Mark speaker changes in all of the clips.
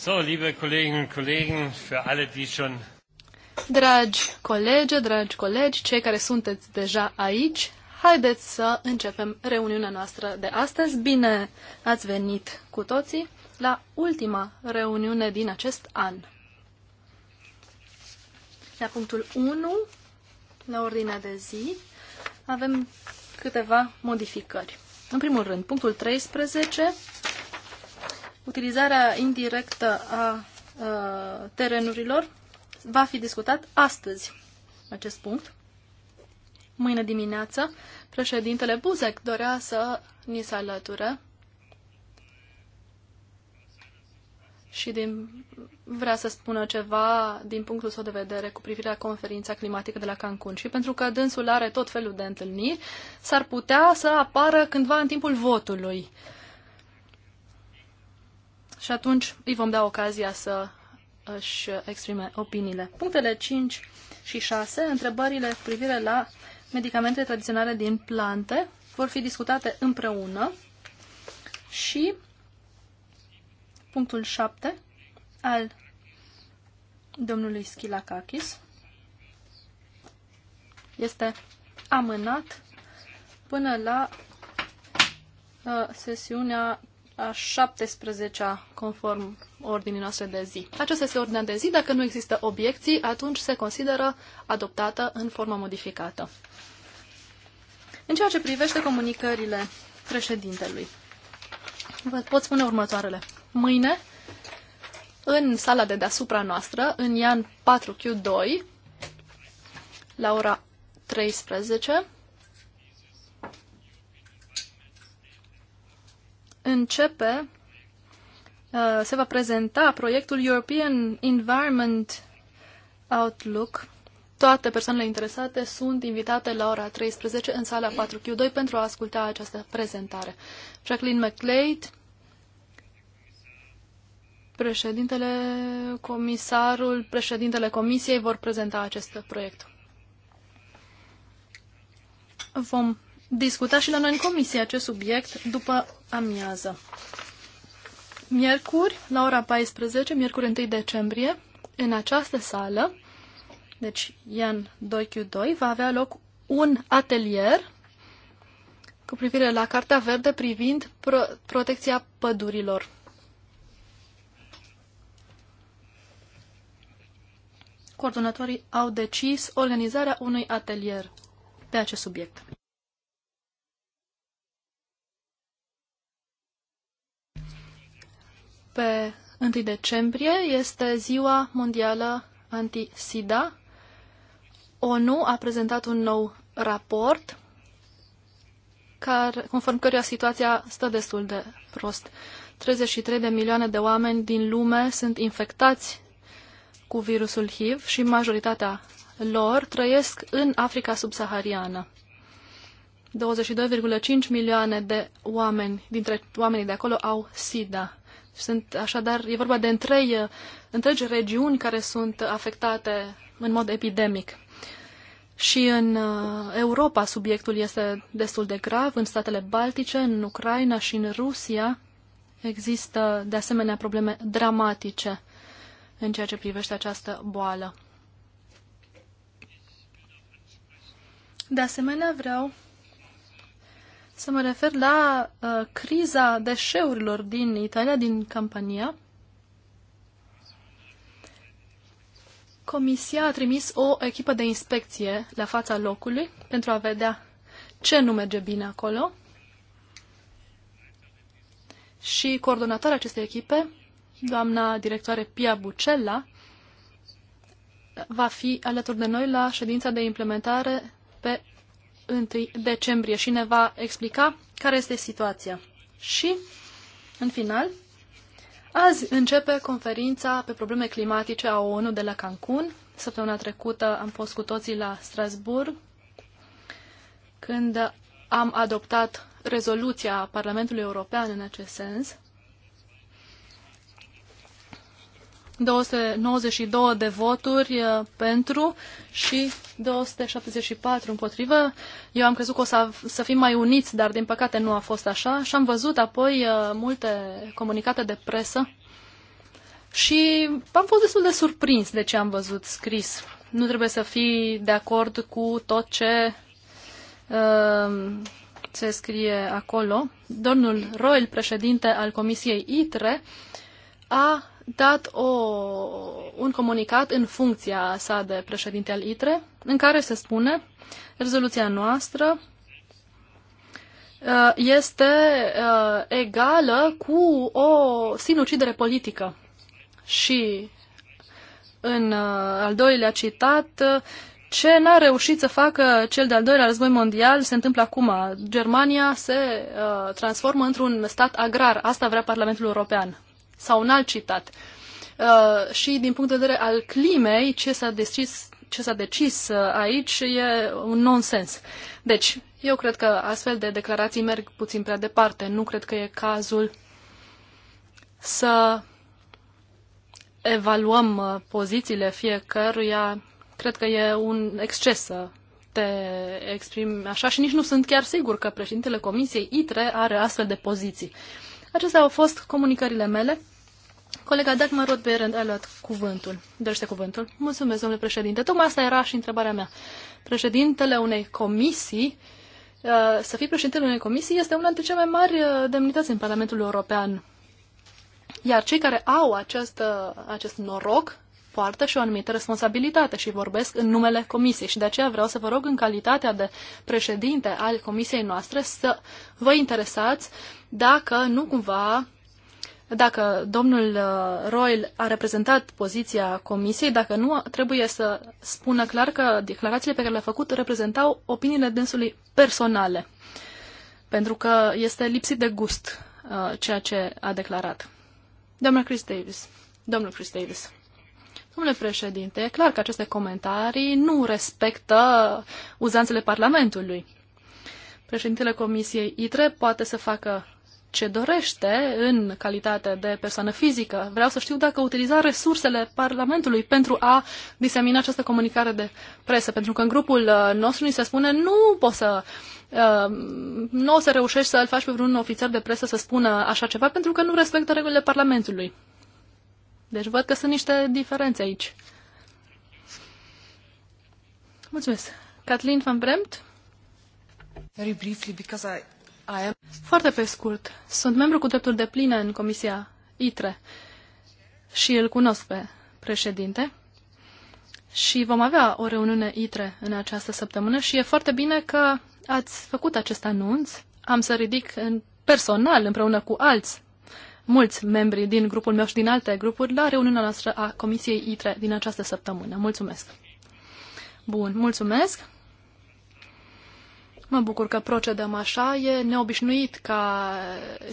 Speaker 1: So, liebe Kolleginnen und Kollegen, für alle, die schon
Speaker 2: Dragi colegi, dragi colegi, cei care sunteți deja aici, haideți să începem reuniunea noastră de astăzi. Bine ați venit cu toții la ultima reuniune din acest an. La punctul 1, la ordinea de zi, avem câteva modificări. În primul rând, punctul 13, utilizarea indirectă a terenurilor va fi discutat astăzi acest punct. Mâine dimineață, președintele Buzek dorea să ni se alăture și din, vrea să spună ceva din punctul său de vedere cu privire la conferința climatică de la Cancun. Și pentru că dânsul are tot felul de întâlniri, s-ar putea să apară cândva în timpul votului. Uh, și atunci îi vom da ocazia să își exprime opiniile. Punctele 5 și 6, întrebările cu privire la medicamente tradiționale din plante, vor fi discutate împreună și punctul 7 al domnului Schilakakis este amânat până la uh, sesiunea a 17-a conform ordinii noastre de zi. Aceasta este ordinea de zi. Dacă nu există obiecții, atunci se consideră adoptată în formă modificată. În ceea ce privește comunicările președintelui, vă pot spune următoarele. Mâine, în sala de deasupra noastră, în Ian 4Q2, la ora 13, începe, uh, se va prezenta proiectul European Environment Outlook. Toate persoanele interesate sunt invitate la ora 13 în sala 4Q2 pentru a asculta această prezentare. Jacqueline McLeod, președintele, comisarul, președintele comisiei vor prezenta acest proiect. Vom discuta și la noi în comisie acest subiect după amiază. Miercuri, la ora 14, miercuri 1 decembrie, în această sală, deci Ian 2Q2, va avea loc un atelier cu privire la Cartea Verde privind pro- protecția pădurilor. Coordonatorii au decis organizarea unui atelier pe acest subiect. pe 1 decembrie este Ziua Mondială Anti-SIDA. ONU a prezentat un nou raport care, conform căruia situația stă destul de prost. 33 de milioane de oameni din lume sunt infectați cu virusul HIV și majoritatea lor trăiesc în Africa subsahariană. 22,5 milioane de oameni dintre oamenii de acolo au SIDA. Sunt așadar, e vorba de întrei, uh, întregi regiuni care sunt afectate în mod epidemic. Și în uh, Europa subiectul este destul de grav, în statele Baltice, în Ucraina și în Rusia există de asemenea probleme dramatice în ceea ce privește această boală. De asemenea, vreau să mă refer la uh, criza deșeurilor din Italia, din Campania. Comisia a trimis o echipă de inspecție la fața locului pentru a vedea ce nu merge bine acolo. Și coordonatoarea acestei echipe, doamna directoare Pia Bucella, va fi alături de noi la ședința de implementare pe 1 decembrie și ne va explica care este situația. Și, în final, azi începe conferința pe probleme climatice a ONU de la Cancun. Săptămâna trecută am fost cu toții la Strasburg când am adoptat rezoluția Parlamentului European în acest sens. 292 de voturi uh, pentru și 274 împotrivă. Eu am crezut că o să, să fim mai uniți, dar din păcate nu a fost așa și am văzut apoi uh, multe comunicate de presă și am fost destul de surprins de ce am văzut scris. Nu trebuie să fii de acord cu tot ce uh, se scrie acolo. Domnul Roel, președinte al Comisiei ITRE, a dat o, un comunicat în funcția sa de președinte al ITRE, în care se spune rezoluția noastră uh, este uh, egală cu o sinucidere politică. Și în uh, al doilea citat, ce n-a reușit să facă cel de-al doilea război mondial se întâmplă acum. Germania se uh, transformă într-un stat agrar. Asta vrea Parlamentul European sau un alt citat. Uh, și din punct de vedere al climei, ce s-a decis, ce s-a decis uh, aici e un nonsens. Deci, eu cred că astfel de declarații merg puțin prea departe. Nu cred că e cazul să evaluăm uh, pozițiile fiecăruia. Cred că e un exces să te exprimi așa și nici nu sunt chiar sigur că președintele Comisiei ITRE are astfel de poziții. Acestea au fost comunicările mele. Colega Dagmar Rodberend a luat cuvântul. Dorește cuvântul. Mulțumesc, domnule președinte. Tocmai asta era și întrebarea mea. Președintele unei comisii, uh, să fii președintele unei comisii, este una dintre cele mai mari uh, demnități în Parlamentul European. Iar cei care au acest, acest noroc poartă și o anumită responsabilitate și vorbesc în numele comisiei și de aceea vreau să vă rog în calitatea de președinte al comisiei noastre să vă interesați dacă nu cumva dacă domnul uh, Royal a reprezentat poziția comisiei, dacă nu, trebuie să spună clar că declarațiile pe care le-a făcut reprezentau opiniile dânsului personale, pentru că este lipsit de gust uh, ceea ce a declarat. Domnul Chris Davis. Domnul Chris Davis. Domnule președinte, e clar că aceste comentarii nu respectă uzanțele Parlamentului. Președintele Comisiei ITRE poate să facă ce dorește în calitate de persoană fizică. Vreau să știu dacă utiliza resursele Parlamentului pentru a disemina această comunicare de presă, pentru că în grupul uh, nostru ni se spune nu poți să uh, nu o să reușești să-l faci pe vreun ofițer de presă să spună așa ceva pentru că nu respectă regulile Parlamentului. Deci văd că sunt niște diferențe aici. Mulțumesc. Catlin van Bremt? Very briefly, because I am... Foarte pe scurt. Sunt membru cu drepturi de pline în Comisia ITRE și îl cunosc pe președinte. Și vom avea o reuniune ITRE în această săptămână și e foarte bine că ați făcut acest anunț. Am să ridic în personal împreună cu alți mulți membri din grupul meu și din alte grupuri la reuniunea noastră a Comisiei ITRE din această săptămână. Mulțumesc! Bun, mulțumesc! Mă bucur că procedăm așa. E neobișnuit ca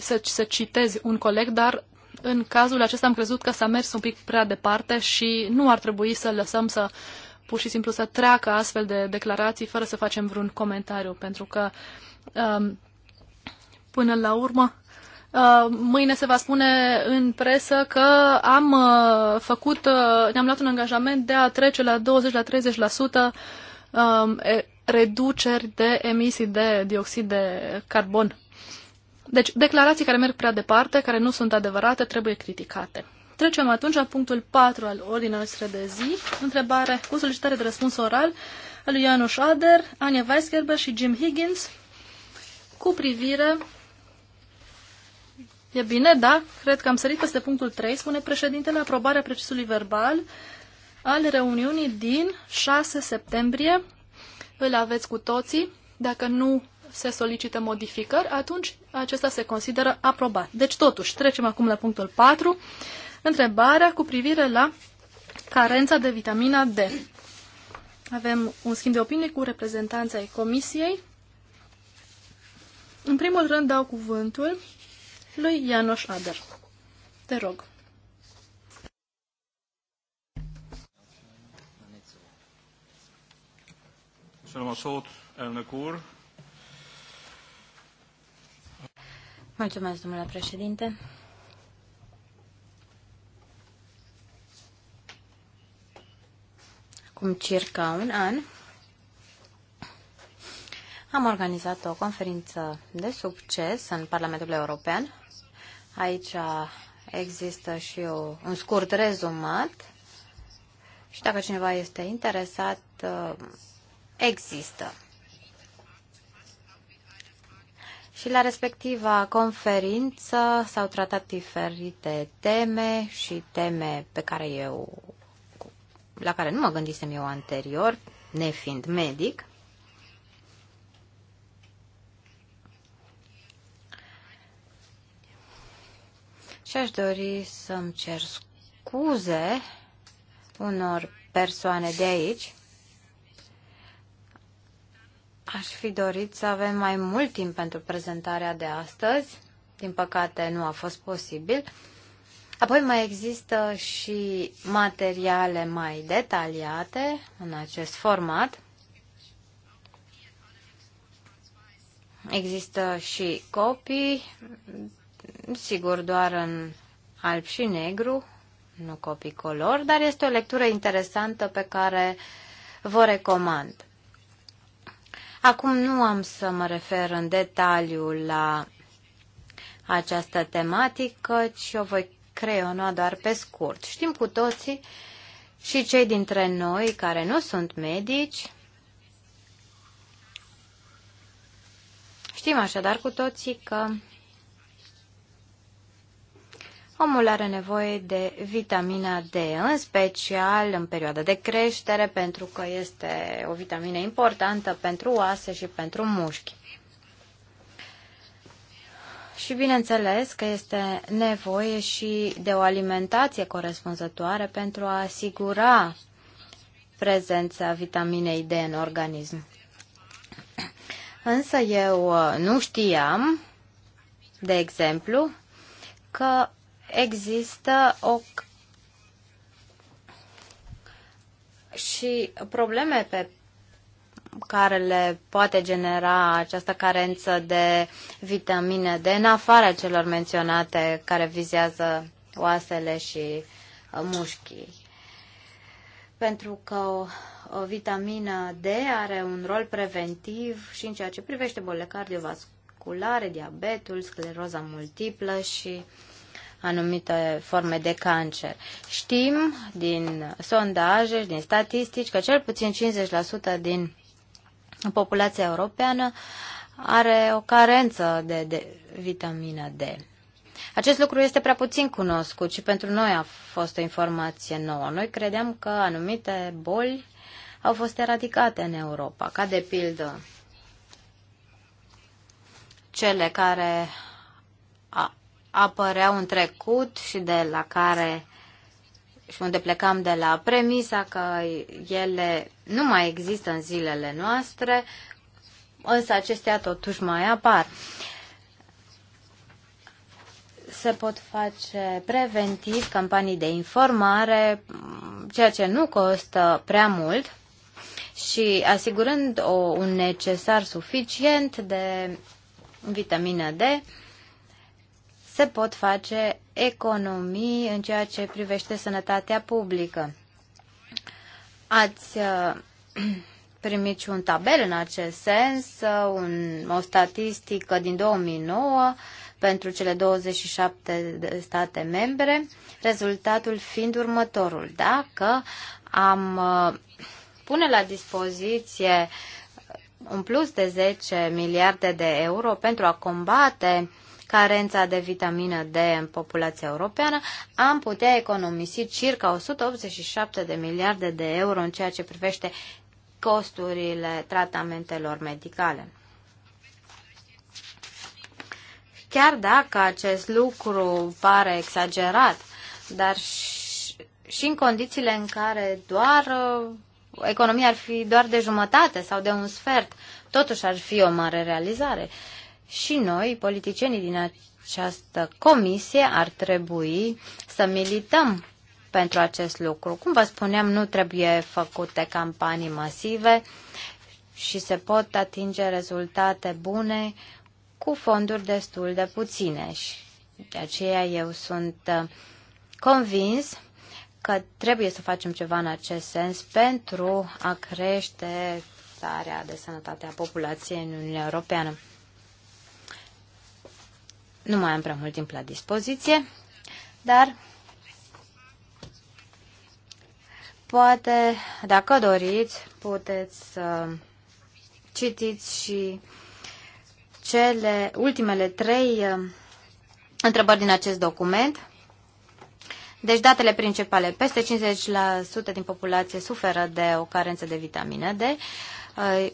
Speaker 2: să, să citezi un coleg, dar în cazul acesta am crezut că s-a mers un pic prea departe și nu ar trebui să lăsăm să pur și simplu să treacă astfel de declarații fără să facem vreun comentariu, pentru că um, până la urmă uh, mâine se va spune în presă că am uh, făcut, uh, ne-am luat un angajament de a trece la 20 la 30% reduceri de emisii de dioxid de carbon. Deci, declarații care merg prea departe, care nu sunt adevărate, trebuie criticate. Trecem atunci la punctul 4 al ordinii noastre de zi. Întrebare cu solicitare de răspuns oral al lui Janusz Ader, Anja Weisgerber și Jim Higgins cu privire... E bine, da, cred că am sărit peste punctul 3, spune președintele, aprobarea procesului verbal al reuniunii din 6 septembrie îl aveți cu toții. Dacă nu se solicită modificări, atunci acesta se consideră aprobat. Deci, totuși, trecem acum la punctul 4, întrebarea cu privire la carența de vitamina D. Avem un schimb de opinie cu reprezentanța comisiei. În primul rând dau cuvântul lui Ianoș Ader. Te rog.
Speaker 1: Köszönöm a szót, elnök úr.
Speaker 3: Mulțumesc, domnule președinte. Acum circa un an am organizat o conferință de succes în Parlamentul European. Aici există și o, un scurt rezumat și dacă cineva este interesat, există. Și la respectiva conferință s-au tratat diferite teme și teme pe care eu, la care nu mă gândisem eu anterior, nefiind medic. Și aș dori să-mi cer scuze unor persoane de aici Aș fi dorit să avem mai mult timp pentru prezentarea de astăzi. Din păcate nu a fost posibil. Apoi mai există și materiale mai detaliate în acest format. Există și copii, sigur doar în alb și negru, nu copii color, dar este o lectură interesantă pe care vă recomand. Acum nu am să mă refer în detaliu la această tematică, ci o voi creiona doar pe scurt. Știm cu toții și cei dintre noi care nu sunt medici, știm așadar cu toții că Omul are nevoie de vitamina D, în special în perioada de creștere, pentru că este o vitamină importantă pentru oase și pentru mușchi. Și bineînțeles că este nevoie și de o alimentație corespunzătoare pentru a asigura prezența vitaminei D în organism. Însă eu uh, nu știam, de exemplu, că există o și probleme pe care le poate genera această carență de vitamine D, în afara celor menționate care vizează oasele și uh, mușchii. Pentru că o, o D are un rol preventiv și în ceea ce privește bolile cardiovasculare, diabetul, scleroza multiplă și uh, anumite forme de cancer. Știm din sondaje, din statistici, că cel puțin 50% din populația europeană are o carență de, de vitamina D. Acest lucru este prea puțin cunoscut și pentru noi a fost o informație nouă. Noi credeam că anumite boli au fost eradicate în Europa, ca de pildă cele care apăreau în trecut și de la care și unde plecam de la premisa că ele nu mai există în zilele noastre, însă acestea totuși mai apar. Se pot face preventiv campanii de informare, ceea ce nu costă prea mult și asigurând o, un necesar suficient de vitamină D, se pot face economii în ceea ce privește sănătatea publică. Ați uh, primit și un tabel în acest sens, uh, un, o statistică din 2009 pentru cele 27 de state membre, rezultatul fiind următorul. Dacă am uh, pune la dispoziție un plus de 10 miliarde de euro pentru a combate uh, carența de vitamină D în populația europeană, am putea economisi circa 187 de miliarde de euro în ceea ce privește costurile tratamentelor medicale. Chiar dacă acest lucru pare exagerat, dar și, în condițiile în care doar uh, economia ar fi doar de jumătate sau de un sfert, totuși ar fi o mare realizare. Uh, și noi, politicienii din această comisie, ar trebui să milităm pentru acest lucru. Cum vă spuneam, nu trebuie făcute campanii masive și se pot atinge rezultate bune cu fonduri destul de puține. Și de aceea eu sunt uh, convins că trebuie să facem ceva în acest sens pentru a crește starea de sănătate a populației în Uniunea Europeană. Nu mai am prea mult timp la dispoziție, dar poate, dacă doriți, puteți să citiți și cele ultimele trei uh, întrebări din acest document. Deci datele principale, peste 50% din populație suferă de o carență de vitamină D. Uh,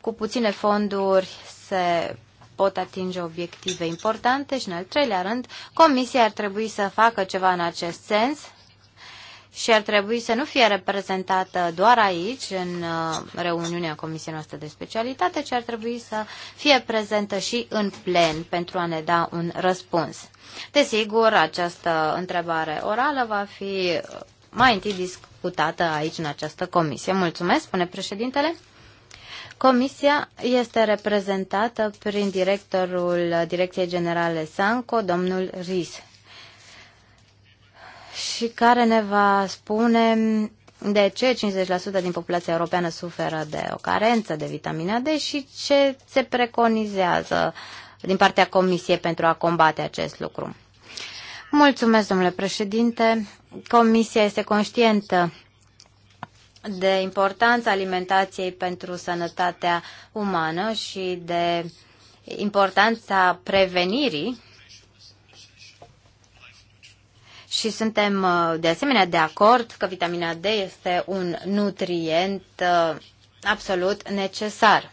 Speaker 3: cu puține fonduri se pot atinge obiective importante și, în al treilea rând, Comisia ar trebui să facă ceva în acest sens și ar trebui să nu fie reprezentată doar aici, în uh, reuniunea Comisiei noastre de specialitate, ci ar trebui să fie prezentă și în plen pentru a ne da un răspuns. Desigur, această întrebare orală va fi mai întâi discutată aici, în această comisie. Mulțumesc, spune președintele. Comisia este reprezentată prin directorul Direcției Generale Sanco, domnul Ris, și care ne va spune de ce 50% din populația europeană suferă de o carență de vitamina D și ce se preconizează din partea Comisiei pentru a combate acest lucru. Mulțumesc, domnule președinte. Comisia este conștientă de importanța alimentației pentru sănătatea umană și de importanța prevenirii și suntem uh, de asemenea de acord că vitamina D este un nutrient uh, absolut necesar.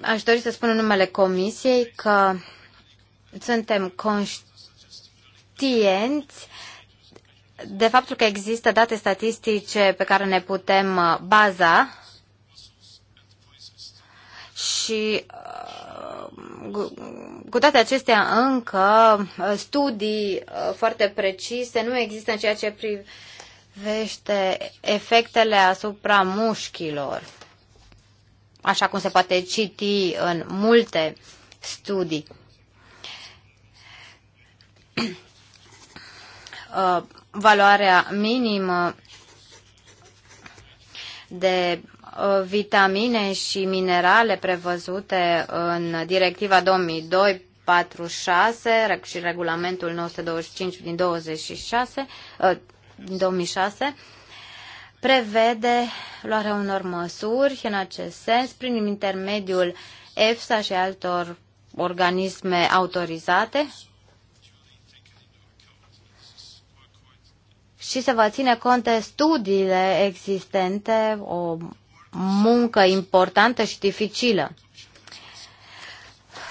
Speaker 3: Aș dori să spun în numele Comisiei că suntem conștienți de faptul că există date statistice pe care ne putem uh, baza și uh, cu toate acestea încă uh, studii foarte precise nu există în ceea ce privește efectele asupra mușchilor, așa cum se poate citi în multe studii. valoarea minimă de uh, vitamine și minerale prevăzute în Directiva 2002 46 și regulamentul 925 din 26 uh, din 2006 prevede luarea unor măsuri în acest sens prin intermediul EFSA și altor organisme autorizate și se va ține cont de studiile existente, o muncă importantă și dificilă.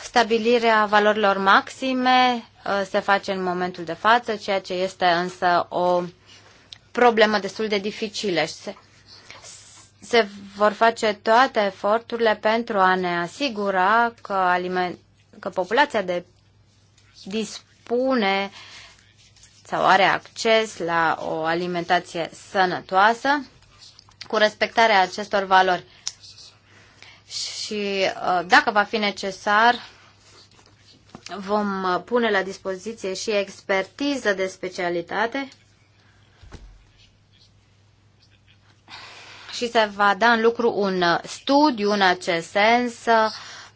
Speaker 3: Stabilirea valorilor maxime uh, se face în momentul de față, ceea ce este însă o problemă destul de dificilă. Se, se vor face toate eforturile pentru a ne asigura că, aliment, că populația de dispune sau are acces la o alimentație sănătoasă cu respectarea acestor valori. Și uh, dacă va fi necesar, vom uh, pune la dispoziție și expertiză de specialitate și se va da în lucru un uh, studiu în acest sens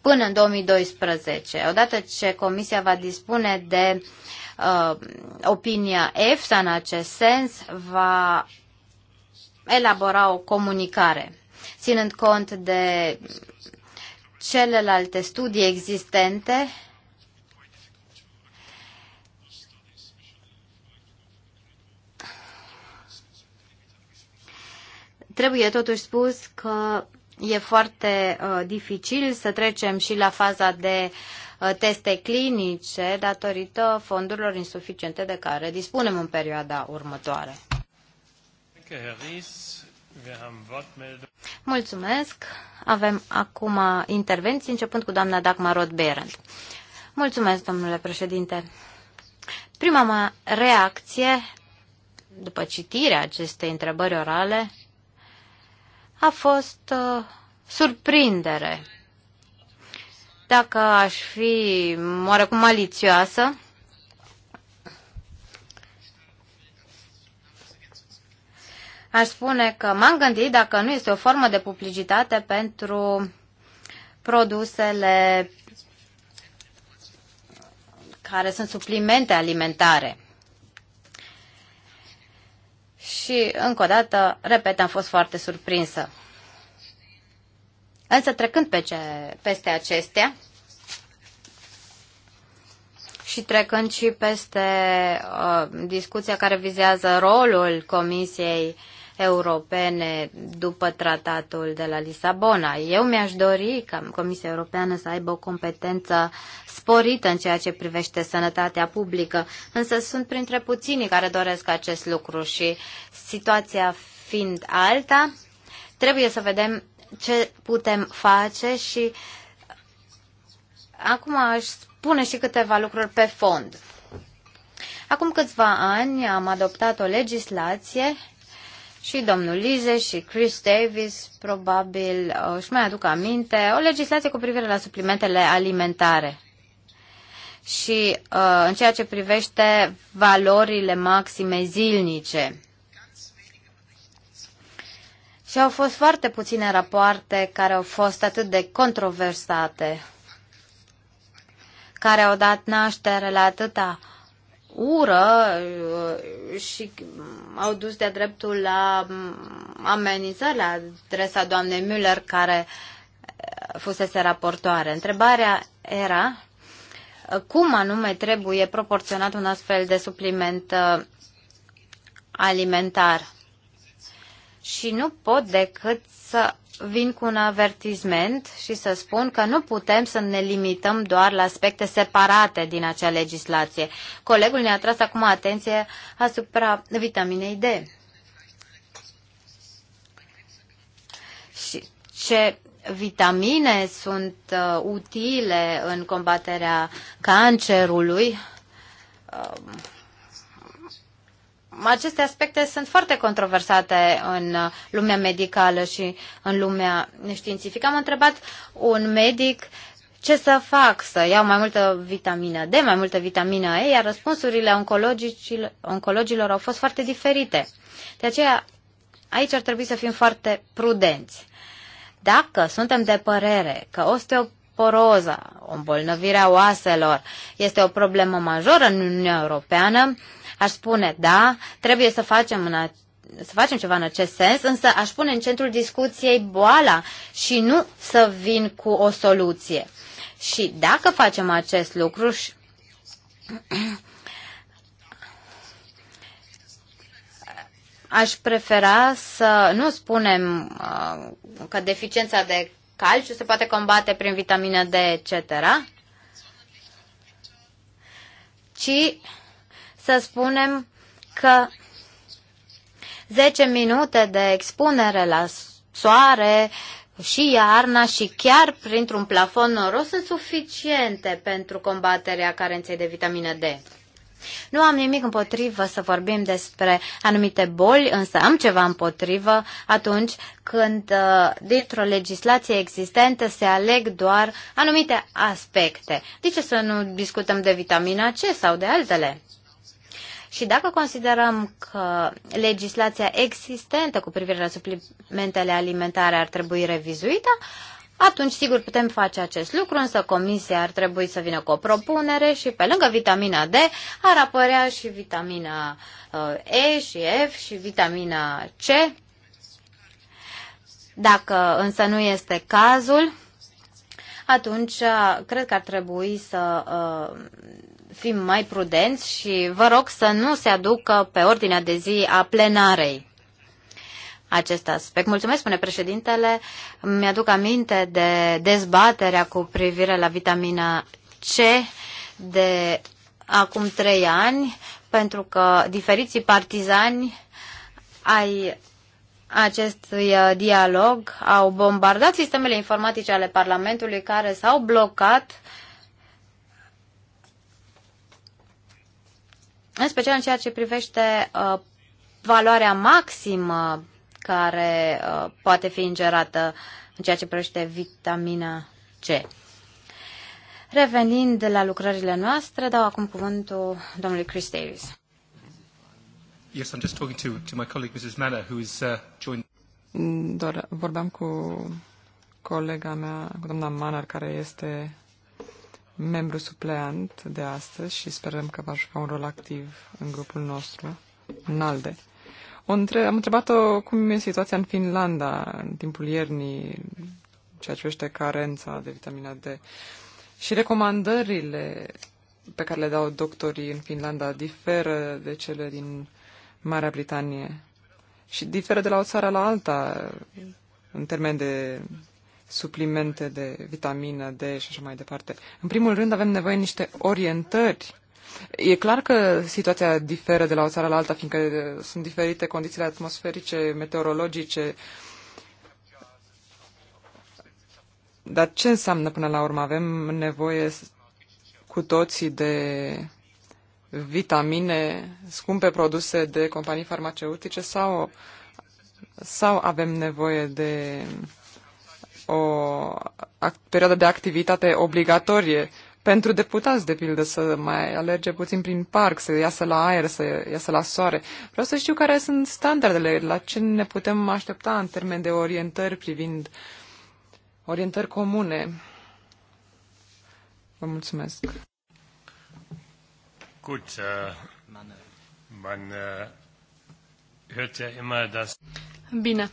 Speaker 3: până în 2012. Odată ce Comisia va dispune de uh, uh, opinia EFSA în acest sens va elabora o comunicare, ținând cont de celelalte studii existente Trebuie totuși spus că e foarte uh, dificil să trecem și la faza de uh, Uh, teste clinice datorită fondurilor insuficiente de care dispunem în perioada următoare. Mulțumesc. Avem acum intervenții, începând cu doamna Dagmar rod berend Mulțumesc, domnule președinte. Prima mea reacție după citirea acestei întrebări orale a fost uh, surprindere dacă aș fi oarecum malițioasă, aș spune că m-am gândit dacă nu este o formă de publicitate pentru produsele care sunt suplimente alimentare. Și, încă o dată, repet, am fost foarte surprinsă. Însă trecând pe ce, peste acestea și trecând și peste uh, discuția care vizează rolul Comisiei Europene după tratatul de la Lisabona. Eu mi-aș dori ca Comisia Europeană să aibă o competență sporită în ceea ce privește sănătatea publică, însă sunt printre puținii care doresc acest lucru și situația fiind alta, trebuie să vedem ce putem face și acum aș spune și câteva lucruri pe fond. Acum câțiva ani am adoptat o legislație și domnul Lize și Chris Davis probabil uh, își mai aduc aminte, o legislație cu privire la suplimentele alimentare. Și uh, în ceea ce privește valorile maxime zilnice și au fost foarte puține rapoarte care au fost atât de controversate, care au dat naștere la atâta ură uh, și au dus de-a dreptul la mm, amenințări la adresa doamnei Müller, care uh, fusese raportoare. Întrebarea era uh, cum anume trebuie proporționat un astfel de supliment alimentar și nu pot decât să vin cu un avertisment și să spun că nu putem să ne limităm doar la aspecte separate din acea legislație. Colegul ne-a tras acum atenție asupra vitaminei D. Și ce vitamine sunt uh, utile în combaterea cancerului, uh, aceste aspecte sunt foarte controversate în lumea medicală și în lumea științifică. Am întrebat un medic ce să fac, să iau mai multă vitamină D, mai multă vitamină E, iar răspunsurile oncologilor au fost foarte diferite. De aceea, aici ar trebui să fim foarte prudenți. Dacă suntem de părere că osteoporoza, o îmbolnăvire a oaselor, este o problemă majoră în Uniunea Europeană, aș spune, da, trebuie să facem în să facem ceva în acest sens, însă aș pune în centrul discuției boala și nu să vin cu o soluție. Și dacă facem acest lucru și aș prefera să nu spunem uh, că deficiența de calciu se poate combate prin vitamina D, etc., ci să spunem că 10 minute de expunere la soare și iarna și chiar printr-un plafon noros sunt suficiente pentru combaterea carenței de vitamină D. Nu am nimic împotrivă să vorbim despre anumite boli, însă am ceva împotrivă atunci când uh, dintr-o legislație existentă se aleg doar anumite aspecte. De ce să nu discutăm de vitamina C sau de altele? Și dacă considerăm că legislația existentă cu privire la suplimentele alimentare ar trebui revizuită, atunci, sigur, putem face acest lucru, însă comisia ar trebui să vină cu o propunere și pe lângă vitamina D ar apărea și vitamina uh, E și F și vitamina C. Dacă însă nu este cazul, atunci uh, cred că ar trebui să uh, fim mai prudenți și vă rog să nu se aducă pe ordinea de zi a plenarei acest aspect. Mulțumesc, spune președintele. Mi-aduc aminte de dezbaterea cu privire la vitamina C de acum trei ani, pentru că diferiții partizani ai acestui uh, dialog au bombardat sistemele informatice ale Parlamentului care s-au blocat uh, în special în ceea ce privește uh, valoarea maximă care uh, poate fi ingerată în ceea ce privește vitamina C. Revenind la lucrările noastre, dau acum cuvântul domnului Chris Davis.
Speaker 1: Yes, I'm just talking to, to my colleague Mrs. Manner, who is uh, joined.
Speaker 4: Doar vorbeam cu colega mea, cu doamna Manner, care este membru supleant de astăzi și sperăm că va juca un rol activ în grupul nostru, în ALDE. O între... Am întrebat-o cum e situația în Finlanda în timpul iernii, ceea ce privește carența de vitamina D și recomandările pe care le dau doctorii în Finlanda diferă de cele din Marea Britanie și diferă de la o țară la alta în termen de suplimente de vitamină D și așa mai departe. În primul rând avem nevoie niște orientări. E clar că situația diferă de la o țară la alta, fiindcă uh, sunt diferite condițiile atmosferice, meteorologice. Dar ce înseamnă până la urmă? Avem nevoie cu toții de vitamine, scumpe produse de companii farmaceutice sau, sau avem nevoie de o perioadă de activitate obligatorie pentru deputați, de pildă, să mai alerge puțin prin parc, să iasă la aer, să iasă la soare. Vreau să știu care sunt standardele, la ce ne putem aștepta în termen de orientări privind orientări comune. Vă mulțumesc.
Speaker 1: Gut, uh, man uh, hört ja immer, dass...
Speaker 2: Bine,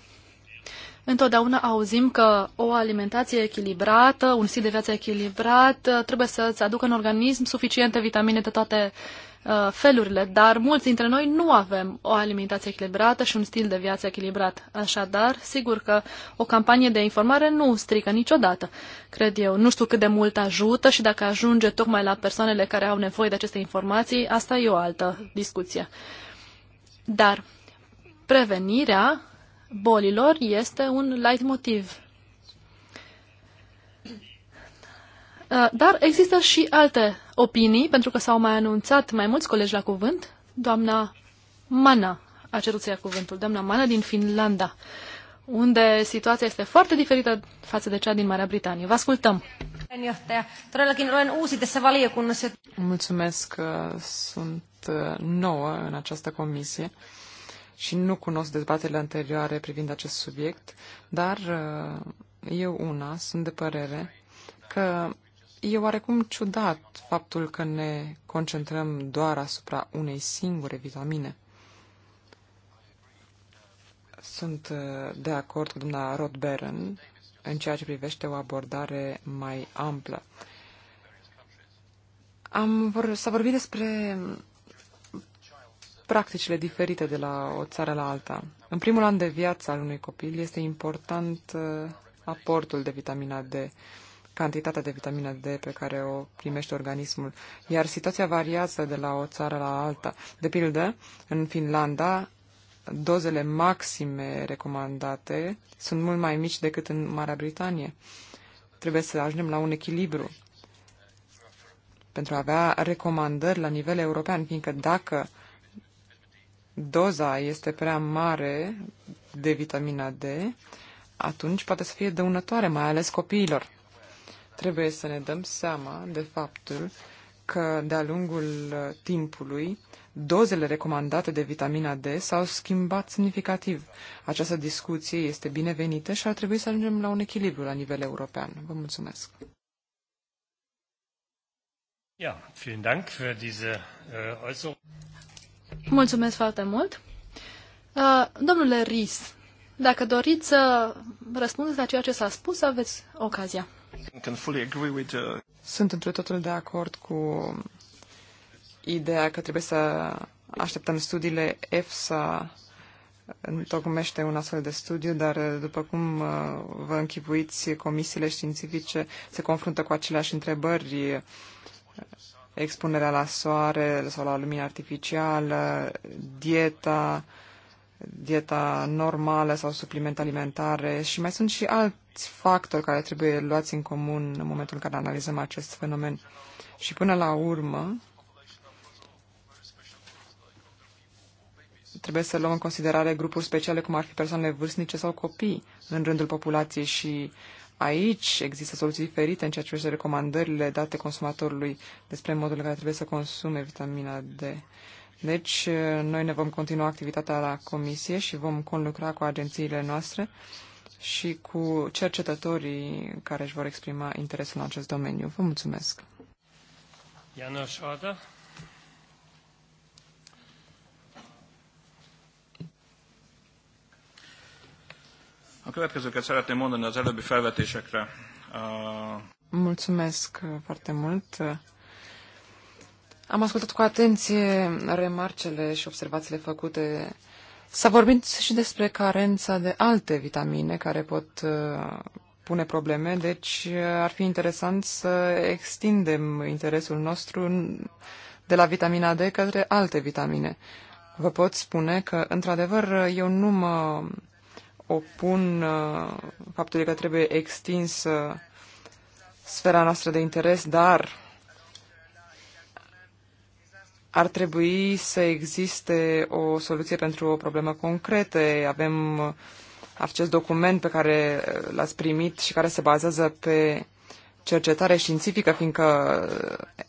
Speaker 2: Întotdeauna auzim că o alimentație echilibrată, un stil de viață echilibrat, uh, trebuie să-ți aducă în organism suficiente vitamine de toate uh, felurile, dar mulți dintre noi nu avem o alimentație echilibrată și un stil de viață echilibrat. Așadar, sigur că o campanie de informare nu strică niciodată, cred eu. Nu știu cât de mult ajută și dacă ajunge tocmai la persoanele care au nevoie de aceste informații, asta e o altă discuție. Dar prevenirea bolilor este un leitmotiv. Uh, dar există și alte opinii, pentru că s-au mai anunțat mai mulți colegi la cuvânt. Doamna Mana a cerut să ia cuvântul. Doamna Mana din Finlanda, unde situația este foarte diferită față de cea din Marea Britanie. Vă ascultăm!
Speaker 4: Mulțumesc, uh, sunt uh, nouă în această comisie și nu cunosc dezbaterile anterioare privind acest subiect, dar uh, eu una sunt de părere că e oarecum ciudat faptul că ne concentrăm doar asupra unei singure vitamine. Sunt uh, de acord cu doamna Rod Barron în ceea ce privește o abordare mai amplă. Am vor, s-a vorbit despre practicile diferite de la o țară la alta. În primul an de viață al unui copil este important uh, aportul de vitamina D, cantitatea de vitamina D pe care o primește organismul, iar situația variază de la o țară la alta. De pildă, în Finlanda, dozele maxime recomandate sunt mult mai mici decât în Marea Britanie. Trebuie să ajungem la un echilibru pentru a avea recomandări la nivel european, fiindcă dacă doza este prea mare de vitamina D, atunci poate să fie dăunătoare, mai ales copiilor. Trebuie să ne dăm seama de faptul că de-a lungul timpului dozele recomandate de vitamina D s-au schimbat semnificativ. Această discuție este binevenită și ar trebui să ajungem la un echilibru la nivel european. Vă mulțumesc!
Speaker 1: Ja, vielen Dank für diese äh, Äußerung.
Speaker 2: Mulțumesc foarte mult. Uh, domnule Ris, dacă doriți să răspundeți la ceea ce s-a spus, aveți ocazia.
Speaker 4: Uh, Sunt într totul de acord cu ideea că trebuie să așteptăm studiile EFSA întocmește un astfel de studiu, dar uh, după cum vă închipuiți, comisiile științifice se confruntă cu aceleași întrebări expunerea la soare sau la lumină artificială, dieta, dieta normală sau supliment alimentare și mai sunt și alți factori care trebuie luați în comun în momentul în care analizăm acest fenomen. Și până la urmă, trebuie să luăm în considerare grupuri speciale, cum ar fi persoanele vârstnice sau copii în rândul populației și Aici există soluții diferite în ceea ce privește recomandările date consumatorului despre modul în care trebuie să consume vitamina D. Deci, noi ne vom continua activitatea la comisie și vom conlucra cu agențiile noastre și cu cercetătorii care își vor exprima interesul în acest domeniu. Vă mulțumesc!
Speaker 1: Janusz A következőket szeretném mondani az előbbi felvetésekre.
Speaker 4: Mulțumesc foarte mult. Am ascultat cu atenție remarcele și observațiile făcute. S-a vorbit și despre carența de alte vitamine care pot uh, pune probleme, deci uh, ar fi interesant să extindem interesul nostru de la vitamina D către alte vitamine. Vă pot spune că, într-adevăr, eu nu mă opun uh, faptului că trebuie extinsă sfera noastră de interes, dar ar trebui să existe o soluție pentru o problemă concretă. Avem uh, acest document pe care uh, l-ați primit și care se bazează pe cercetare științifică, fiindcă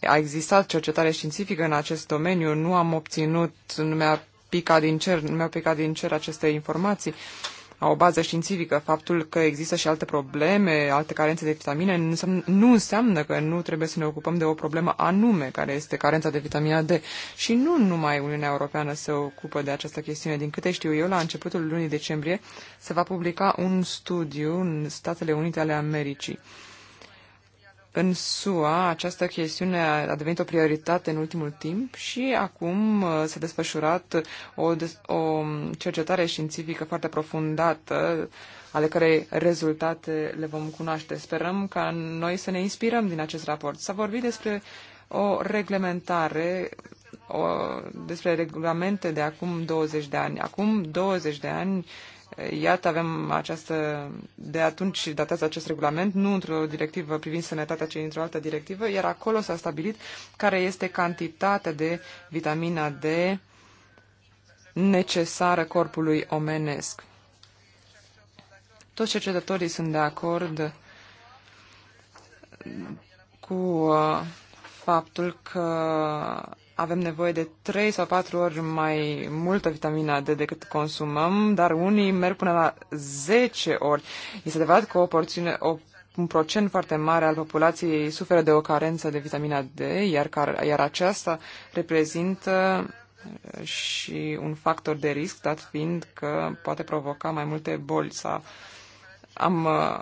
Speaker 4: a existat cercetare științifică în acest domeniu, nu am obținut, nu mi-a picat din cer, nu mi-a picat din cer aceste informații. Uh, au o bază științifică. Faptul că există și alte probleme, alte carențe de vitamine, nu înseamnă, nu înseamnă că nu trebuie să ne ocupăm de o problemă anume, care este carența de vitamina D. Și nu numai Uniunea Europeană se ocupă de această chestiune. Din câte știu eu, la începutul lunii decembrie se va publica un studiu în Statele Unite ale Americii. În SUA această chestiune a devenit o prioritate în ultimul timp și acum uh, s-a desfășurat o, o um, cercetare științifică foarte profundată ale cărei rezultate le vom cunoaște. Sperăm ca noi să ne inspirăm din acest raport. S-a vorbit despre o reglementare, o, despre regulamente de acum 20 de ani. Acum 20 de ani Iată, avem această, de atunci datează acest regulament, nu într-o directivă privind sănătatea, ci într-o altă directivă, iar acolo s-a stabilit care este cantitatea de vitamina D necesară corpului omenesc. Toți cercetătorii sunt de acord cu uh, faptul că avem nevoie de 3 sau 4 ori mai multă vitamina D decât consumăm, dar unii merg până la 10 ori. Este adevărat că o porțiune, o un procent foarte mare al populației suferă de o carență de vitamina D, iar, iar aceasta reprezintă uh, și un factor de risc, dat fiind că poate provoca mai multe boli. Sau am uh,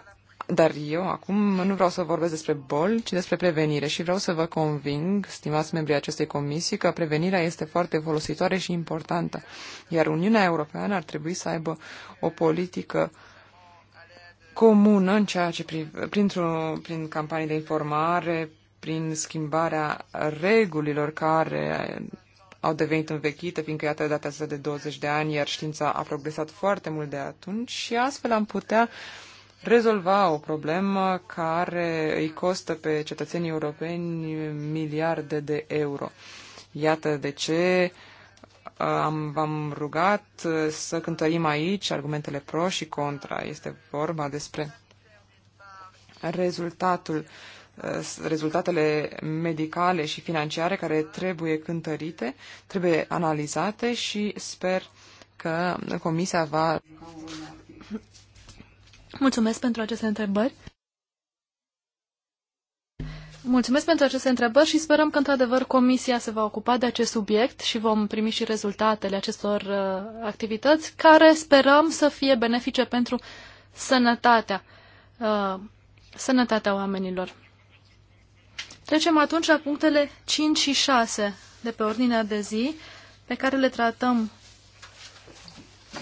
Speaker 4: dar eu acum nu vreau să vorbesc despre boli, ci despre prevenire și vreau să vă conving, stimați membrii acestei comisii, că prevenirea este foarte folositoare și importantă. Iar Uniunea Europeană ar trebui să aibă o politică comună în ceea ce printr-o, prin campanii de informare, prin schimbarea regulilor care au devenit învechite, fiindcă iată data asta de 20 de ani, iar știința a progresat foarte mult de atunci și astfel am putea uh, rezolva o problemă care îi costă pe cetățenii europeni miliarde de euro. Iată de ce uh, am, v-am rugat uh, să cântărim aici argumentele pro și contra. Este vorba despre rezultatul, uh, rezultatele medicale și financiare care trebuie cântărite, trebuie analizate și sper că Comisia va
Speaker 2: Mulțumesc pentru aceste întrebări. Mulțumesc pentru aceste întrebări și sperăm că, într-adevăr, Comisia se va ocupa de acest subiect și vom primi și rezultatele acestor uh, activități, care sperăm să fie benefice pentru sănătatea, uh, sănătatea oamenilor. Trecem atunci la punctele 5 și 6 de pe ordinea de zi, pe care le tratăm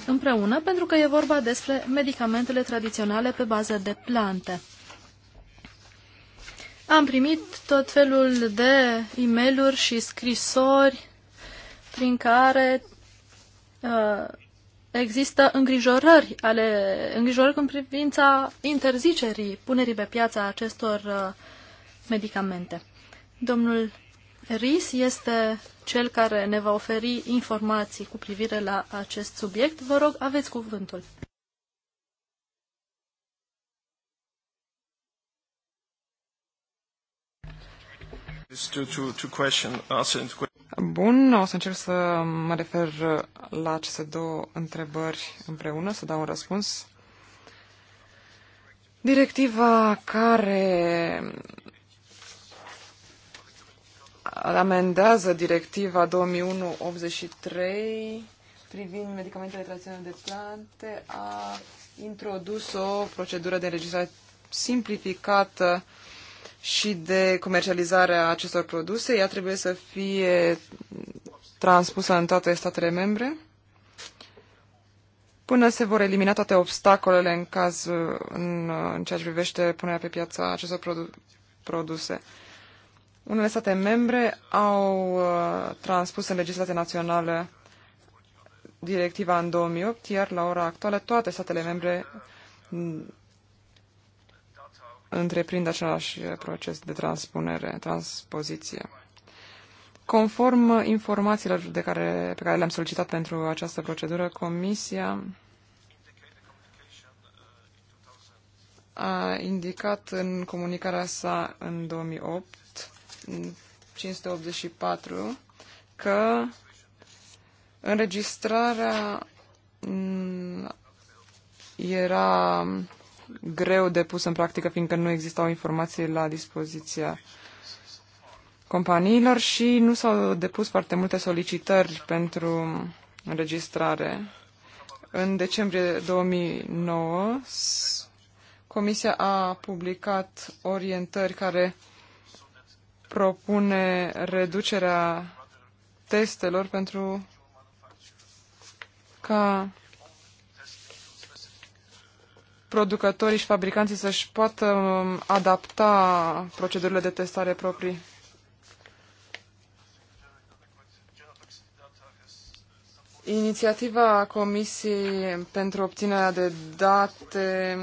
Speaker 2: împreună, pentru că e vorba despre medicamentele tradiționale pe bază de plante. Am primit tot felul de e mail și scrisori prin care uh, există îngrijorări, ale, îngrijorări în privința interzicerii, punerii pe piața acestor uh, medicamente. Domnul RIS este cel care ne va oferi informații cu privire la acest subiect. Vă rog, aveți cuvântul.
Speaker 4: Bun, o să încerc să mă refer la aceste două întrebări împreună, să dau un răspuns. Directiva care amendează directiva 2001-83 privind medicamentele tradiționale de plante, a introdus o procedură de înregistrare simplificată și de comercializare a acestor produse. Ea trebuie să fie transpusă în toate statele membre până se vor elimina toate obstacolele în caz în, în ceea ce privește punerea pe piață a acestor produ- produse. Unele state membre au uh, transpus în legislația națională directiva în 2008, iar la ora actuală toate statele membre mm, întreprind același proces de transpunere, transpoziție. Conform informațiilor de care, pe care le-am solicitat pentru această procedură, Comisia a indicat în comunicarea sa în 2008 584 că înregistrarea era greu de pus în practică, fiindcă nu existau informații la dispoziția companiilor și nu s-au depus foarte multe solicitări pentru înregistrare. În decembrie 2009, Comisia a publicat orientări care propune reducerea testelor pentru ca producătorii și fabricanții să-și poată um, adapta procedurile de testare proprii. Inițiativa Comisiei pentru obținerea de date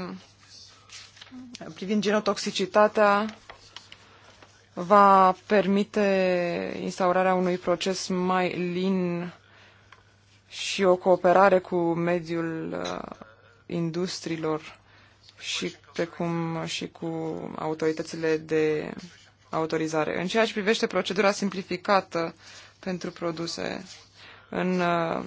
Speaker 4: privind genotoxicitatea va permite instaurarea unui proces mai lin și o cooperare cu mediul uh, industriilor și precum și cu autoritățile de autorizare. În ceea ce privește procedura simplificată pentru produse, în, uh,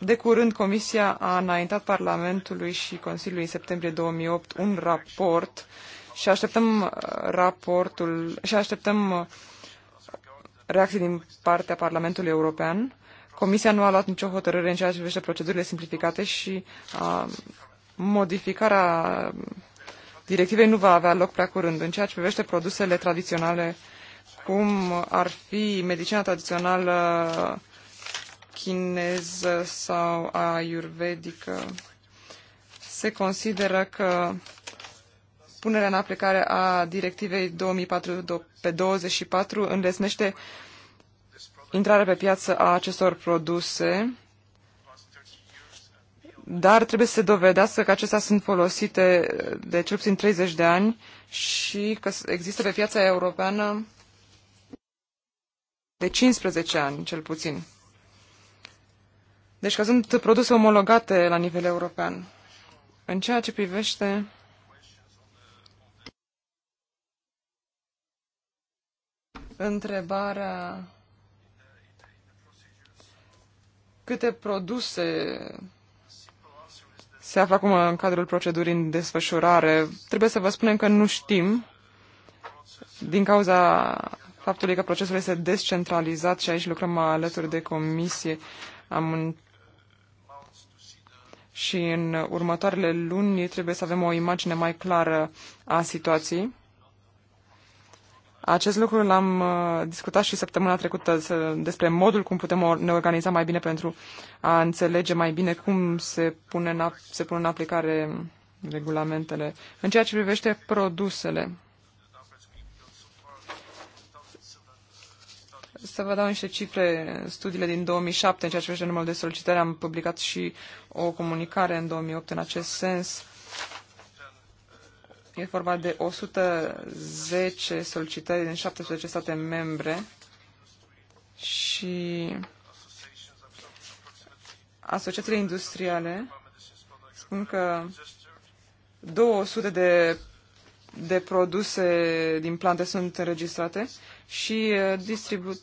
Speaker 4: de curând Comisia a înaintat Parlamentului și Consiliului în septembrie 2008 un raport uh, și așteptăm uh, raportul și așteptăm uh, reacții din partea Parlamentului European. Comisia nu a luat nicio hotărâre în ceea ce privește procedurile simplificate și a, uh, modificarea directivei nu va avea loc prea curând. În ceea ce privește produsele tradiționale, cum ar fi medicina tradițională chineză sau ayurvedică, se consideră că punerea în aplicare a directivei 2004 24 înlesnește intrarea pe piață a acestor produse, dar trebuie să se dovedească că acestea sunt folosite de cel puțin 30 de ani și că există pe piața europeană de 15 ani, cel puțin. Deci că sunt produse omologate la nivel european. În ceea ce privește întrebarea câte produse se află acum în cadrul procedurii în desfășurare. Trebuie să vă spunem că nu știm din cauza faptului că procesul este descentralizat și aici lucrăm alături de comisie. Am în... Și în următoarele luni trebuie să avem o imagine mai clară a situației. Acest lucru l-am uh, discutat și săptămâna trecută despre modul cum putem ne organiza mai bine pentru a înțelege mai bine cum se, pune în, se pun în aplicare regulamentele. În ceea ce privește produsele, să vă dau niște cifre, studiile din 2007 în ceea ce privește numărul de solicitări, am publicat și o comunicare în 2008 în acest sens. E vorba de 110 solicitări din 17 state membre și asociațiile industriale spun că 200 de, de produse din plante sunt înregistrate și uh, distribu-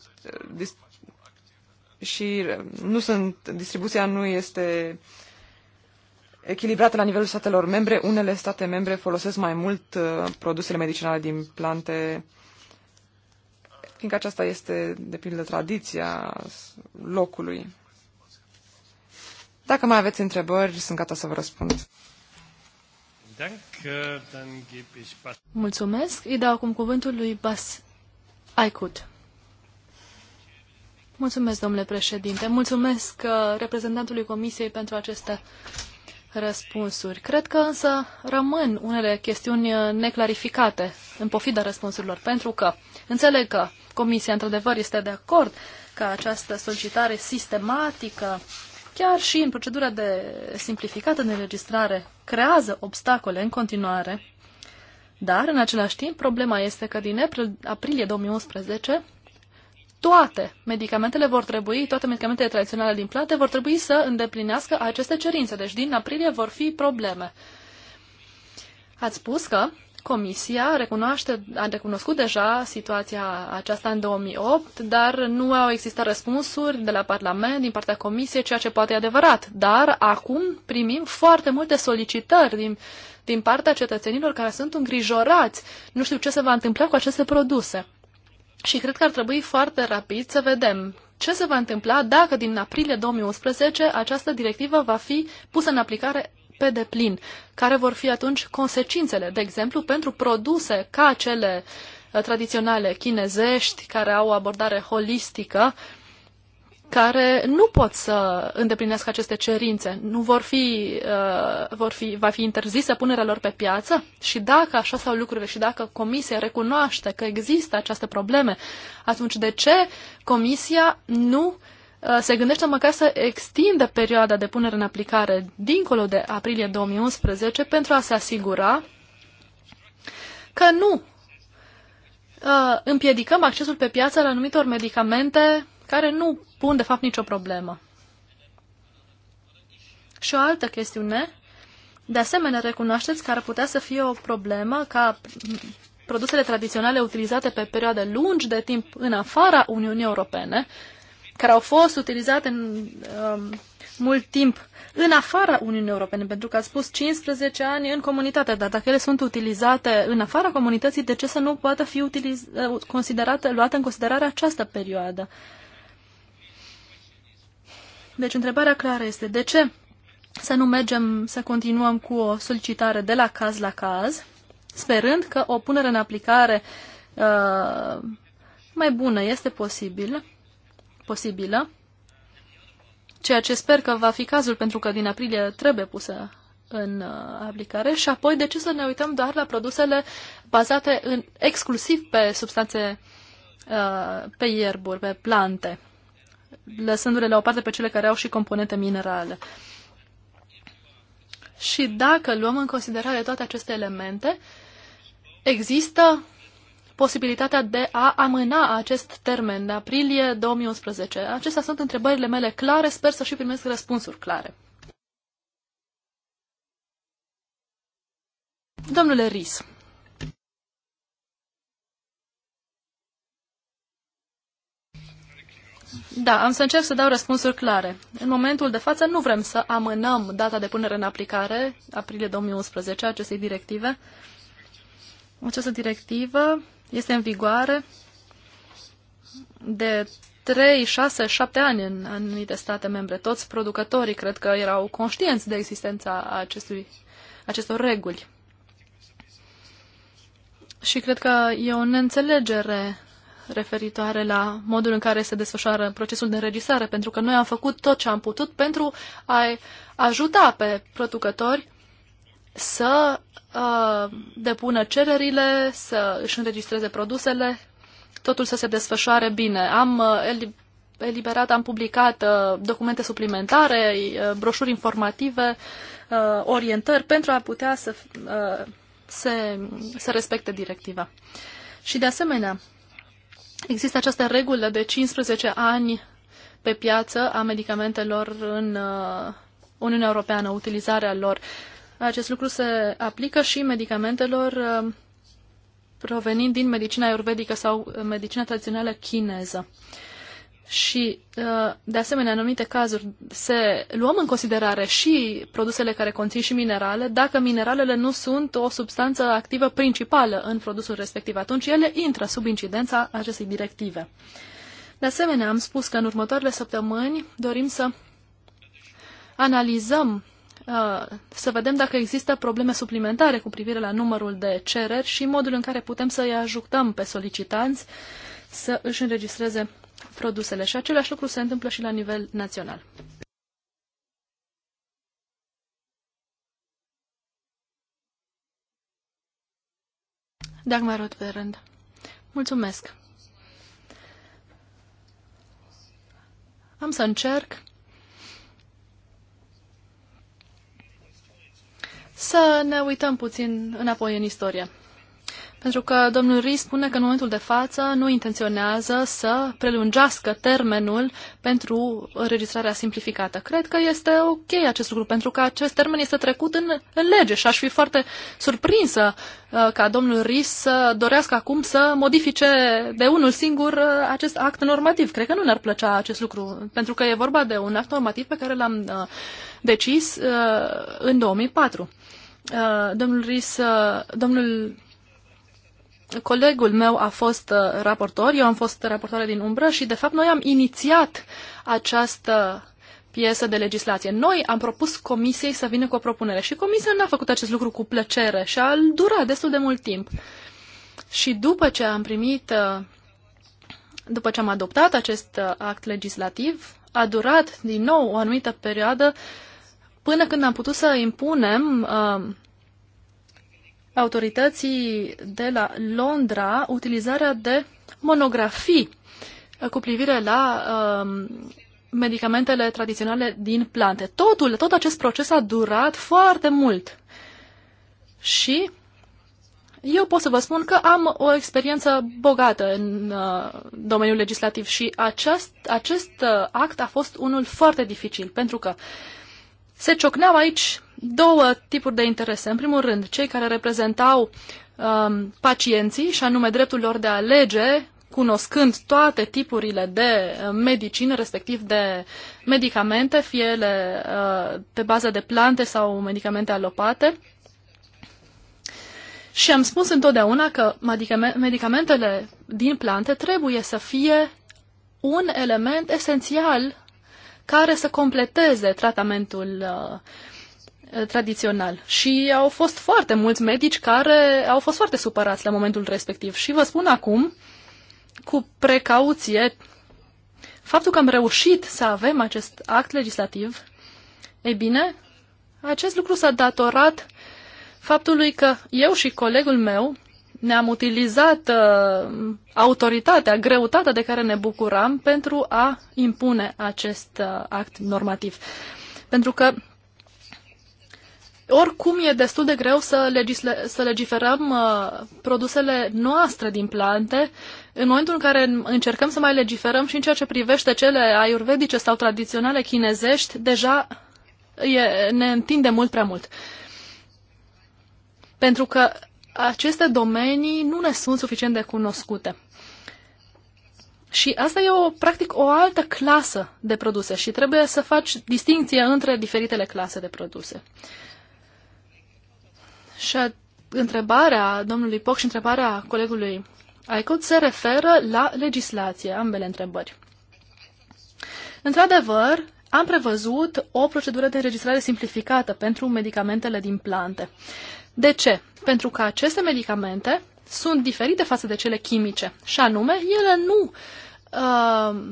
Speaker 4: uh, și nu sunt, distribuția nu este uh, echilibrate la nivelul statelor membre. Unele state membre folosesc mai mult uh, produsele medicinale din plante, fiindcă aceasta este, de pildă, tradiția locului. Dacă mai aveți întrebări,
Speaker 2: sunt gata să vă răspund. Uh, Mulțumesc. Îi dau acum cuvântul lui Bas Aikut. Mulțumesc, domnule președinte. Mulțumesc uh, reprezentantului Comisiei pentru aceste răspunsuri. Cred că însă rămân unele chestiuni uh, neclarificate în pofida răspunsurilor, pentru că înțeleg că Comisia într-adevăr este de acord că această solicitare sistematică, chiar și în procedura de simplificată de înregistrare, creează obstacole în continuare, dar în același timp problema este că din aprilie 2011 toate medicamentele vor trebui, toate medicamentele tradiționale din plate vor trebui să îndeplinească aceste cerințe. Deci din aprilie vor fi probleme. Ați spus că Comisia recunoaște, a recunoscut deja situația aceasta în 2008, dar nu au existat răspunsuri de la Parlament, din partea Comisiei, ceea ce poate e adevărat. Dar acum primim foarte multe solicitări din, din partea cetățenilor care sunt îngrijorați. Nu știu ce se va întâmpla cu aceste produse. Și cred că ar trebui foarte rapid să vedem ce se va întâmpla dacă din aprilie 2011 această directivă va fi pusă în aplicare pe deplin. Care vor fi atunci consecințele, de exemplu, pentru produse ca cele uh, tradiționale chinezești, care au o abordare holistică, uh, care nu pot să îndeplinească aceste cerințe. Nu vor fi, uh, vor fi, va fi interzisă punerea lor pe piață și dacă așa stau lucrurile și dacă Comisia recunoaște că există aceste probleme, atunci de ce Comisia nu uh, se gândește măcar să extindă perioada de punere în aplicare dincolo de aprilie 2011 pentru a se asigura că nu uh, împiedicăm accesul pe piață la anumitor medicamente care nu pun, de fapt, nicio problemă. Și o altă chestiune, de asemenea, recunoașteți că ar putea să fie o problemă ca produsele tradiționale utilizate pe perioade lungi de timp în afara Uniunii Europene, care au fost utilizate în um, mult timp în afara Uniunii Europene, pentru că ați spus 15 ani în comunitate, dar dacă ele sunt utilizate în afara comunității, de ce să nu poată fi utiliz- considerate, luată în considerare această perioadă? Uh, deci întrebarea clară este de ce să nu mergem să continuăm cu o solicitare de la caz la caz, sperând că o punere în aplicare uh, mai bună este posibil, posibilă, ceea ce sper că va fi cazul pentru că din aprilie trebuie pusă în uh, aplicare și apoi de ce să ne uităm doar la produsele bazate în, exclusiv pe substanțe, uh, pe ierburi, pe plante lăsându-le la o parte pe cele care au și componente minerale. Și dacă luăm în considerare toate aceste elemente, există posibilitatea de a amâna acest termen de aprilie 2011. Acestea sunt întrebările mele clare, sper să și primesc răspunsuri clare. Domnule Ris, Da, am să încerc să dau răspunsuri clare. În momentul de față nu vrem să amânăm data de punere în aplicare, aprilie 2011, acestei directive. Această directivă este în vigoare de 3, 6, 7 ani în anumite state membre. Toți producătorii cred că erau conștienți de existența acestui, acestor reguli. Și cred că e o neînțelegere referitoare la modul în care se desfășoară procesul de înregistrare, pentru că noi am făcut tot ce am putut pentru a ajuta pe producători să uh, depună cererile, să își înregistreze produsele, totul să se desfășoare bine. Am uh, eliberat, am publicat uh, documente suplimentare, uh, broșuri informative, uh, orientări pentru a putea să, uh, se, să respecte directiva. Și de asemenea, Există această regulă de 15 ani pe piață a medicamentelor în uh, Uniunea Europeană, utilizarea lor. Acest lucru se aplică și medicamentelor uh, provenind din medicina ayurvedică sau medicina tradițională chineză și, uh, de asemenea, în anumite cazuri se luăm în considerare și produsele care conțin și minerale, dacă mineralele nu sunt o substanță activă principală în produsul respectiv, atunci ele intră sub incidența acestei directive. De asemenea, am spus că în următoarele săptămâni dorim să analizăm, uh, să vedem dacă există probleme suplimentare cu privire la numărul de cereri și modul în care putem să-i ajutăm pe solicitanți să își înregistreze produsele și același lucru se întâmplă și la nivel național. pe rând. Mulțumesc. Am să încerc să ne uităm puțin înapoi în istorie. Pentru că domnul Ri spune că în momentul de față nu intenționează să prelungească termenul pentru înregistrarea simplificată. Cred că este ok acest lucru, pentru că acest termen este trecut în, în lege și aș fi foarte surprinsă uh, ca domnul Ri să dorească acum să modifice de unul singur uh, acest act normativ. Cred că nu ne-ar plăcea acest lucru, pentru că e vorba de un act normativ pe care l-am uh, decis uh, în 2004. Uh, domnul Ris, domnul colegul meu a fost uh, raportor, eu am fost raportoare din umbră și, de fapt, noi am inițiat această piesă de legislație. Noi am propus comisiei să vină cu o propunere și comisia n-a făcut acest lucru cu plăcere și a durat destul de mult timp. Și după ce am primit, uh, după ce am adoptat acest uh, act legislativ, a durat din nou o anumită perioadă până când am putut să impunem autorității de la Londra utilizarea de monografii cu privire la um, medicamentele tradiționale din plante. Totul, tot acest proces a durat foarte mult. Și eu pot să vă spun că am o experiență bogată în uh, domeniul legislativ și acest, acest uh, act a fost unul foarte dificil, pentru că uh, se ciocneau aici două tipuri de interese. În primul rând, cei care reprezentau um, pacienții și anume dreptul lor de a alege, cunoscând toate tipurile de uh, medicină, respectiv de medicamente, fie ele uh, pe bază de plante sau medicamente alopate. Și am spus întotdeauna că medicamentele din plante trebuie să fie un element esențial care să completeze tratamentul uh, uh, tradițional. Și au fost foarte mulți medici care au fost foarte supărați la momentul respectiv. Și vă spun acum, cu precauție, faptul că am reușit să avem acest act legislativ, e bine, acest lucru s-a datorat faptului că eu și colegul meu ne-am utilizat uh, autoritatea, greutatea de care ne bucuram pentru a impune acest uh, act normativ. Pentru că oricum e destul de greu să, legisle- să legiferăm uh, produsele noastre din plante în momentul în care încercăm să mai legiferăm și în ceea ce privește cele aiurvedice sau tradiționale chinezești, deja e, ne întinde mult prea mult. Pentru că aceste domenii nu ne sunt suficient de cunoscute. Și asta e o, practic o altă clasă de produse și trebuie să faci distinție între diferitele clase de produse. Și întrebarea domnului Poc și întrebarea colegului Aicot se referă la legislație, ambele întrebări. Într-adevăr, am prevăzut o procedură de înregistrare simplificată pentru medicamentele din plante. De ce? Pentru că aceste medicamente sunt diferite față de cele chimice. Și anume, ele nu uh,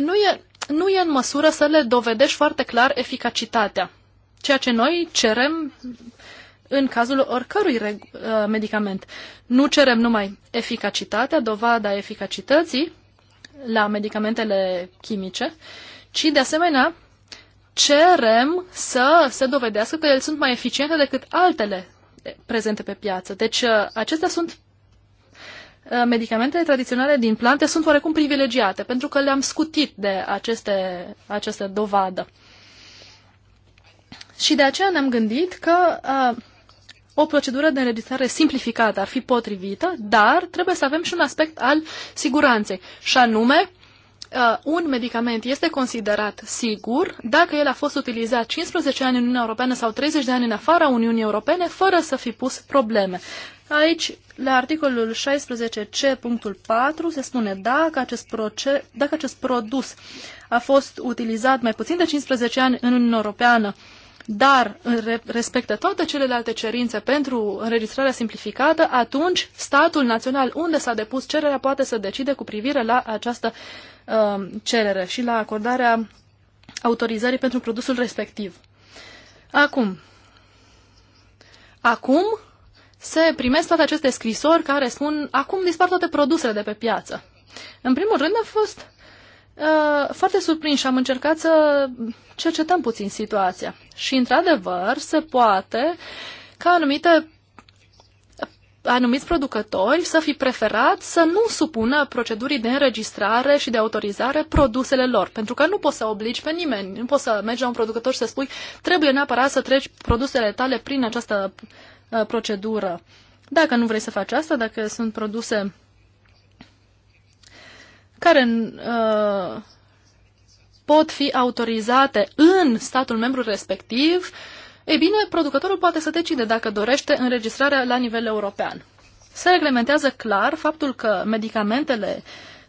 Speaker 2: nu e, nu e în măsură să le dovedești foarte clar eficacitatea. Ceea ce noi cerem în cazul oricărui reg- uh, medicament. Nu cerem numai eficacitatea, dovada eficacității la medicamentele chimice, ci de asemenea cerem să se dovedească că ele sunt mai eficiente decât altele prezente pe piață. Deci uh, acestea sunt uh, medicamentele tradiționale din plante sunt oarecum privilegiate, pentru că le-am scutit de aceste, aceste dovadă. Și de aceea ne-am gândit că uh, o procedură de înregistrare simplificată ar fi potrivită, dar trebuie să avem și un aspect al siguranței, și anume uh, un medicament este considerat sigur dacă el a fost utilizat 15 ani în Uniunea Europeană sau 30 de ani în afara Uniunii Europene fără să fi pus probleme. Aici, la articolul 16c.4 se spune dacă acest, proces, dacă acest produs a fost utilizat mai puțin de 15 ani în Uniunea Europeană dar respectă toate celelalte cerințe pentru înregistrarea simplificată, atunci statul național unde s-a depus cererea poate să decide cu privire la această uh, cerere și la acordarea autorizării pentru produsul respectiv. Acum, acum se primesc toate aceste scrisori care spun acum dispar toate produsele de pe piață. În primul rând a fost Uh, foarte surprins și am încercat să cercetăm puțin situația. Și, într-adevăr, se poate ca anumite anumiți producători să fi preferat să nu supună procedurii de înregistrare și de autorizare produsele lor. Pentru că nu poți să obligi pe nimeni, nu poți să mergi la un producător și să spui trebuie neapărat să treci produsele tale prin această uh, procedură. Dacă nu vrei să faci asta, dacă sunt produse care uh, pot fi autorizate în statul membru respectiv, ei bine, producătorul poate să decide dacă dorește înregistrarea la nivel european. Se reglementează clar faptul că medicamentele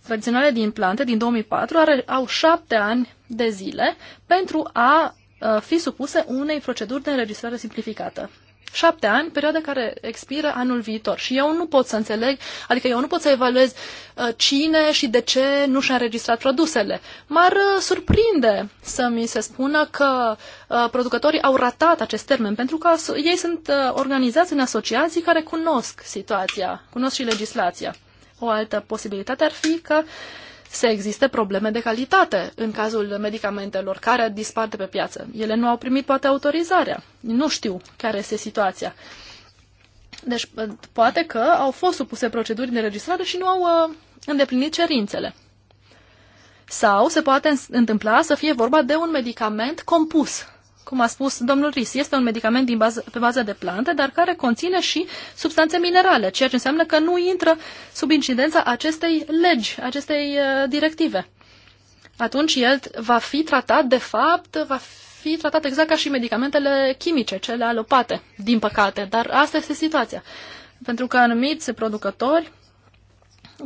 Speaker 2: tradiționale din plante din 2004 are, au șapte ani de zile pentru a uh, fi supuse unei proceduri de înregistrare simplificată șapte ani, perioada care expiră anul viitor. Și eu nu pot să înțeleg, adică eu nu pot să evaluez uh, cine și de ce nu și-a înregistrat produsele. M-ar uh, surprinde să mi se spună că uh, producătorii au ratat acest termen, pentru că ei sunt organizați în asociații care cunosc situația, cunosc și legislația. O altă posibilitate ar fi că uh, să existe probleme de calitate în cazul medicamentelor care dispar de pe piață. Ele nu au primit poate autorizarea. Nu știu care este situația. Deci poate că au fost supuse proceduri de și nu au uh, îndeplinit cerințele. Sau se poate întâmpla să fie vorba de un medicament compus cum a spus domnul Ris, este un medicament din bază, pe bază de plante, dar care conține și substanțe minerale, ceea ce înseamnă că nu intră sub incidența acestei legi, acestei uh, directive. Atunci el va fi tratat, de fapt, va fi tratat exact ca și medicamentele chimice, cele alopate, din păcate, dar asta este situația. Pentru că anumiți producători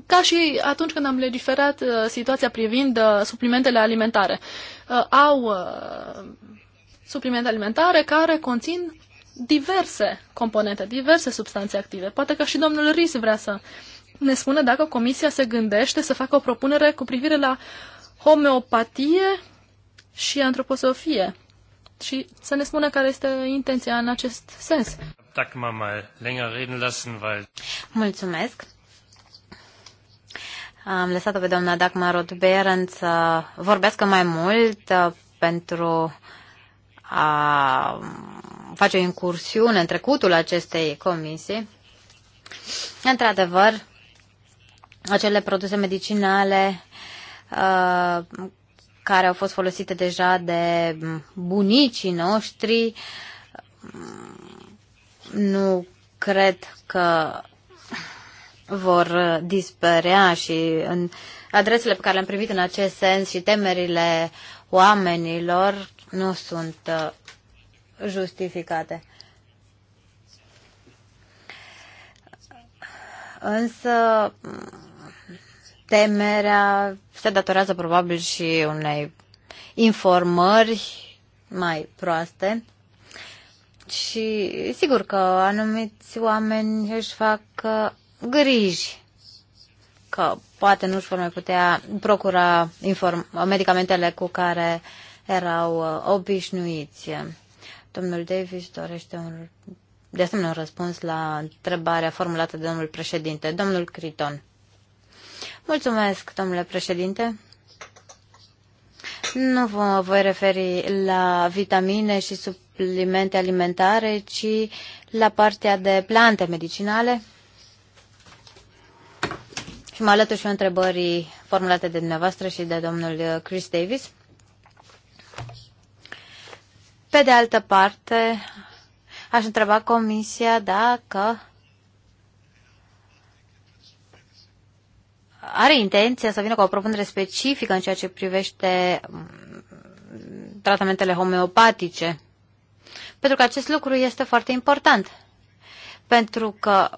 Speaker 2: ca și atunci când am legiferat uh, situația privind uh, suplimentele alimentare. Uh, au suplimente alimentare care conțin diverse componente, diverse substanțe active. Poate că și domnul Ris vrea să ne spună dacă Comisia se gândește să facă o propunere cu privire la homeopatie și antroposofie și să ne spună care este intenția în acest sens. Mulțumesc.
Speaker 3: Am lăsat-o pe doamna Dagmar Rodberen să vorbească mai mult uh, pentru a face o incursiune în trecutul acestei comisii, într-adevăr, acele produse medicinale uh, care au fost folosite deja de bunicii noștri, nu cred că vor dispărea și în adresele pe care le-am primit în acest sens și temerile oamenilor nu sunt uh, justificate. Însă temerea se datorează probabil și unei informări mai proaste și sigur că anumiți oameni își fac uh, griji că poate nu își vor mai putea procura medicamentele cu care uh, erau uh, obișnuiți. Domnul Davis dorește un, de asemenea un răspuns la întrebarea formulată de domnul președinte. Domnul Criton. Mulțumesc, domnule președinte. Nu vă voi referi la vitamine și suplimente alimentare, ci la partea de plante medicinale. Și mă alătur și eu întrebării formulate de dumneavoastră și de domnul Chris Davis. Pe de altă parte, aș întreba Comisia dacă are intenția să vină cu o propunere specifică în ceea ce privește mm, tratamentele homeopatice. Pentru că acest lucru este foarte important. Pentru că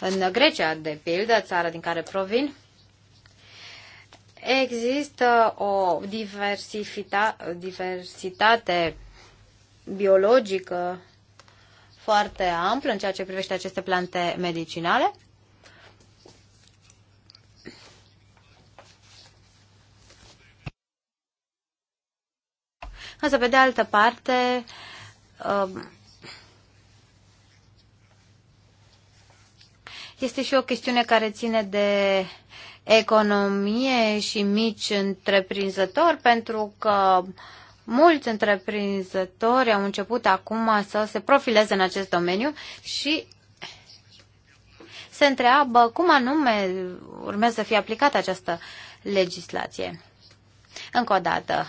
Speaker 3: în Grecia, de pildă, țara din care provin, Există o diversitate biologică foarte amplă în ceea ce privește aceste plante medicinale. Însă, pe de altă parte, um, este și o chestiune care ține de economie și mici întreprinzători, pentru că mulți întreprinzători au început acum să se profileze în acest domeniu și se întreabă cum anume urmează să fie aplicată această legislație. Încă o dată,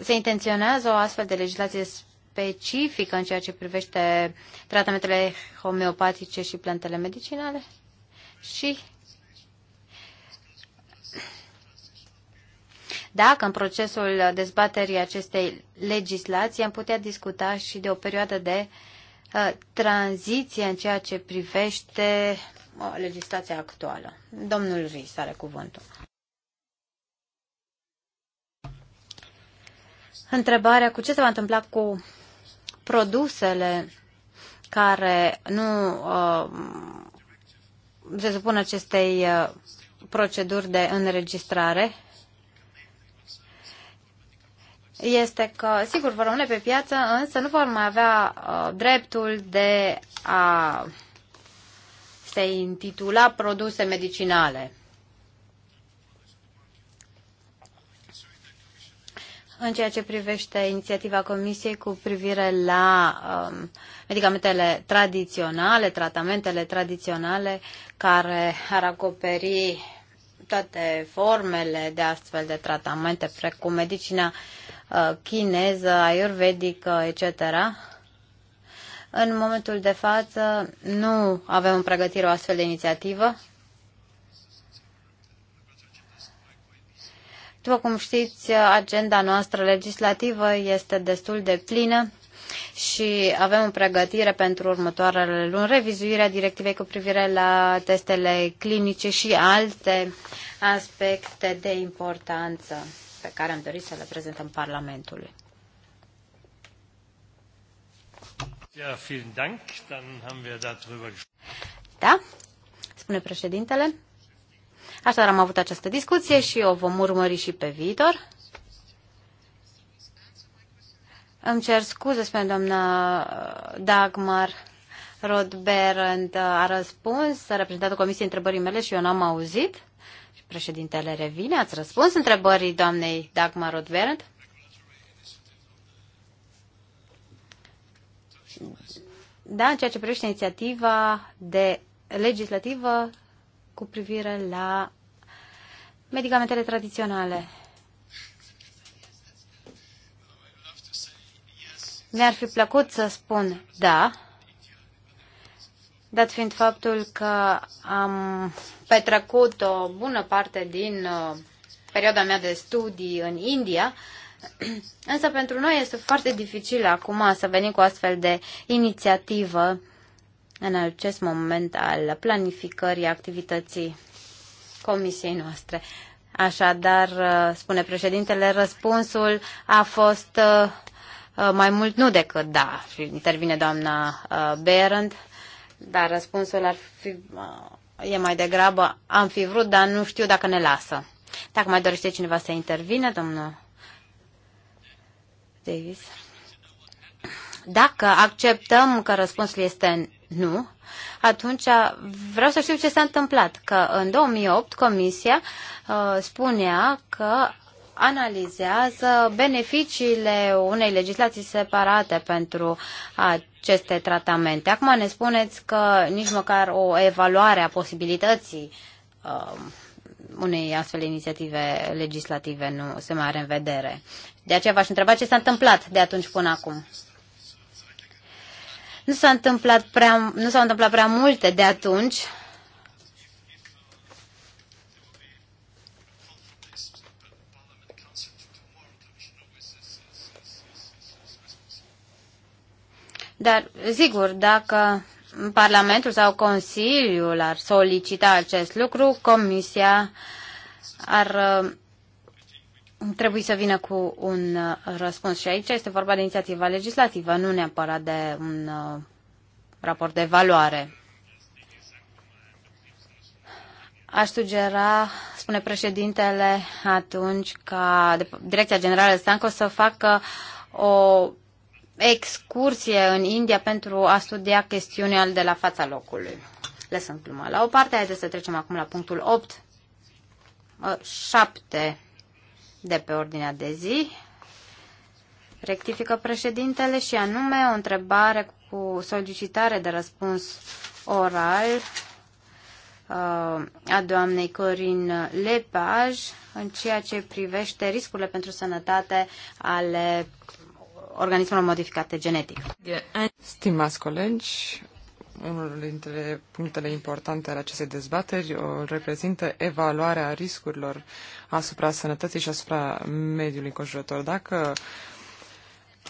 Speaker 3: se intenționează o astfel de legislație specifică în ceea ce privește tratamentele homeopatice și plantele medicinale? Și dacă în procesul dezbaterii acestei legislații am putea discuta și de o perioadă de uh, tranziție în ceea ce privește uh, legislația actuală. Domnul Ris are cuvântul. Întrebarea cu ce se va întâmpla cu produsele care nu uh, se supun acestei uh, proceduri de înregistrare este că, sigur, vor rămâne pe piață, însă nu vor mai avea uh, dreptul de a se intitula produse medicinale. În ceea ce privește inițiativa Comisiei cu privire la um, medicamentele tradiționale, tratamentele tradiționale care ar acoperi toate formele de astfel de tratamente, precum medicina Uh, chineză, ayurvedică, etc. În momentul de față nu avem în pregătire o astfel de inițiativă. După cum știți, agenda noastră legislativă este destul de plină și avem în pregătire pentru următoarele luni revizuirea directivei cu privire la testele clinice și alte aspecte de importanță pe care am dorit să le prezentăm Parlamentului.
Speaker 1: Ja, vielen Dank. Dann haben wir darüber
Speaker 3: Da, spune președintele. Așadar am avut această discuție și o vom urmări și pe viitor. Îmi cer scuze, spune doamna uh, Dagmar Rodberend uh, a răspuns, a reprezentat o comisie întrebării mele și eu n-am auzit. Președintele revine. Ați răspuns întrebării doamnei Dagmar Rodverd? Da, în ceea ce privește inițiativa de legislativă cu privire la medicamentele tradiționale. Mi-ar fi plăcut să spun da, dat fiind faptul că am petrecut o bună parte din uh, perioada mea de studii în India, însă pentru noi este foarte dificil acum să venim cu astfel de inițiativă în acest moment al planificării activității comisiei noastre. Așadar, uh, spune președintele, răspunsul a fost uh, mai mult nu decât da, intervine doamna Berend, dar răspunsul ar fi e mai degrabă am fi vrut, dar nu știu dacă ne lasă. Dacă mai dorește cineva să intervine, domnul Davis. Dacă acceptăm că răspunsul este nu, atunci vreau să știu ce s-a întâmplat. Că în 2008 Comisia uh, spunea că analizează beneficiile unei legislații separate pentru a aceste tratamente. Acum ne spuneți că nici măcar o evaluare a posibilității uh, unei astfel de inițiative legislative nu se mai are în vedere. De aceea v-aș întreba ce s-a întâmplat de atunci până acum. Nu s-a întâmplat nu s întâmplat prea multe de atunci Dar, sigur, dacă Parlamentul sau Consiliul ar solicita acest lucru, Comisia ar uh, trebui să vină cu un uh, răspuns. Și aici este vorba de inițiativa legislativă, nu neapărat de un uh, raport de valoare. Aș sugera, spune președintele, atunci ca Direcția Generală Stanco să facă o excursie în India pentru a studia chestiunea de la fața locului. Lăsăm pluma. la o parte, haideți să trecem acum la punctul 8, 7 ă, de pe ordinea de zi. Rectifică președintele și anume o întrebare cu solicitare de răspuns oral ă, a doamnei Corin Lepaj în ceea ce privește riscurile pentru sănătate ale organismelor modificate genetic.
Speaker 4: Stimați colegi, unul dintre punctele importante ale acestei dezbateri o reprezintă evaluarea riscurilor asupra sănătății și asupra mediului înconjurător. Dacă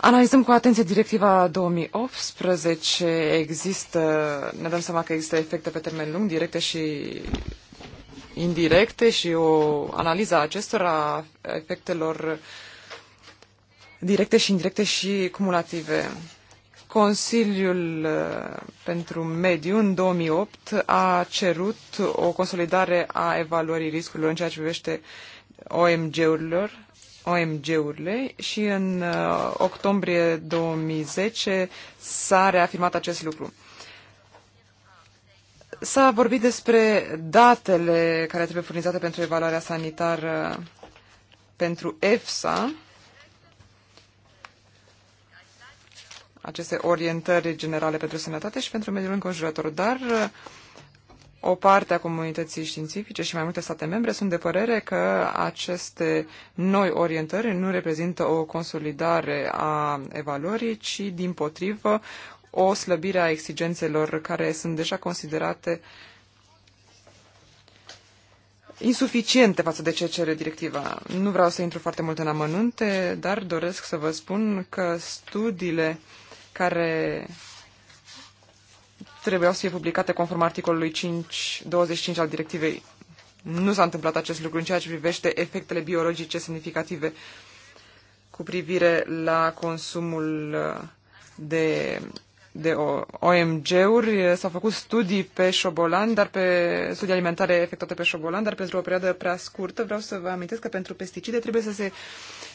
Speaker 4: Analizăm cu atenție directiva 2018. Există, ne dăm seama că există efecte pe termen lung, directe și indirecte și o analiză a acestora, efectelor directe și indirecte și cumulative. Consiliul uh, pentru Mediu în 2008 a cerut o consolidare a evaluării riscurilor în ceea ce privește OMG-urilor, OMG-urile și în uh, octombrie 2010 s-a reafirmat acest lucru. S-a vorbit despre datele care trebuie furnizate pentru evaluarea sanitară pentru EFSA, aceste orientări generale pentru sănătate și pentru mediul înconjurător, dar uh, o parte a comunității științifice și mai multe state membre sunt de părere că aceste noi orientări nu reprezintă o consolidare a evaluării, ci din potrivă o slăbire a exigențelor care sunt deja considerate insuficiente față de ce cere directiva. Nu vreau să intru foarte mult în amănunte, dar doresc să vă spun că studiile care trebuiau să fie publicate conform articolului 5, 25 al directivei. Nu s-a întâmplat acest lucru în ceea ce privește efectele biologice semnificative cu privire la consumul uh, de de OMG-uri. S-au făcut studii pe șobolan, dar pe studii alimentare efectuate pe șobolan, dar pentru o perioadă prea scurtă. Vreau să vă amintesc că pentru pesticide trebuie să se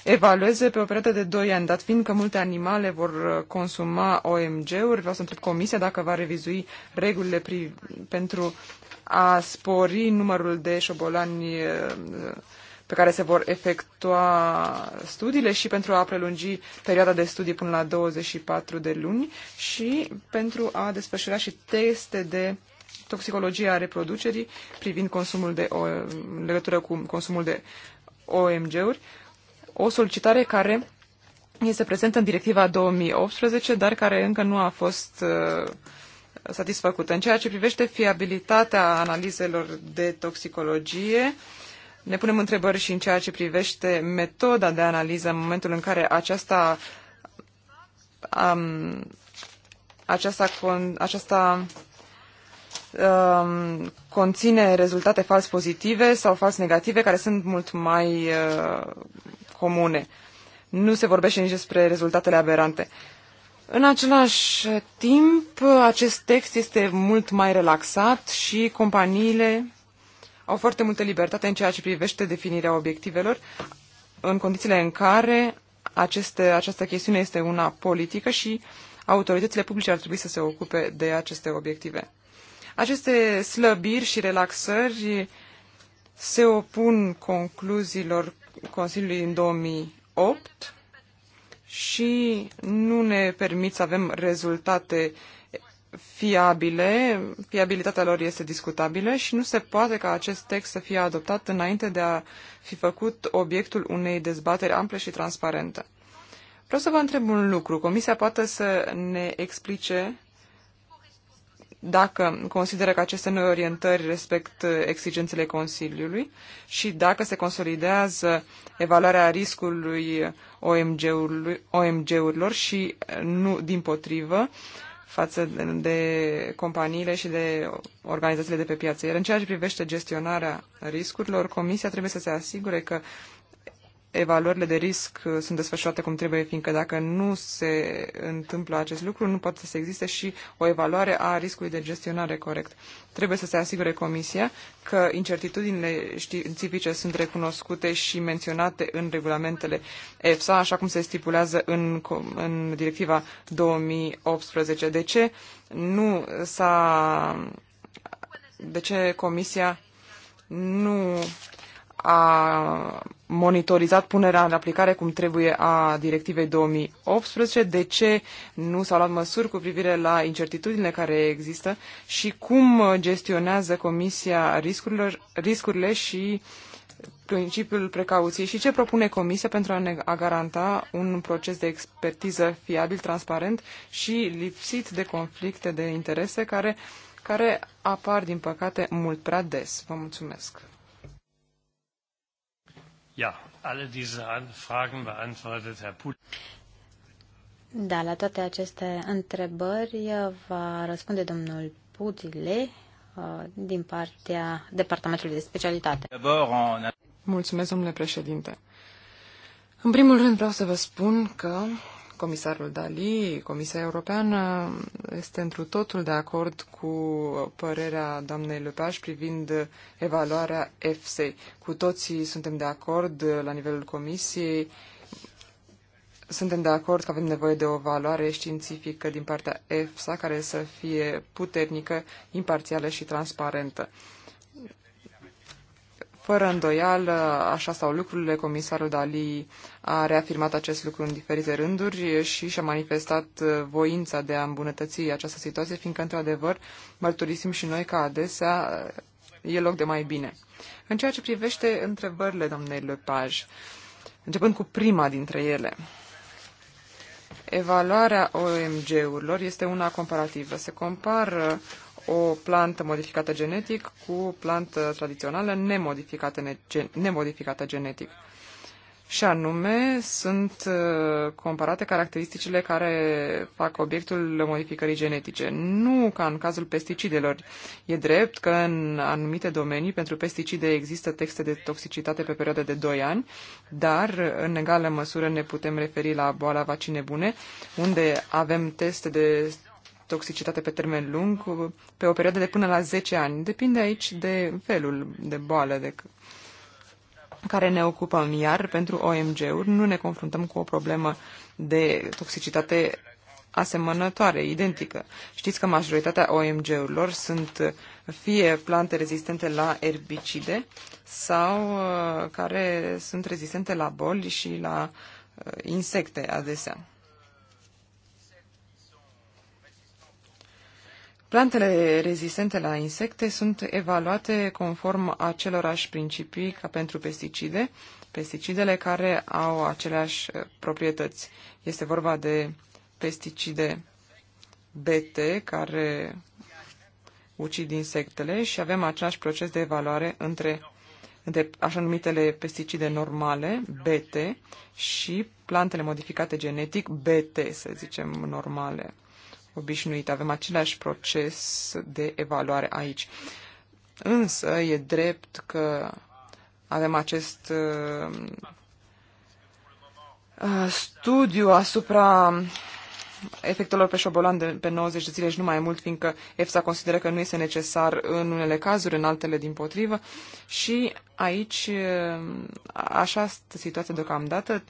Speaker 4: evalueze pe o perioadă de 2 ani, dat fiind că multe animale vor consuma OMG-uri. Vreau să întreb comisia dacă va revizui regulile pri- pentru a spori numărul de șobolani pe care se vor efectua studiile și pentru a prelungi perioada de studii până la 24 de luni și pentru a desfășura și teste de toxicologie a reproducerii privind consumul de, în legătură cu consumul de OMG-uri, o solicitare care este prezentă în directiva 2018, dar care încă nu a fost uh, satisfăcută. În ceea ce privește fiabilitatea analizelor de toxicologie, ne punem întrebări și în ceea ce privește metoda de analiză în momentul în care aceasta um, aceasta, con, aceasta um, conține rezultate fals pozitive sau fals negative care sunt mult mai uh, comune. Nu se vorbește nici despre rezultatele aberante. În același timp, acest text este mult mai relaxat și companiile au foarte multă libertate în ceea ce privește definirea obiectivelor, în condițiile în care aceste, această chestiune este una politică și autoritățile publice ar trebui să se ocupe de aceste obiective. Aceste slăbiri și relaxări se opun concluziilor Consiliului în 2008 și nu ne permit să avem rezultate uh, fiabile, fiabilitatea lor este discutabilă și nu se poate ca acest text să fie adoptat înainte de a fi făcut obiectul unei dezbateri ample și transparente. Vreau să vă întreb un lucru. Comisia poate să ne explice dacă consideră că aceste noi orientări respect exigențele Consiliului și dacă se consolidează evaluarea riscului OMG-urilor OMG și nu din potrivă, față de companiile și de organizațiile de pe piață. Iar în ceea ce privește gestionarea riscurilor, Comisia trebuie să se asigure că evaluările de risc uh, sunt desfășurate cum trebuie, fiindcă dacă nu se întâmplă acest lucru, nu poate să existe și o evaluare a riscului de gestionare corect. Trebuie să se asigure Comisia că incertitudinile științifice sunt recunoscute și menționate în regulamentele EFSA, așa cum se stipulează în, în directiva 2018. De ce nu s-a... De ce Comisia nu a monitorizat punerea în aplicare cum trebuie a directivei 2018, de ce nu s-au luat măsuri cu privire la incertitudinile care există și cum gestionează Comisia riscurile și principiul precauției și ce propune Comisia pentru a, ne, a garanta un proces de expertiză fiabil, transparent și lipsit de conflicte de interese care, care apar, din păcate, mult prea des. Vă mulțumesc!
Speaker 1: Ja, alle diese Fragen beantwortet Herr Putin.
Speaker 3: Da, la toate aceste întrebări uh, va răspunde domnul Pudile uh, din partea Departamentului de Specialitate. Mulțumesc, domnule președinte. În
Speaker 4: primul rând vreau să vă spun că Comisarul Dali, Comisia Europeană, este întru totul de acord cu părerea doamnei Lupaș privind evaluarea EFSEI. Cu toții suntem de acord la nivelul Comisiei suntem de acord că avem nevoie de o valoare științifică din partea EFSA care să fie puternică, imparțială și transparentă. Fără îndoială, așa stau lucrurile, comisarul Dali a reafirmat acest lucru în diferite rânduri și și-a manifestat uh, voința de a îmbunătăți această situație, fiindcă, într-adevăr, mărturisim și noi că adesea uh, e loc de mai bine. În ceea ce privește întrebările domnei Lepage, începând cu prima dintre ele, evaluarea OMG-urilor este una comparativă. Se compară o plantă modificată genetic cu plantă tradițională nemodificată, nemodificată genetic. Și anume, sunt uh, comparate caracteristicile care fac obiectul modificării genetice. Nu ca în cazul pesticidelor. E drept că în anumite domenii pentru pesticide există texte de toxicitate pe perioadă de 2 ani, dar în egală măsură ne putem referi la boala bune, unde avem teste de toxicitate pe termen lung, pe o perioadă de până la 10 ani. Depinde aici de felul de boală de care ne ocupăm. Iar pentru OMG-uri nu ne confruntăm cu o problemă de toxicitate asemănătoare, identică. Știți că majoritatea OMG-urilor sunt fie plante rezistente la erbicide sau uh, care sunt rezistente la boli și la uh, insecte adesea. Plantele rezistente la insecte sunt evaluate conform acelorași principii ca pentru pesticide, pesticidele care au aceleași uh, proprietăți. Este vorba de pesticide BT care ucid insectele și avem același proces de evaluare între, între așa numitele pesticide normale, BT, și plantele modificate genetic, BT, să zicem, normale obișnuit. Avem același proces de evaluare aici. Însă e drept că avem acest uh, uh studiu asupra efectelor pe șobolan de, pe 90 de zile și nu mai mult, fiindcă EFSA consideră că nu este necesar în unele cazuri, în altele din potrivă. Și aici, uh, așa este situația deocamdată,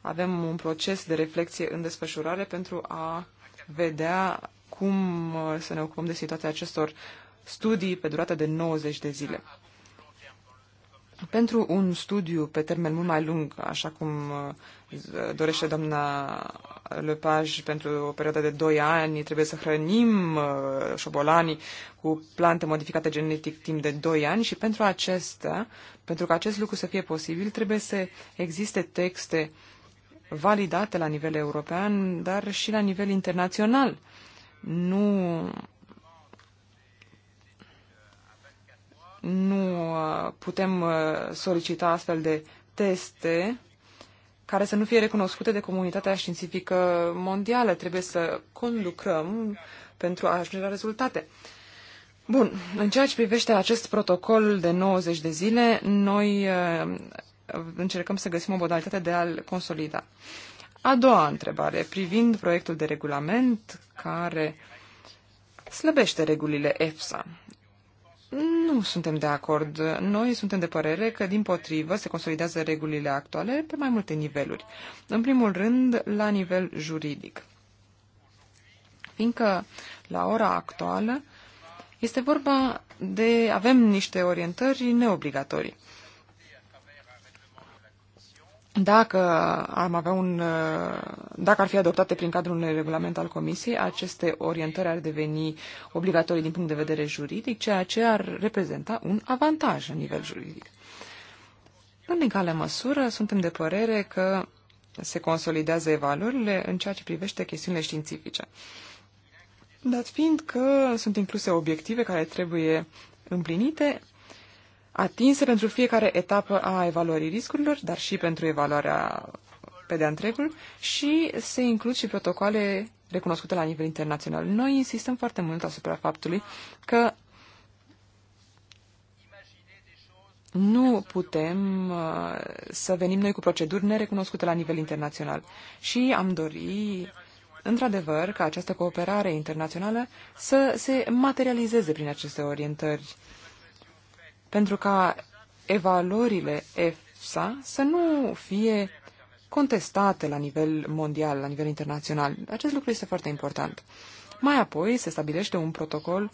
Speaker 4: avem un proces de reflexie în desfășurare pentru a vedea cum uh, să ne ocupăm de situația acestor studii pe durată de 90 de zile. Pentru un studiu pe termen mult mai lung, așa cum uh, dorește doamna Lepaj pentru o perioadă de 2 ani, trebuie să hrănim uh, șobolanii cu plante modificate genetic timp de 2 ani și pentru acestea, pentru că acest lucru să fie posibil, trebuie să existe texte uh, validate la nivel european, dar și la nivel internațional. Nu nu uh, putem uh, solicita astfel de teste care să nu fie recunoscute de comunitatea științifică mondială. Trebuie să conlucrăm pentru a ajunge la rezultate. Bun, în ceea ce privește acest protocol de 90 de zile, noi uh, încercăm să găsim o modalitate de a-l consolida. A doua întrebare, privind proiectul de regulament care slăbește regulile EFSA. Nu suntem de acord. Noi suntem de părere că, din potrivă, se consolidează regulile actuale pe mai multe niveluri. În primul rând, la nivel juridic. Fiindcă, la ora actuală, este vorba de... avem niște orientări neobligatorii. Dacă am avea un, uh, dacă ar fi adoptate prin cadrul unui regulament al Comisiei, aceste orientări ar deveni obligatorii din punct de vedere juridic, ceea ce ar reprezenta un avantaj la nivel juridic. În egală măsură, suntem de părere că se consolidează evaluările în ceea ce privește chestiunile științifice. Dat fiind că sunt incluse obiective care trebuie împlinite, atinse pentru fiecare etapă a evaluării riscurilor, dar și pentru evaluarea pe de întregul și se includ și protocoale recunoscute la nivel internațional. Noi insistăm foarte mult asupra faptului că nu putem uh, să venim noi cu proceduri nerecunoscute la nivel internațional și am dori într-adevăr ca această cooperare internațională să se materializeze prin aceste orientări pentru ca evaluările EFSA să nu fie contestate la nivel mondial, la nivel internațional. Acest lucru este foarte important. Mai apoi se stabilește un protocol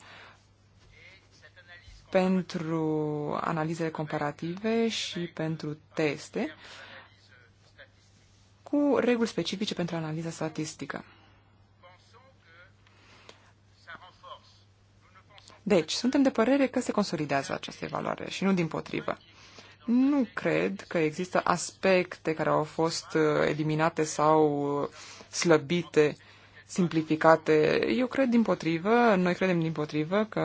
Speaker 4: pentru analizele comparative și pentru teste cu reguli specifice pentru analiza statistică. Deci, suntem de părere că se consolidează această evaluare și nu din potrivă. Nu cred că există aspecte care au fost uh, eliminate sau uh, slăbite, simplificate. Eu cred din potrivă, noi credem din potrivă că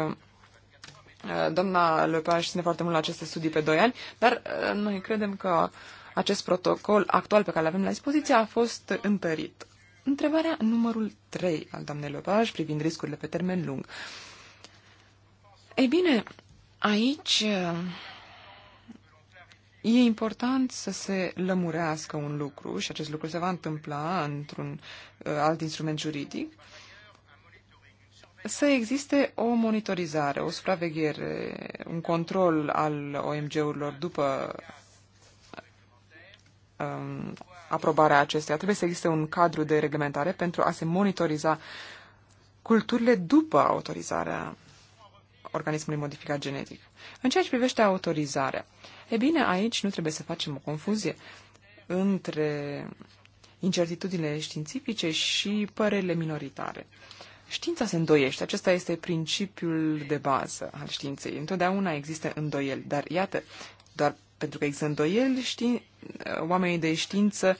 Speaker 4: uh, doamna Lepaș ține foarte mult la aceste studii pe 2 ani, dar noi credem că acest protocol actual pe care l avem la dispoziție a fost întărit. Întrebarea numărul 3 al doamnei Lepaș privind riscurile pe termen lung. Uh, ei bine, aici eh, e important să se lămurească un lucru și acest lucru se va întâmpla într-un eh, alt instrument juridic, să existe o monitorizare, o supraveghere, un control al OMG-urilor după um, aprobarea acesteia. Trebuie să existe un cadru de reglementare pentru a se monitoriza culturile după autorizarea organismului modificat genetic. În ceea ce privește autorizarea, e bine, aici nu trebuie să facem o confuzie între incertitudinile științifice și părele minoritare. Știința se îndoiește. Acesta este principiul de bază al științei. Întotdeauna există îndoieli, dar iată, doar pentru că există îndoieli, ști... oamenii de știință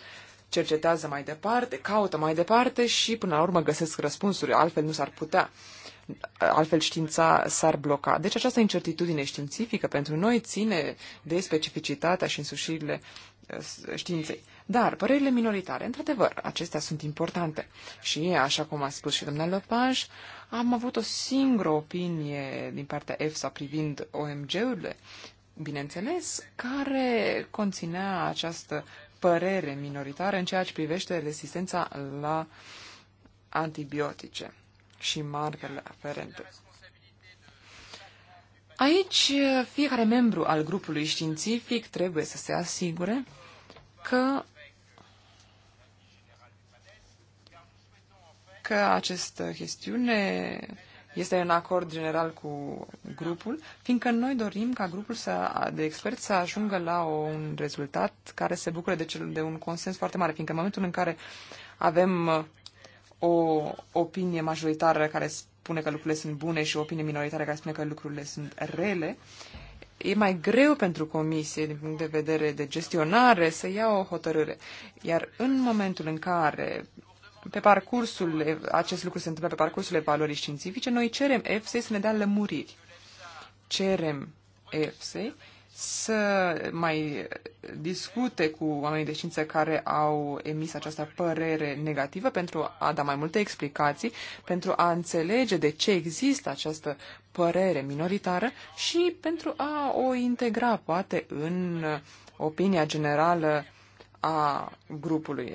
Speaker 4: cercetează mai departe, caută mai departe și până la urmă găsesc răspunsuri, altfel nu s-ar putea altfel știința s-ar bloca. Deci această incertitudine științifică pentru noi ține de specificitatea și însușirile uh, științei. Dar părerile minoritare, într-adevăr, acestea sunt importante. Și, așa cum a spus și domnul Lepaj, am avut o singură opinie din partea EFSA privind OMG-urile, bineînțeles, care conținea această părere minoritară în ceea ce privește rezistența la antibiotice și marcările aferente. Aici, fiecare membru al grupului științific trebuie să se asigure că, că această chestiune este în acord general cu grupul, fiindcă noi dorim ca grupul să, de experți să ajungă la un rezultat care se bucure de, cel, de un consens foarte mare, fiindcă în momentul în care avem o opinie majoritară care spune că lucrurile sunt bune și o opinie minoritară care spune că lucrurile sunt rele, e mai greu pentru comisie, din punct de vedere de gestionare, să ia o hotărâre. Iar în momentul în care pe parcursul, acest lucru se întâmplă pe parcursul evaluării științifice, noi cerem EFSE să ne dea lămuriri. Cerem EFSE să mai discute cu oamenii de știință care au emis această părere negativă pentru a da mai multe explicații, pentru a înțelege de ce există această părere minoritară și pentru a o integra poate în opinia generală a grupului,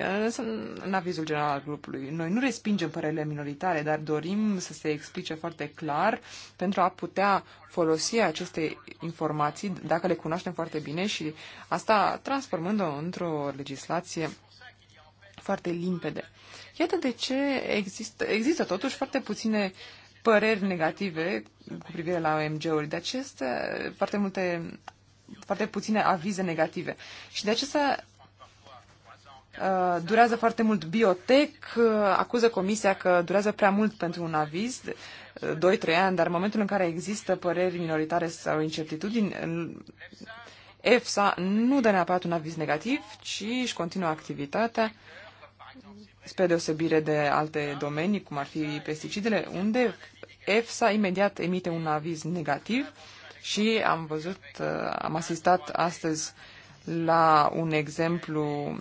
Speaker 4: în avizul general al grupului. Noi nu respingem părerile minoritare, dar dorim să se explice foarte clar pentru a putea folosi aceste informații dacă le cunoaștem foarte bine și asta transformând-o într-o legislație foarte limpede. Iată de ce există, există totuși foarte puține păreri negative cu privire la OMG-uri. De aceste foarte multe foarte puține avize negative. Și de aceasta Uh, durează foarte mult. Biotech uh, acuză comisia că durează prea mult pentru un aviz, 2-3 uh, ani, dar în momentul în care există păreri minoritare sau incertitudini, EFSA nu dă neapărat un aviz negativ, ci își continuă activitatea spre deosebire de alte domenii, cum ar fi pesticidele, unde EFSA imediat emite un aviz negativ și am văzut, am asistat astăzi la un exemplu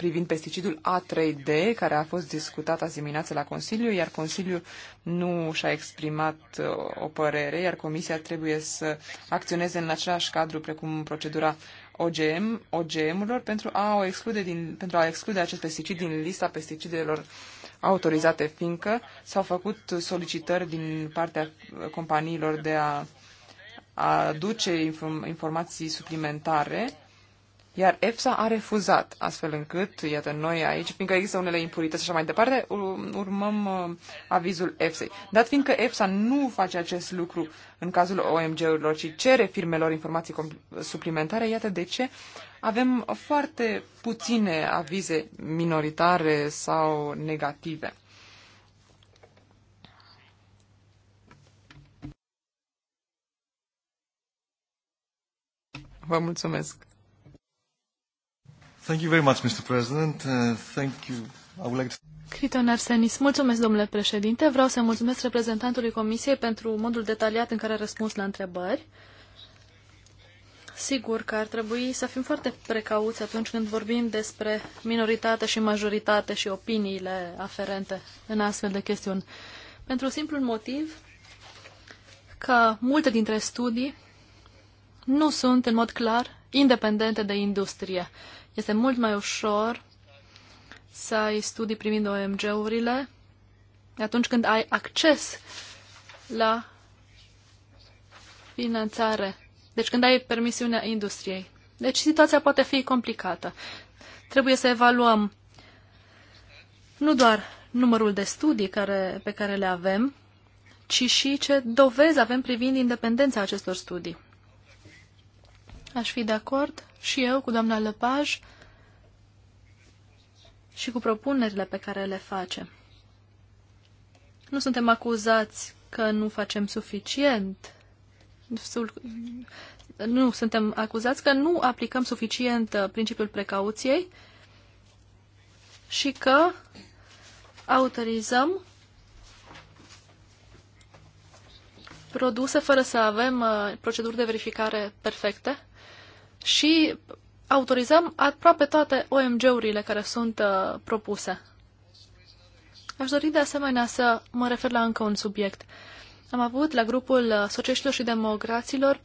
Speaker 4: privind pesticidul A3D, care a fost discutat azi dimineață la Consiliu, iar Consiliul nu și-a exprimat uh, o părere, iar Comisia trebuie să acționeze în același cadru precum procedura OGM, OGM-urilor pentru a, o exclude din, pentru a exclude acest pesticid din lista pesticidelor autorizate, fiindcă s-au făcut solicitări din partea uh, companiilor de a aduce informații suplimentare iar EFSA a refuzat, astfel încât, iată, noi aici, fiindcă există unele impurități și așa mai departe, urmăm uh, avizul EFSA-i. Dat fiindcă EFSA nu face acest lucru în cazul OMG-urilor, ci cere firmelor informații suplimentare, iată de ce avem foarte puține avize minoritare sau negative. Vă mulțumesc!
Speaker 3: Thank you very much, Mr. President.
Speaker 2: Uh, thank you. I would like to... Criton Arsenis, mulțumesc, domnule președinte. Vreau să mulțumesc reprezentantului Comisiei pentru modul detaliat în care a răspuns la întrebări. Sigur că ar trebui să fim foarte precauți atunci când vorbim despre minoritate și majoritate și opiniile aferente în astfel de chestiuni. Pentru simplul motiv că multe dintre studii nu sunt în mod clar independente de industrie. Este mult mai ușor să ai studii privind OMG-urile atunci când ai acces la finanțare. Deci când ai permisiunea industriei. Deci situația poate fi complicată. Trebuie să evaluăm nu doar numărul de studii care, pe care le avem, ci și ce dovezi avem privind independența acestor studii. Aș fi de acord și eu cu doamna Lepaj și cu propunerile pe care le facem. Nu suntem acuzați că nu facem suficient. Nu suntem acuzați că nu aplicăm suficient uh, principiul precauției și că autorizăm produse fără să avem uh, proceduri de verificare perfecte și autorizăm aproape toate OMG-urile care sunt uh, propuse. Aș dori de asemenea să mă refer la încă un subiect. Am avut la grupul uh, Socialiștilor și Democraților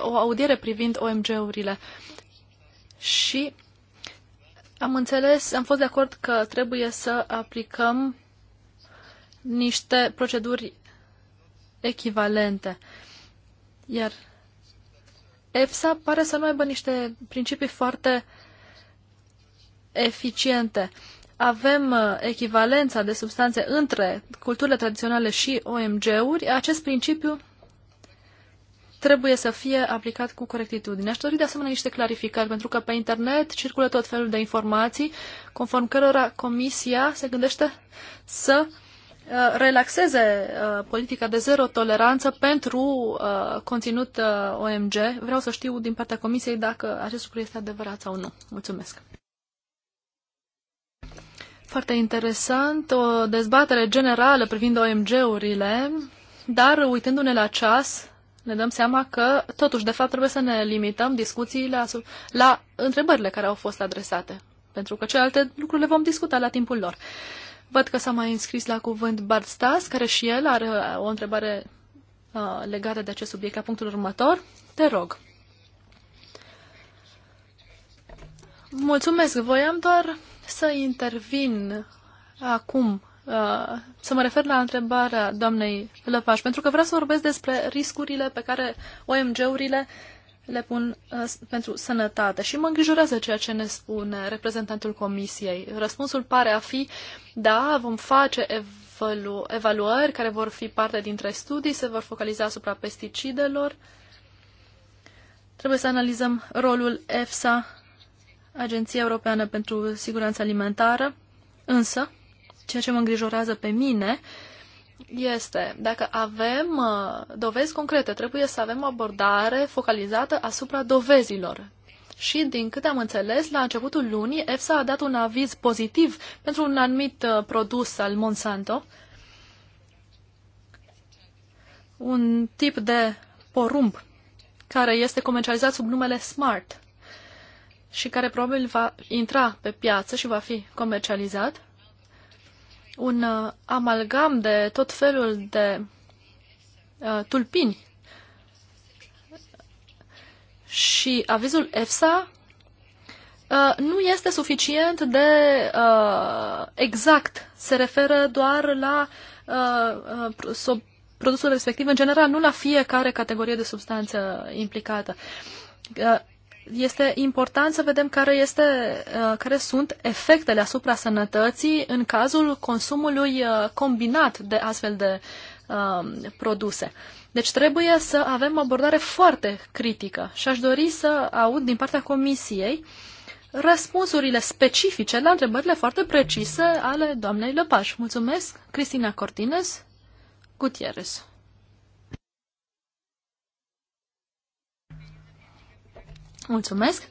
Speaker 2: o audiere privind OMG-urile și am înțeles, am fost de acord că trebuie să aplicăm niște proceduri echivalente. Iar EFSA pare să nu aibă niște principii foarte eficiente. Avem uh, echivalența de substanțe între culturile tradiționale și OMG-uri. Acest principiu trebuie să fie aplicat cu corectitudine. Aș dori de asemenea niște clarificări, pentru că pe internet circulă tot felul de informații, conform cărora comisia se gândește să uh, Uh, relaxeze uh, politica de zero toleranță pentru uh, conținut OMG. Vreau să știu din partea Comisiei dacă acest lucru este adevărat sau nu. Mulțumesc! Foarte interesant, o dezbatere generală privind OMG-urile, dar uitându-ne la ceas, ne dăm seama că, totuși, de fapt, trebuie să ne limităm discuțiile la întrebările care au fost adresate, pentru că celelalte lucruri le vom discuta la timpul lor. Văd că s-a mai înscris la cuvânt Bart Stas, care și el are uh, o întrebare uh, legată de acest subiect la punctul următor. Te rog. Mulțumesc. Voiam doar să intervin acum, uh, să mă refer la întrebarea doamnei Lăpaș, pentru că vreau să vorbesc despre riscurile pe care OMG-urile uh, le pun uh, pentru sănătate și mă îngrijorează ceea ce ne spune reprezentantul comisiei. Răspunsul pare a fi, da, vom face evalu- evaluări care vor fi parte dintre studii, se vor focaliza asupra pesticidelor. Trebuie să analizăm rolul EFSA, Agenția Europeană pentru Siguranță Alimentară, însă, ceea ce mă îngrijorează pe mine este dacă avem uh, dovezi concrete, trebuie să avem o abordare focalizată asupra dovezilor. Și, din câte am înțeles, la începutul lunii, EFSA a dat un aviz pozitiv pentru un anumit uh, produs al Monsanto, un tip de porumb care este comercializat sub numele Smart și care probabil va intra pe piață și va fi comercializat un uh, amalgam de tot felul de uh, tulpini. Și avizul EFSA uh, nu este suficient de uh, exact. Se referă doar la uh, uh, produsul respectiv în general, nu la fiecare categorie de substanță implicată. Uh, este important să vedem care, este, uh, care sunt efectele asupra sănătății în cazul consumului uh, combinat de astfel de uh, produse. Deci trebuie să avem o abordare foarte critică și aș dori să aud din partea Comisiei răspunsurile specifice la întrebările foarte precise ale doamnei Lăpaș. Mulțumesc, Cristina Cortines, Gutierrez. Mulțumesc.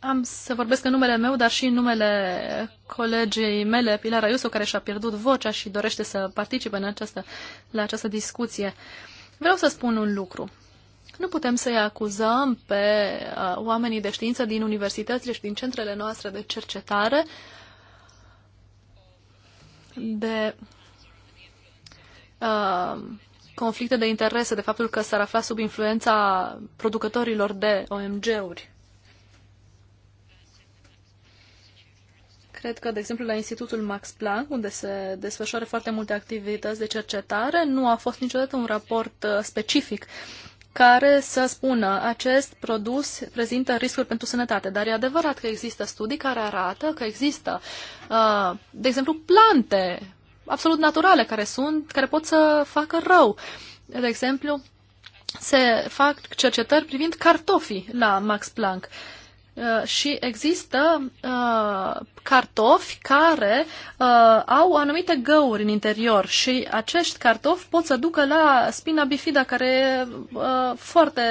Speaker 2: am să vorbesc în numele meu, dar și în numele colegii mele, Pilar Ayuso, care și-a pierdut vocea și dorește să participe în această, la această discuție. Vreau să spun un lucru. Nu putem să-i acuzăm pe oamenii de știință din universitățile și din centrele noastre de cercetare de uh, conflicte de interese, de faptul că s-ar afla sub influența producătorilor de OMG-uri. Cred că, de exemplu, la Institutul Max Planck, unde se desfășoară foarte multe activități de cercetare, nu a fost niciodată un raport uh, specific care să spună acest produs prezintă riscuri pentru sănătate. Dar e adevărat că există studii care arată că există, uh, de exemplu, plante absolut naturale care sunt, care pot să facă rău. De exemplu, se fac cercetări privind cartofii la Max Planck. Uh, și există uh, cartofi care uh, au anumite găuri în interior și acești cartofi pot să ducă la spina bifida care e uh, foarte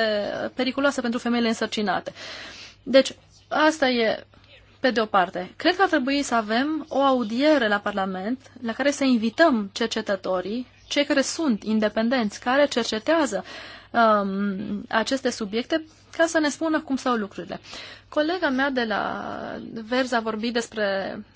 Speaker 2: periculoasă pentru femeile însărcinate. Deci, asta e pe de o parte, cred că ar trebui să avem o audiere la Parlament la care să invităm cercetătorii, cei care sunt independenți, care cercetează uh, um, aceste subiecte ca să ne spună cum stau lucrurile. Colega mea de la Verzi a vorbit despre,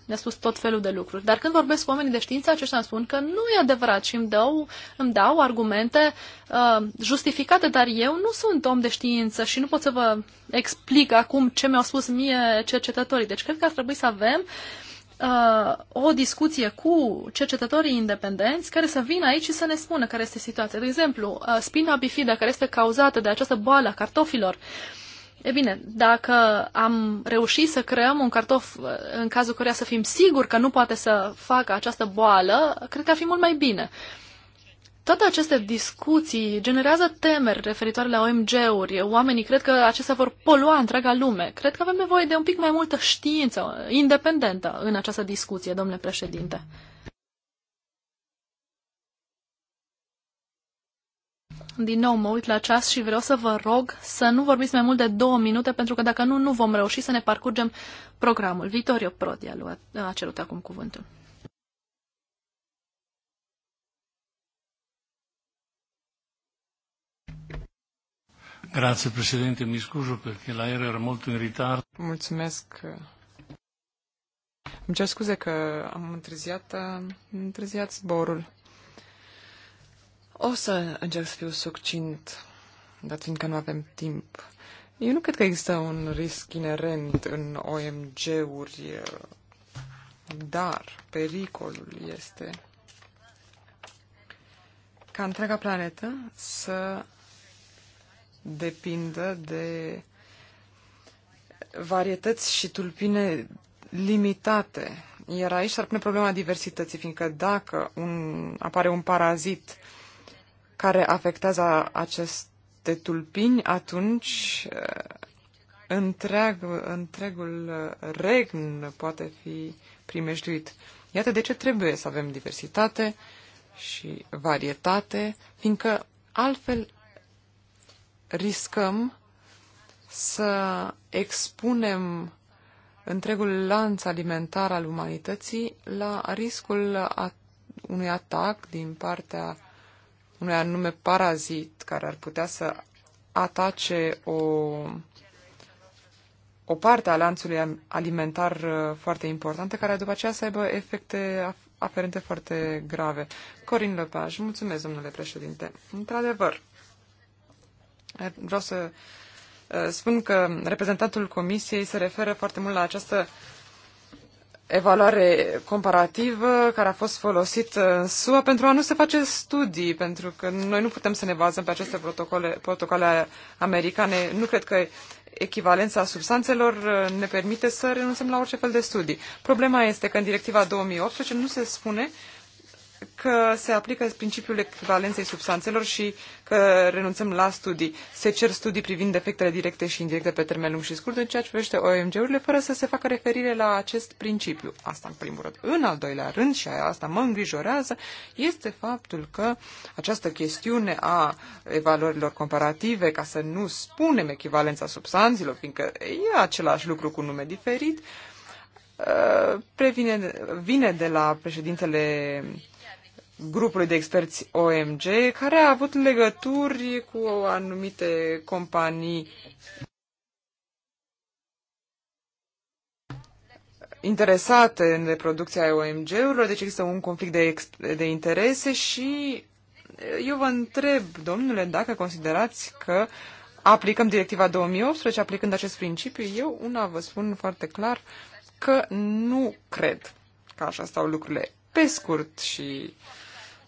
Speaker 2: ne-a spus tot felul de lucruri, dar când vorbesc cu oamenii de știință, aceștia îmi spun că nu e adevărat și îmi dau, îmi dau argumente uh, justificate, dar eu nu sunt om de știință și nu pot să vă explic acum ce mi-au spus mie cercetătorii. Deci cred că ar trebui să avem uh, uh, o discuție cu cercetătorii independenți care să vină aici și să ne spună care este situația. De exemplu, uh, spina bifida care este cauzată de această boală a cartofilor. E bine, dacă am reușit să creăm un cartof uh, în cazul căruia să fim siguri că nu poate să facă această boală, cred că ar fi mult mai bine. Uh, toate aceste discuții generează temeri referitoare la OMG-uri. Oamenii cred că acestea vor polua întreaga lume. Cred că avem nevoie de un pic mai multă știință independentă în această discuție, domnule președinte. Din nou mă uit la ceas și vreau să vă rog să nu vorbiți mai mult de două minute, pentru că dacă nu, nu vom reuși să ne parcurgem programul. Vitorio Prodi a, a cerut acum cuvântul.
Speaker 1: Grazie, Mi perché l'aereo era molto in ritardo.
Speaker 4: Mulțumesc. Îmi cer scuze că am întârziat, am întârziat zborul. O să încerc să fiu succint, dar fiindcă nu avem timp. Eu nu cred că există un risc inerent în OMG-uri, dar pericolul este ca întreaga planetă să depindă de varietăți și tulpine limitate. Iar aici ar pune problema diversității, fiindcă dacă un, apare un parazit care afectează aceste tulpini, atunci eh, întreg, întregul eh, regn poate fi primejduit. Iată de ce trebuie să avem diversitate și varietate, fiindcă altfel riscăm să expunem întregul lanț alimentar al umanității la riscul unui atac din partea unui anume parazit care ar putea să atace o, o parte a lanțului alimentar uh, foarte importantă, care după aceea să aibă efecte aferente foarte grave. Corin Lepaj, mulțumesc, domnule președinte. Într-adevăr, Vreau să uh, spun că reprezentantul Comisiei se referă foarte mult la această evaluare comparativă care a fost folosită în SUA pentru a nu se face studii, pentru că noi nu putem să ne bazăm pe aceste protocole, protocole americane. Nu cred că echivalența substanțelor uh, ne permite să renunțăm la orice fel de studii. Problema este că în directiva 2018 nu se spune uh, că se aplică principiul echivalenței substanțelor și că renunțăm la studii. Se cer studii privind efectele directe și indirecte pe termen lung și scurt în ceea ce privește OMG-urile, fără să se facă referire la acest principiu. Asta în primul rând. În al doilea rând, și asta mă îngrijorează, este faptul că această chestiune a evaluărilor comparative, ca să nu spunem echivalența substanțelor, fiindcă e același lucru cu nume diferit, uh, previne, vine de la președintele grupului de experți OMG, care a avut legături cu anumite companii interesate în reproducția OMG-urilor, deci există un conflict de, de interese și eu vă întreb, domnule, dacă considerați că aplicăm directiva 2018, aplicând acest principiu, eu una vă spun foarte clar că nu cred că așa stau lucrurile. Pe scurt și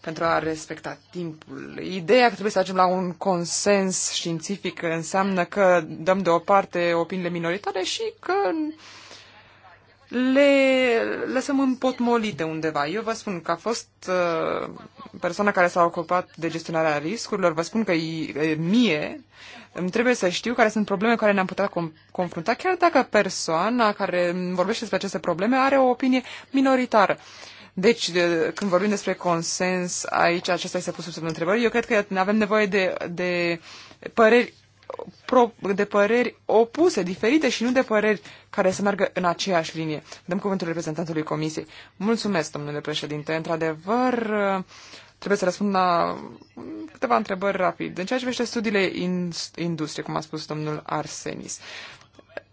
Speaker 4: pentru a respecta timpul. Ideea că trebuie să ajungem la un consens științific înseamnă că dăm deoparte opiniile minoritare și că le lăsăm împotmolite undeva. Eu vă spun că a fost uh, persoana care s-a ocupat de gestionarea riscurilor, vă spun că e, mie îmi trebuie să știu care sunt probleme cu care ne-am putea com- confrunta, chiar dacă persoana care vorbește despre aceste probleme are o opinie minoritară. Uh, deci, de, când vorbim despre consens, aici acesta este pus sub semnul întrebării. Eu cred că avem nevoie de, de păreri pro, de păreri opuse, diferite și nu de păreri care să meargă în aceeași linie. Dăm cuvântul reprezentantului Comisiei. Mulțumesc, domnule președinte. Într-adevăr, trebuie să răspund la câteva întrebări rapid. În ceea ce privește studiile in, industrie, cum a spus domnul Arsenis,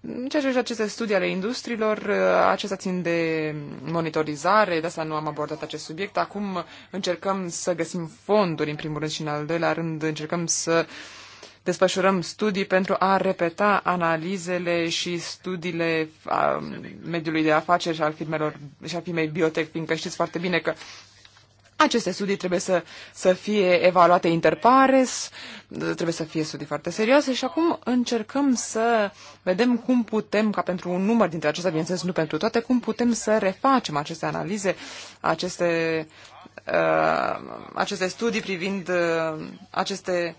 Speaker 4: în ceea ce privește aceste studii ale industriilor, uh, acestea țin de monitorizare, de asta nu am abordat acest subiect. Acum încercăm să găsim fonduri, în primul rând, și în al doilea rând încercăm să desfășurăm studii pentru a repeta analizele și studiile um, mediului de afaceri și al firmelor și al firmei biotech, fiindcă știți foarte bine că aceste studii trebuie să, să fie evaluate interpares, trebuie să fie studii foarte serioase și acum încercăm să vedem cum putem, ca pentru un număr dintre acestea, bineînțeles nu pentru toate, cum putem să refacem aceste analize, aceste, uh, aceste studii privind uh, aceste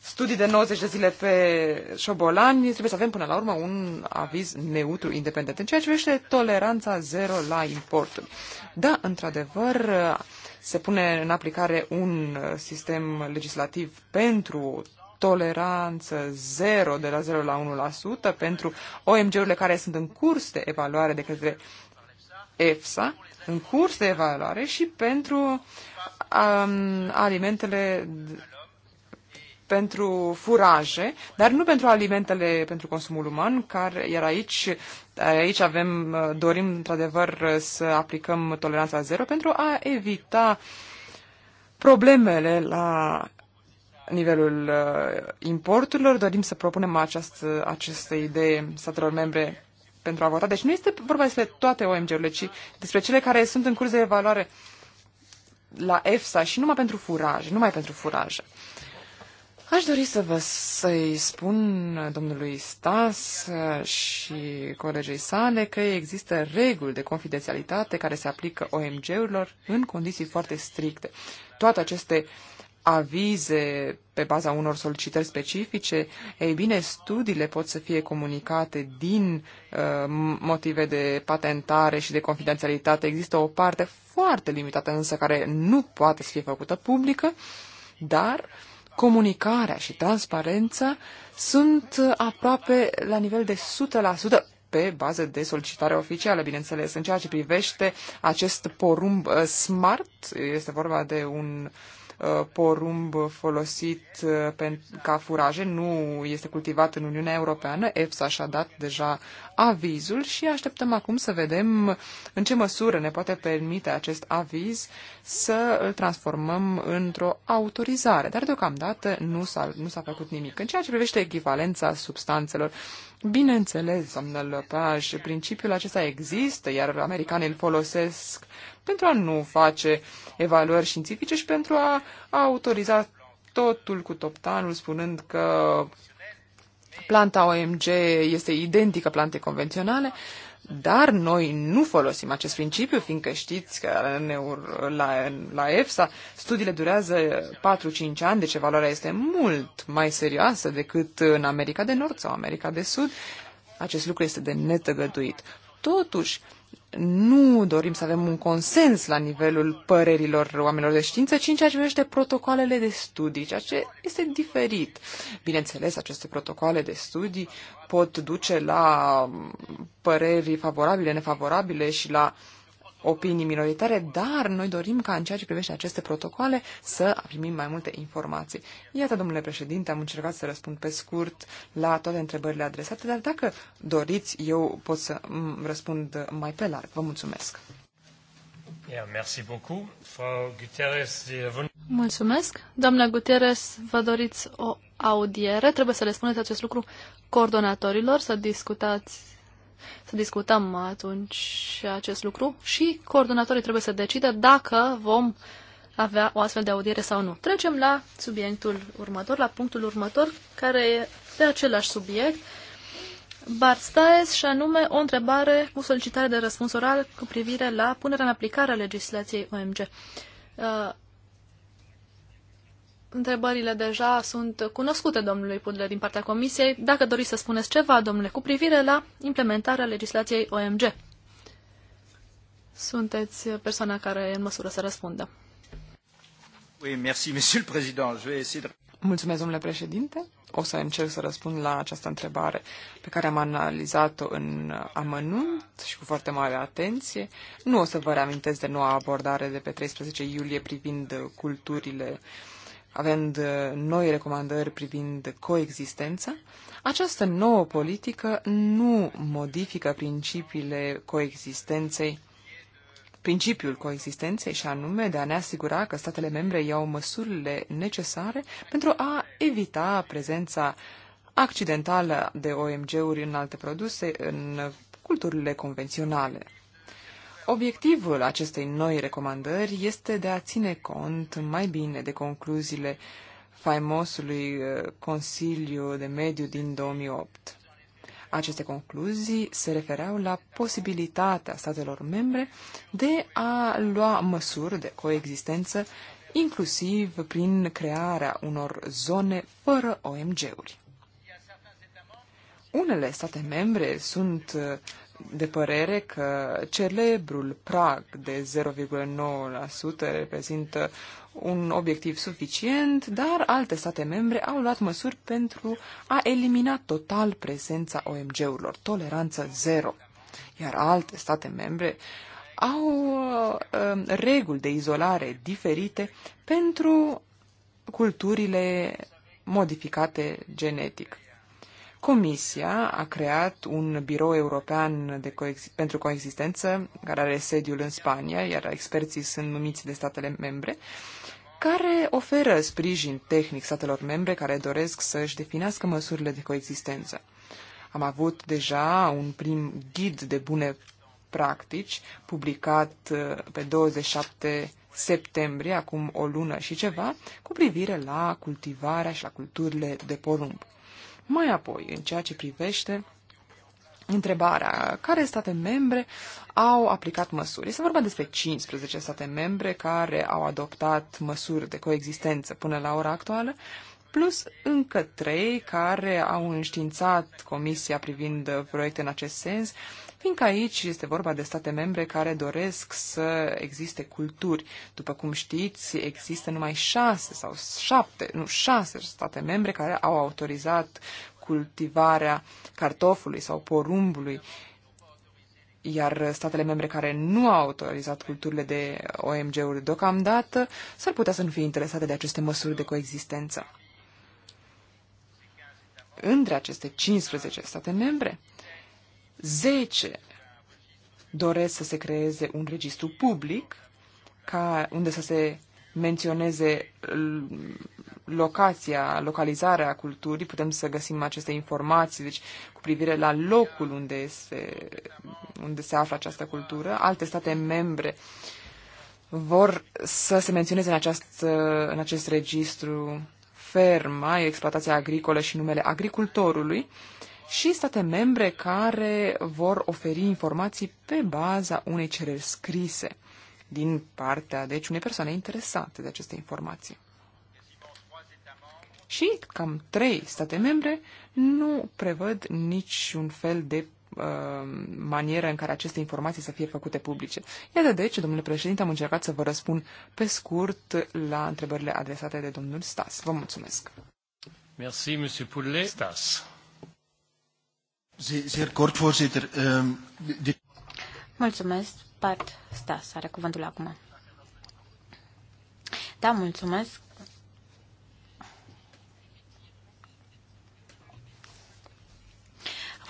Speaker 4: studii de 90 de zile pe șobolani, trebuie să avem până la urmă un aviz neutru, independent. În ceea ce vește toleranța zero la importuri. Da, într-adevăr, se pune în aplicare un uh, sistem legislativ pentru toleranță zero de la 0 la 1% pentru OMG-urile care sunt în curs de evaluare de către EFSA, în curs de evaluare și pentru um, alimentele pentru furaje, dar nu pentru alimentele pentru consumul uman, care, iar aici, aici avem, dorim într-adevăr să aplicăm toleranța zero pentru a evita problemele la nivelul uh, importurilor. Dorim să propunem această, această idee statelor membre pentru a vota. Deci nu este vorba despre toate OMG-urile, ci despre cele care sunt în curs de evaluare la EFSA și numai pentru furaje, numai pentru furaje. Aș dori să vă să-i spun domnului Stas și colegei sale că există reguli de confidențialitate care se aplică OMG-urilor în condiții foarte stricte. Toate aceste avize pe baza unor solicitări specifice, ei bine, studiile pot să fie comunicate din uh, motive de patentare și de confidențialitate. Există o parte foarte limitată însă care nu poate să fie făcută publică, dar uh, comunicarea și transparența sunt aproape la nivel de 100% pe bază de solicitare oficială, bineînțeles. În ceea ce privește acest porumb uh, smart, este vorba de un uh, Uh, porumb folosit uh, ca furaje nu este cultivat în Uniunea Europeană. EFSA și-a dat deja avizul și așteptăm acum să vedem în ce măsură ne poate permite acest aviz să îl transformăm într-o autorizare. Dar deocamdată nu s-a, nu s-a făcut nimic. În ceea ce privește echivalența substanțelor, Bineînțeles, domnul Lepaj, principiul acesta există, iar americanii îl folosesc pentru a nu face evaluări științifice și pentru a, a autoriza totul cu toptanul, spunând că planta OMG este identică plantei convenționale, dar noi nu folosim acest principiu, fiindcă știți că în, la, la EFSA studiile durează 4-5 ani, deci valoarea este mult mai serioasă decât în America de Nord sau America de Sud. Acest lucru este de netăgăduit. Totuși, nu dorim să avem un consens la nivelul părerilor oamenilor de știință, ci în ceea ce privește protocoalele de studii, ceea ce este diferit. Bineînțeles, aceste protocoale de studii pot duce la păreri favorabile, nefavorabile și la uh, opinii minoritare, dar noi dorim ca în ceea ce privește aceste protocoale să primim mai multe informații. Iată, domnule președinte, am încercat să răspund pe scurt la toate întrebările adresate, dar dacă doriți, eu pot să mm, răspund mai
Speaker 2: pe larg. Vă mulțumesc. Mulțumesc. Doamna Guterres, vă doriți o audiere. Trebuie să le spuneți acest lucru coordonatorilor, să discutați să discutăm atunci acest lucru și coordonatorii trebuie să decidă dacă vom avea o astfel de audiere sau nu. Trecem la subiectul următor, la punctul următor, care e de același subiect, Staes și anume o întrebare cu solicitare de răspuns oral cu privire la punerea în aplicare a legislației OMG. Uh, Întrebările deja sunt cunoscute domnului Pudle din partea Comisiei. Dacă doriți să spuneți ceva, domnule, cu privire la implementarea legislației OMG. Sunteți persoana care e în măsură să răspundă.
Speaker 3: Oui, merci, le Je vais de...
Speaker 2: Mulțumesc,
Speaker 4: domnule președinte. O să încerc să răspund la această întrebare pe care am analizat-o în amănunt și cu foarte mare atenție. Nu o să vă reamintesc de noua abordare de pe 13 iulie privind culturile uh, având uh, noi recomandări privind coexistența, această nouă politică nu modifică principiile coexistenței, principiul coexistenței și anume de a ne asigura că statele membre iau măsurile necesare pentru a evita prezența accidentală de OMG-uri în alte produse, în culturile convenționale. Obiectivul acestei noi recomandări este de a ține cont mai bine de concluziile faimosului uh, Consiliu de Mediu din 2008. Aceste concluzii se refereau la posibilitatea statelor membre de a lua măsuri de coexistență, inclusiv prin crearea unor zone fără OMG-uri. Unele state membre sunt uh, de părere că celebrul prag de 0,9% reprezintă un obiectiv suficient, dar alte state membre au luat măsuri pentru a elimina total prezența OMG-urilor, toleranță zero. Iar alte state membre au uh, uh, reguli de izolare diferite pentru culturile modificate genetic. Comisia a creat un birou european de coex- pentru coexistență, care are sediul în Spania, iar experții sunt numiți de statele membre, care oferă sprijin tehnic statelor membre care doresc să-și definească măsurile de coexistență. Am avut deja un prim ghid de bune practici, publicat uh, pe 27 septembrie, acum o lună și ceva, cu privire la cultivarea și la culturile de porumb. Mai apoi, în ceea ce privește întrebarea care state membre au aplicat măsuri. Este vorba despre 15 state membre care au adoptat măsuri de coexistență până la ora actuală. Uh, plus încă trei care au înștiințat Comisia privind proiecte în acest sens, fiindcă aici este vorba de state membre care doresc să existe culturi. După cum știți, există numai șase sau șapte, nu șase state membre care au autorizat cultivarea cartofului sau porumbului, iar statele membre care nu au autorizat culturile de OMG-uri deocamdată s-ar putea să nu fie interesate de aceste măsuri de coexistență între aceste 15 state membre, 10 doresc să se creeze un registru public ca, unde să se menționeze locația, localizarea culturii, putem să găsim aceste informații, deci cu privire la locul unde se, unde se află această cultură. Alte state membre vor să se menționeze în, această, în acest registru ferma, exploatația agricolă și numele agricultorului, și state membre care vor oferi informații pe baza unei cereri scrise din partea, deci, unei persoane interesate de aceste informații. Și cam trei state membre nu prevăd niciun fel de Um, manieră în care aceste informații să fie făcute publice. Iată deci, domnule președinte, am încercat să vă răspund pe scurt la întrebările adresate de domnul Stas. Vă mulțumesc.
Speaker 1: Merci, monsieur Poulet. Stas. Zeer kort, voorzitter. Ehm,
Speaker 3: mulțumesc, Pat Stas. Are cuvântul acum. Da, mulțumesc.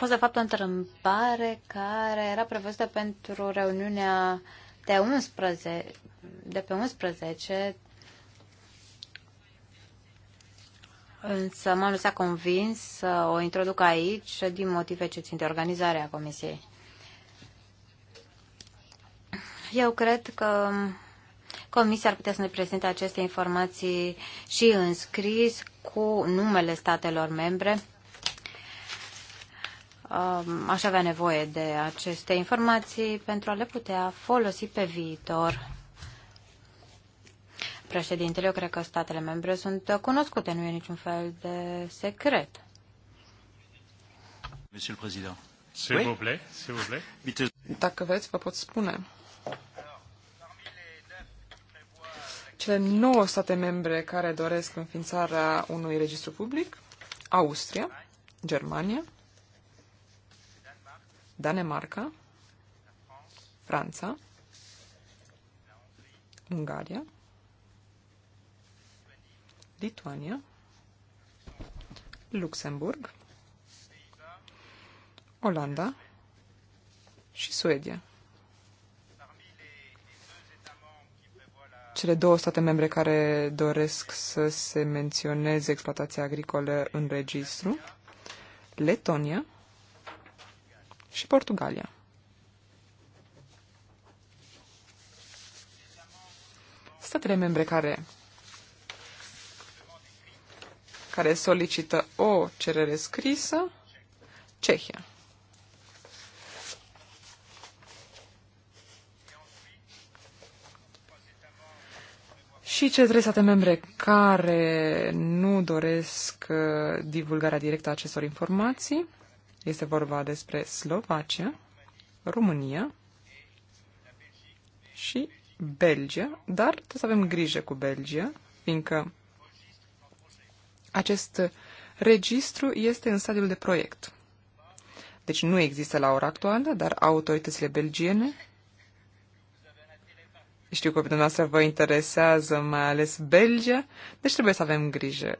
Speaker 3: fost de fapt o întrebare care era prevăzută pentru reuniunea de 11, de pe 11, însă m-am lăsat convins să o introduc aici din motive ce țin de organizarea comisiei. Eu cred că Comisia ar putea să ne prezinte aceste informații și în scris cu numele statelor membre Um, aș avea nevoie de aceste informații pentru a le putea folosi pe viitor. Președintele, eu cred că statele membre sunt cunoscute, nu e niciun fel de secret.
Speaker 1: Monsieur le Président. S'il oui? vous plaît, s'il vous plaît.
Speaker 3: Dacă vreți,
Speaker 4: vă pot spune. Cele nouă state membre care doresc înființarea unui registru public, Austria, Germania, Danemarca, Franța, Ungaria, Lituania, Luxemburg, Olanda și Suedia. Cele două state membre care doresc să se menționeze exploatația agricolă în registru, Letonia, și Portugalia. Statele membre care care solicită o cerere scrisă, Cehia. Și ce trei state membre care nu doresc uh, divulgarea directă a acestor informații, este vorba despre Slovacia, România și Belgia, dar trebuie să avem grijă cu Belgia, fiindcă acest registru este în stadiul de proiect. Deci nu există la ora actuală, dar autoritățile belgiene știu că pe dumneavoastră vă interesează mai ales Belgia, deci trebuie să avem grijă.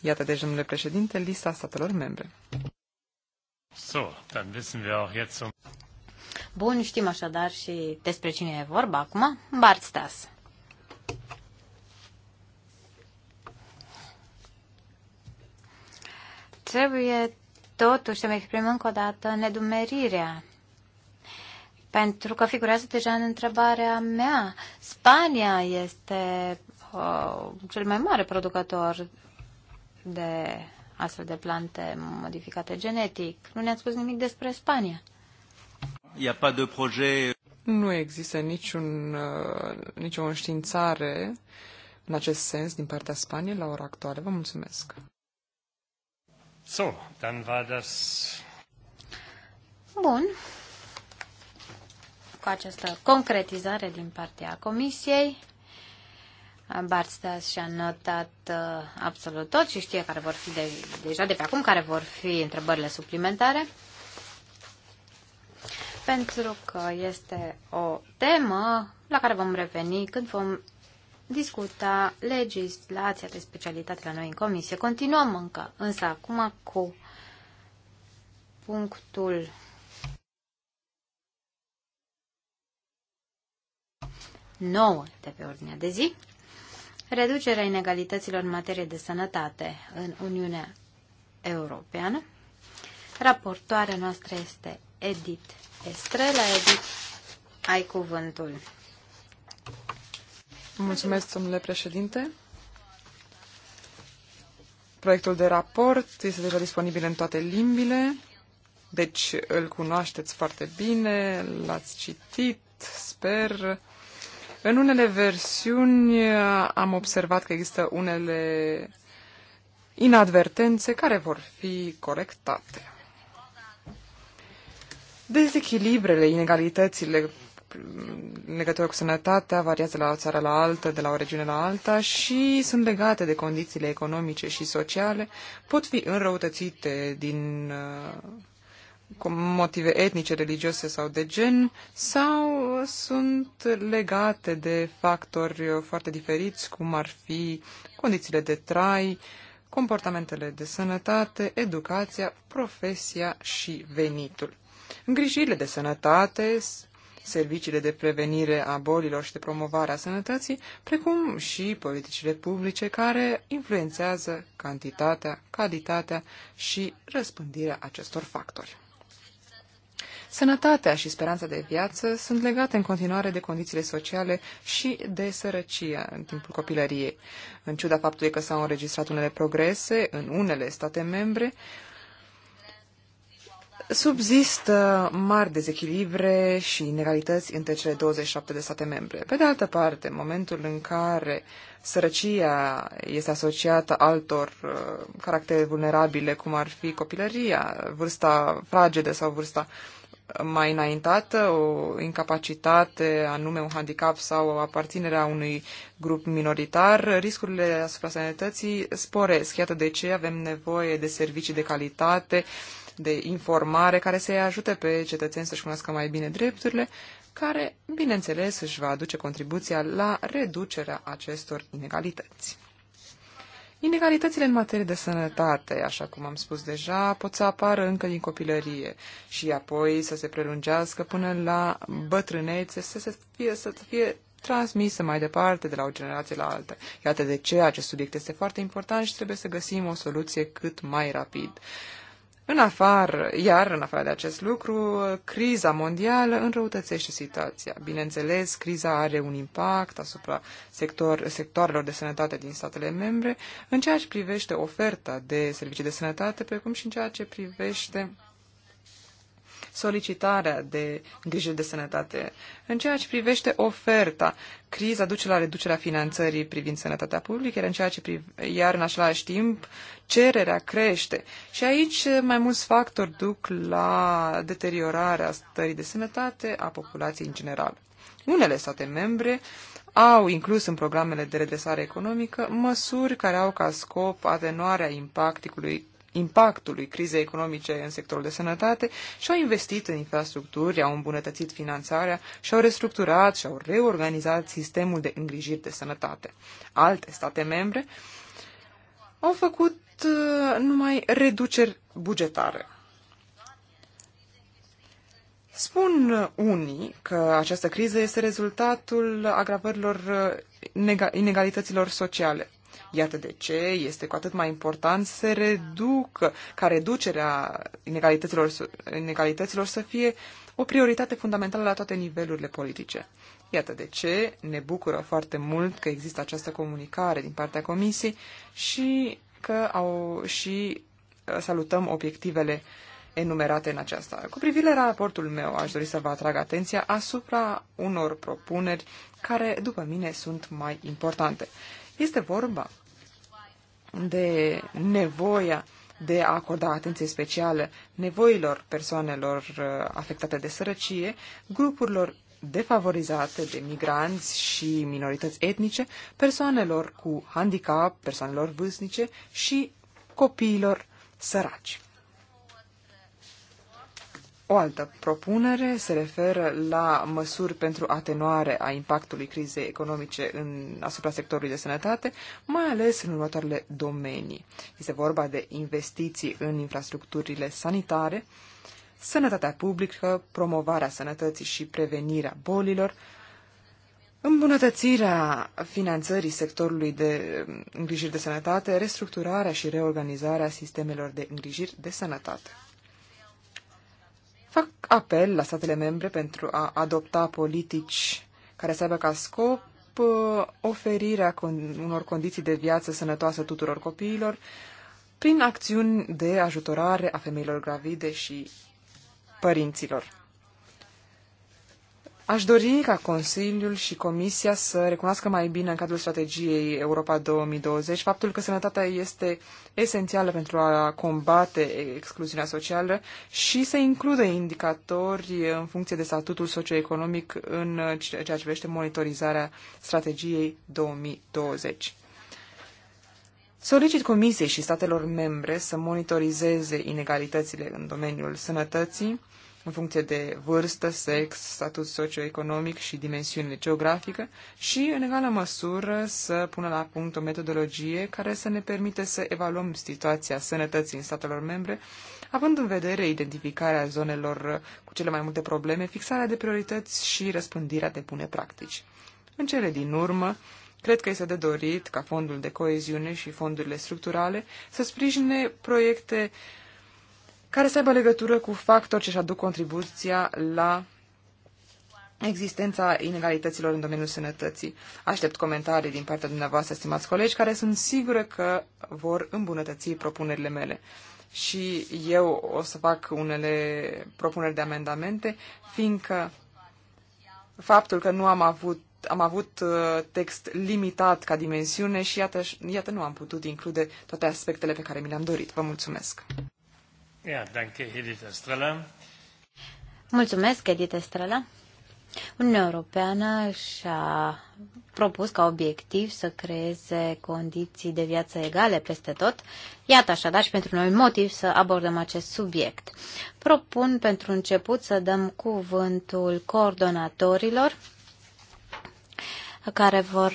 Speaker 4: Iată, deci, domnule președinte, lista statelor membre.
Speaker 1: So, dann wissen wir auch jetzt um...
Speaker 3: Bun, știm așadar și despre cine e vorba acum. Bart Stas. Trebuie totuși să-mi exprim încă o dată nedumerirea. Pentru că figurează deja în întrebarea mea. Spania este uh, cel mai mare producător de astfel de plante modificate genetic. Nu ne-ați spus nimic despre Spania. Nu există niciun, uh, nicio înștiințare
Speaker 4: în acest sens din partea Spaniei la ora actuală. Vă mulțumesc. So,
Speaker 1: dann war das...
Speaker 3: Bun. Cu această concretizare din partea Comisiei, Bart Stas și-a notat uh, absolut tot și știe care vor fi de, deja de pe acum care vor fi întrebările suplimentare pentru că este o temă la care vom reveni când vom discuta legislația de specialitate la noi în comisie. Continuăm încă, însă acum cu punctul nouă de pe ordinea de zi reducerea inegalităților în materie de sănătate în Uniunea Europeană. Raportoarea noastră este Edith Estrela. Edith, ai cuvântul. Mulțumesc, domnule președinte.
Speaker 4: Proiectul de raport este deja disponibil în toate limbile, deci îl cunoașteți foarte bine, l-ați citit, sper. În unele versiuni uh, am observat că există unele inadvertențe care vor fi corectate. Dezechilibrele, inegalitățile în mm, legătură cu sănătatea variază de la o țară la alta, de la o regiune la alta și sunt legate de condițiile economice și sociale, pot fi înrăutățite din uh, motive etnice, religioase sau de gen, sau sunt legate de factori foarte diferiți, cum ar fi condițiile de trai, comportamentele de sănătate, educația, profesia și venitul. Îngrijirile de sănătate, serviciile de prevenire a bolilor și de promovare a sănătății, precum și politicile publice care influențează cantitatea, calitatea și răspândirea acestor factori. Sănătatea și speranța de viață sunt legate în continuare de condițiile sociale și de sărăcia în timpul copilăriei. În ciuda faptului că s-au înregistrat unele progrese în unele state membre, subzistă mari dezechilibre și inegalități între cele 27 de state membre. Pe de altă parte, în momentul în care sărăcia este asociată altor uh, caractere vulnerabile, cum ar fi copilăria, vârsta fragedă sau vârsta uh, mai înaintată, o incapacitate, anume un handicap sau aparținerea unui grup minoritar, riscurile asupra sănătății sporesc. Iată de ce avem nevoie de servicii de calitate, de informare care să-i ajute pe cetățeni să-și cunoască mai bine drepturile, care, bineînțeles, își va aduce contribuția la reducerea acestor inegalități. Inegalitățile în materie de sănătate, așa cum am spus deja, pot să apară încă din copilărie și apoi să se prelungească până la bătrânețe, să, se fie, să fie transmisă mai departe de la o generație la alta. Iată de ce acest subiect este foarte important și trebuie să găsim o soluție cât mai rapid. În afară, iar în afară de acest lucru, criza mondială înrăutățește situația. Bineînțeles, criza are un impact asupra sector, sectoarelor de sănătate din statele membre, în ceea ce privește oferta de servicii de sănătate, precum și în ceea ce privește solicitarea de grijă de sănătate. În ceea ce privește oferta, criza duce la reducerea finanțării privind sănătatea publică, în, ceea ce priv- iar în același timp cererea crește. Și aici mai mulți factori duc la deteriorarea stării de sănătate a populației în general. Unele state membre au inclus în programele de redresare economică măsuri care au ca scop atenuarea impactului, impactului crizei economice în sectorul de sănătate și au investit în infrastructuri, au îmbunătățit finanțarea și au restructurat și au reorganizat sistemul de îngrijiri de sănătate. Alte state membre au făcut uh, numai reduceri bugetare. Spun uh, unii că această criză este rezultatul agravărilor uh, inegalităților sociale. Iată de ce este cu atât mai important să reducă, ca reducerea inegalităților, inegalităților să fie o prioritate fundamentală la toate nivelurile politice. Iată de ce ne bucură foarte mult că există această comunicare din partea Comisiei și că au și uh, salutăm obiectivele enumerate în aceasta. Cu privire la raportul meu, aș dori să vă atrag atenția asupra unor propuneri care, după mine, sunt mai importante. Este vorba de nevoia de a acorda atenție specială nevoilor persoanelor uh, afectate de sărăcie, grupurilor defavorizate de migranți și minorități etnice, persoanelor cu handicap, persoanelor vârstnice și copiilor săraci. O altă propunere se referă la măsuri pentru atenuare a impactului crizei economice în, asupra sectorului de sănătate, mai ales în următoarele domenii. Este vorba de investiții în infrastructurile sanitare, sănătatea publică, promovarea sănătății și prevenirea bolilor, Îmbunătățirea finanțării sectorului de îngrijiri de sănătate, restructurarea și reorganizarea sistemelor de îngrijiri de sănătate. Fac apel la statele membre pentru a adopta politici care să aibă ca scop uh, oferirea unor condiții de viață sănătoasă tuturor copiilor prin acțiuni de ajutorare a femeilor gravide și părinților. Aș dori ca Consiliul și Comisia să recunoască mai bine în cadrul strategiei Europa 2020 faptul că sănătatea este esențială pentru a combate excluziunea socială și să includă indicatori în funcție de statutul socioeconomic în ceea ce privește monitorizarea strategiei 2020. Solicit Comisiei și statelor membre să monitorizeze inegalitățile în domeniul sănătății în funcție de vârstă, sex, statut socioeconomic și dimensiune geografică și, în egală măsură, să pună la punct o metodologie care să ne permite să evaluăm situația sănătății în statelor membre, având în vedere identificarea zonelor cu cele mai multe probleme, fixarea de priorități și răspândirea de bune practici. În cele din urmă, Cred că este de dorit ca fondul de coeziune și fondurile structurale să sprijine proiecte uh, care să aibă legătură cu factori ce-și aduc contribuția la existența inegalităților în domeniul sănătății. Aștept comentarii din partea dumneavoastră, stimați colegi, care sunt sigură că vor îmbunătăți propunerile mele. Și eu o să fac unele propuneri de amendamente, fiindcă faptul că nu am avut am avut uh, text limitat ca dimensiune și iată, iată nu am putut include toate aspectele pe care mi le-am dorit. Vă mulțumesc!
Speaker 1: Yeah, danke, Edith Estrella.
Speaker 3: Mulțumesc, Edith Estrella. Uniunea Europeană și-a propus ca obiectiv să creeze condiții de viață egale peste tot. Iată așadar și pentru noi motiv să abordăm acest subiect. Propun pentru început să dăm cuvântul coordonatorilor care vor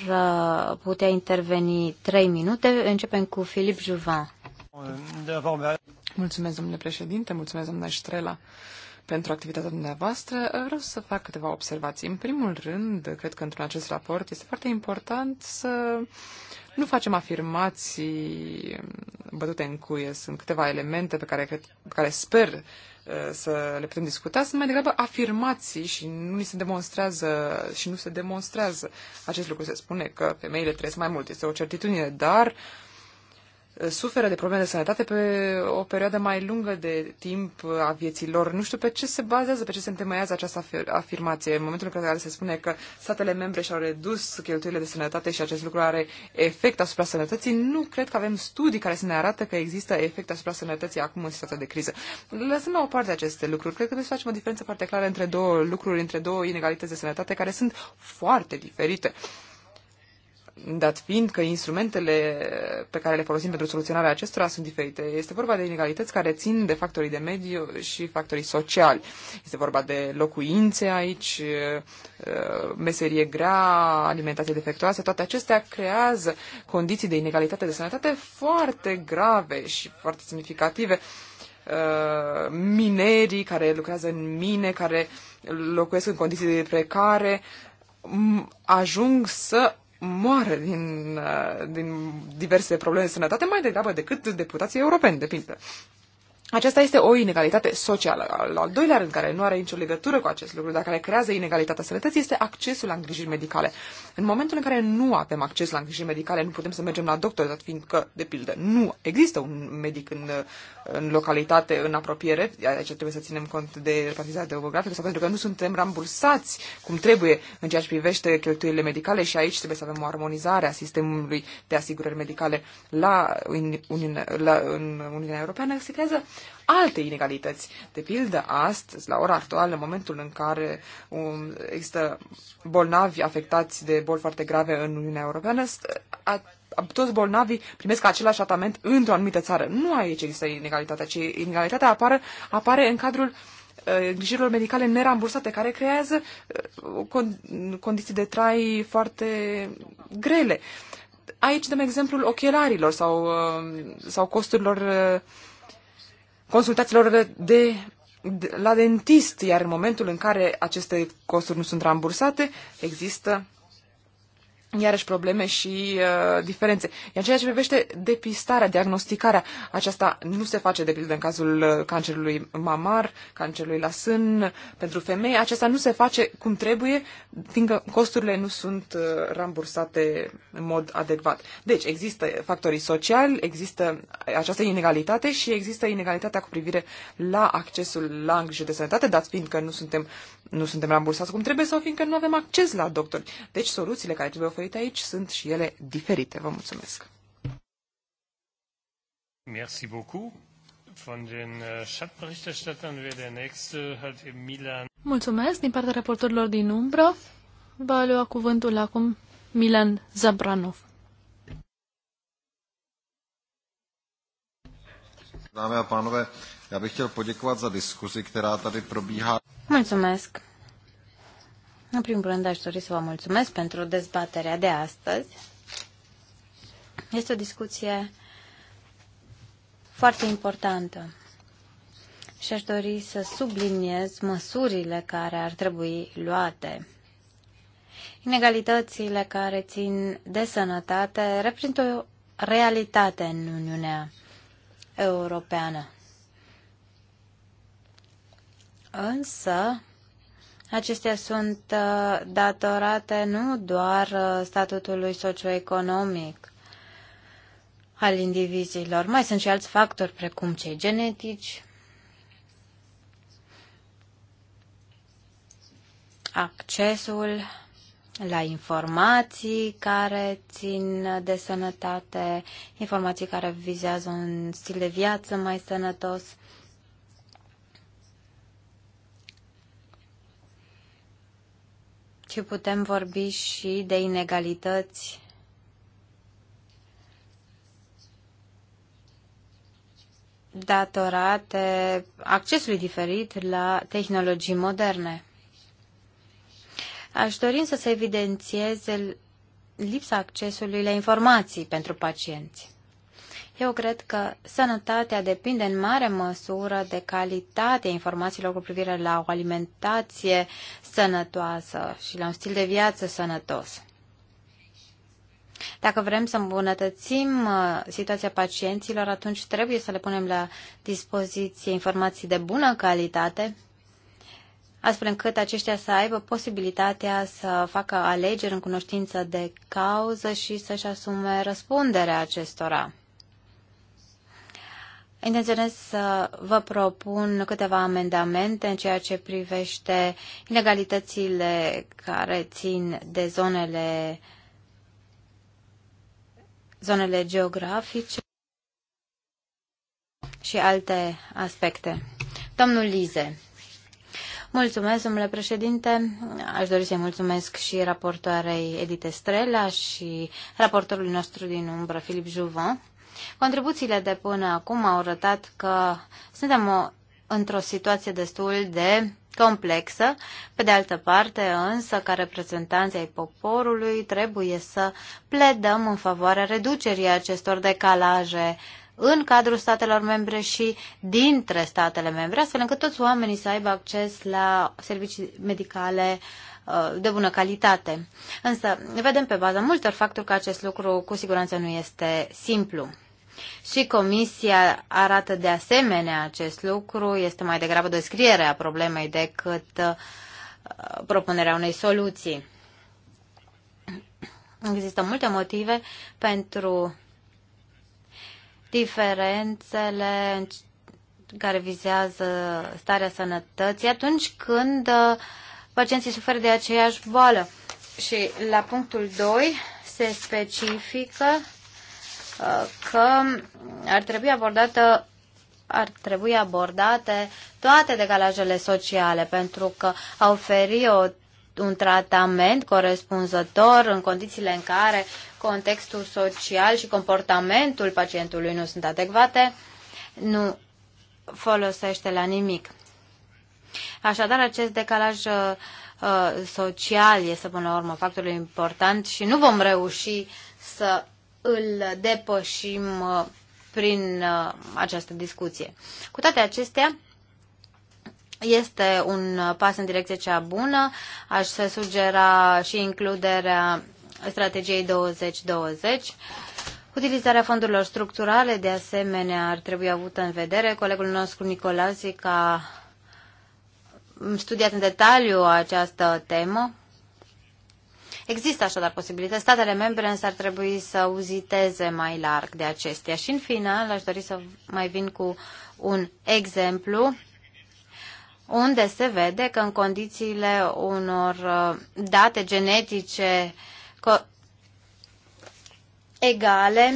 Speaker 3: putea interveni trei minute. Începem cu Filip Juvan. Mulțumesc,
Speaker 4: domnule președinte, mulțumesc, domnule Ștrela, pentru activitatea dumneavoastră. Vreau să fac câteva observații. În primul rând, cred că într-un acest raport este foarte important să nu facem afirmații bătute în cuie. Sunt câteva elemente pe care, cred, pe care sper uh, să le putem discuta, sunt mai degrabă afirmații și nu ni se demonstrează și nu se demonstrează acest lucru. Se spune că femeile trăiesc mai mult, este o certitudine, dar uh, Uh, suferă de probleme de sănătate pe o perioadă mai lungă de timp a vieții lor. Nu știu pe ce se bazează, pe ce se întemeiază această afirmație. În momentul în care se spune că statele membre și-au redus cheltuielile de sănătate și acest lucru are efect asupra sănătății, nu cred că avem studii care să ne arată că există efect asupra sănătății acum în situația de criză. Lăsăm la o parte aceste lucruri. Cred că trebuie să facem o diferență foarte clară între două lucruri, între două inegalități de sănătate care sunt foarte diferite dat fiind că instrumentele pe care le folosim pentru soluționarea acestora sunt diferite. Este vorba de inegalități care țin de factorii de mediu și factorii sociali. Este vorba de locuințe aici, meserie grea, alimentație defectuoasă, toate acestea creează condiții de inegalitate de sănătate foarte grave și foarte semnificative minerii care lucrează în mine, care locuiesc în condiții precare, ajung să moare din, uh, din diverse probleme de sănătate mai degrabă decât deputații europeni, de pildă. Aceasta este o inegalitate socială. Al, al doilea rând, care nu are nicio legătură cu acest lucru, dar care creează inegalitatea sănătății, este accesul la îngrijiri medicale. În momentul în care nu avem acces la îngrijiri medicale, nu putem să mergem la doctor, dat fiindcă, de pildă, nu există un medic în, în localitate, în apropiere, aici trebuie să ținem cont de repartizarea geografică, sau pentru că nu suntem rambursați cum trebuie în ceea ce privește cheltuielile medicale și aici trebuie să avem o armonizare a sistemului de asigurări medicale la, în, în, la, în Uniunea Europeană, se creează alte inegalități. De pildă, astăzi, la ora actuală, în momentul în care um, există bolnavi afectați de boli foarte grave în Uniunea Europeană, a, a, toți bolnavii primesc același tratament într-o anumită țară. Nu aici există inegalitatea, ci inegalitatea apare, apare în cadrul uh, îngrijirilor medicale nerambursate, care creează uh, condiții de trai foarte grele. Aici dăm exemplul ochelarilor sau, uh, sau costurilor uh, consultațiilor de, de, de la dentist, iar în momentul în care aceste costuri nu sunt rambursate, există iarăși probleme și uh, diferențe. Iar ceea ce privește depistarea, diagnosticarea, aceasta nu se face, de pildă, în cazul uh, cancerului mamar, cancerului la sân, pentru femei, aceasta nu se face cum trebuie, fiindcă costurile nu sunt uh, rambursate în mod adecvat. Deci, există factorii sociali, există această inegalitate și există inegalitatea cu privire la accesul la îngrijire de sănătate, dat fiindcă nu suntem nu suntem rambursați cum trebuie sau fiindcă nu avem acces la doctori. Deci soluțiile care trebuie oferite aici sunt și ele diferite. Vă mulțumesc.
Speaker 1: Merci beaucoup. Von den uh, Schattenberichterstattern wäre der nächste halt im Milan.
Speaker 2: Mulțumesc din partea raportorilor din umbră. Va lua cuvântul acum Milan Zabranov.
Speaker 3: Dámy a pánové,
Speaker 4: já bych chtěl poděkovat za diskuzi, která tady probíhá.
Speaker 3: Mulțumesc! În primul rând aș dori să vă mulțumesc pentru dezbaterea de astăzi. Este o discuție foarte importantă și aș dori să subliniez măsurile care ar trebui luate. Inegalitățile care țin de sănătate reprezintă o realitate în Uniunea Europeană. Însă, acestea sunt uh, datorate nu doar uh, statutului socioeconomic al indivizilor, mai sunt și alți factori precum cei genetici, accesul la informații care țin de sănătate, informații care vizează un stil de viață mai sănătos. ci putem vorbi și de inegalități datorate accesului diferit la tehnologii moderne. Aș dori să se evidențieze lipsa accesului la informații pentru pacienți. Eu cred că sănătatea depinde în mare măsură de calitatea informațiilor cu privire la o alimentație sănătoasă și la un stil de viață sănătos. Dacă vrem să îmbunătățim uh, situația pacienților, atunci trebuie să le punem la dispoziție informații de bună calitate, astfel încât aceștia să aibă posibilitatea să facă alegeri în cunoștință de cauză și să-și asume răspunderea acestora. Intenționez să vă propun câteva amendamente în ceea ce privește inegalitățile care țin de zonele, zonele geografice și alte aspecte. Domnul Lize. Mulțumesc, domnule președinte. Aș dori să-i mulțumesc și raportoarei Edite Strela și raportorului nostru din umbră, Filip Juvan. Contribuțiile de până acum au arătat că suntem o, într-o situație destul de complexă. Pe de altă parte, însă, ca reprezentanții ai poporului, trebuie să pledăm în favoarea reducerii acestor decalaje în cadrul statelor membre și dintre statele membre, astfel încât toți oamenii să aibă acces la servicii medicale uh, de bună calitate. Însă, vedem pe baza multor factori că acest lucru cu siguranță nu este simplu. Și Comisia arată de asemenea acest lucru, este mai degrabă descrierea problemei decât uh, propunerea unei soluții. Există multe motive pentru diferențele care vizează starea sănătății atunci când uh, pacienții suferă de aceeași boală. Și la punctul 2 se specifică că ar trebui abordată ar trebui abordate toate decalajele sociale pentru că a oferi o, un tratament corespunzător în condițiile în care contextul social și comportamentul pacientului nu sunt adecvate nu folosește la nimic. Așadar, acest decalaj uh, social este până la urmă factorul important și nu vom reuși să îl depășim uh, prin uh, această discuție. Cu toate acestea, este un pas în direcție cea bună. Aș să sugera și includerea strategiei 2020. Utilizarea fondurilor structurale, de asemenea, ar trebui avută în vedere. Colegul nostru Nicolazic a studiat în detaliu această temă. Există așadar posibilități. Statele membre însă ar trebui să uziteze mai larg de acestea. Și în final aș dori să mai vin cu un exemplu unde se vede că în condițiile unor uh, date genetice egale,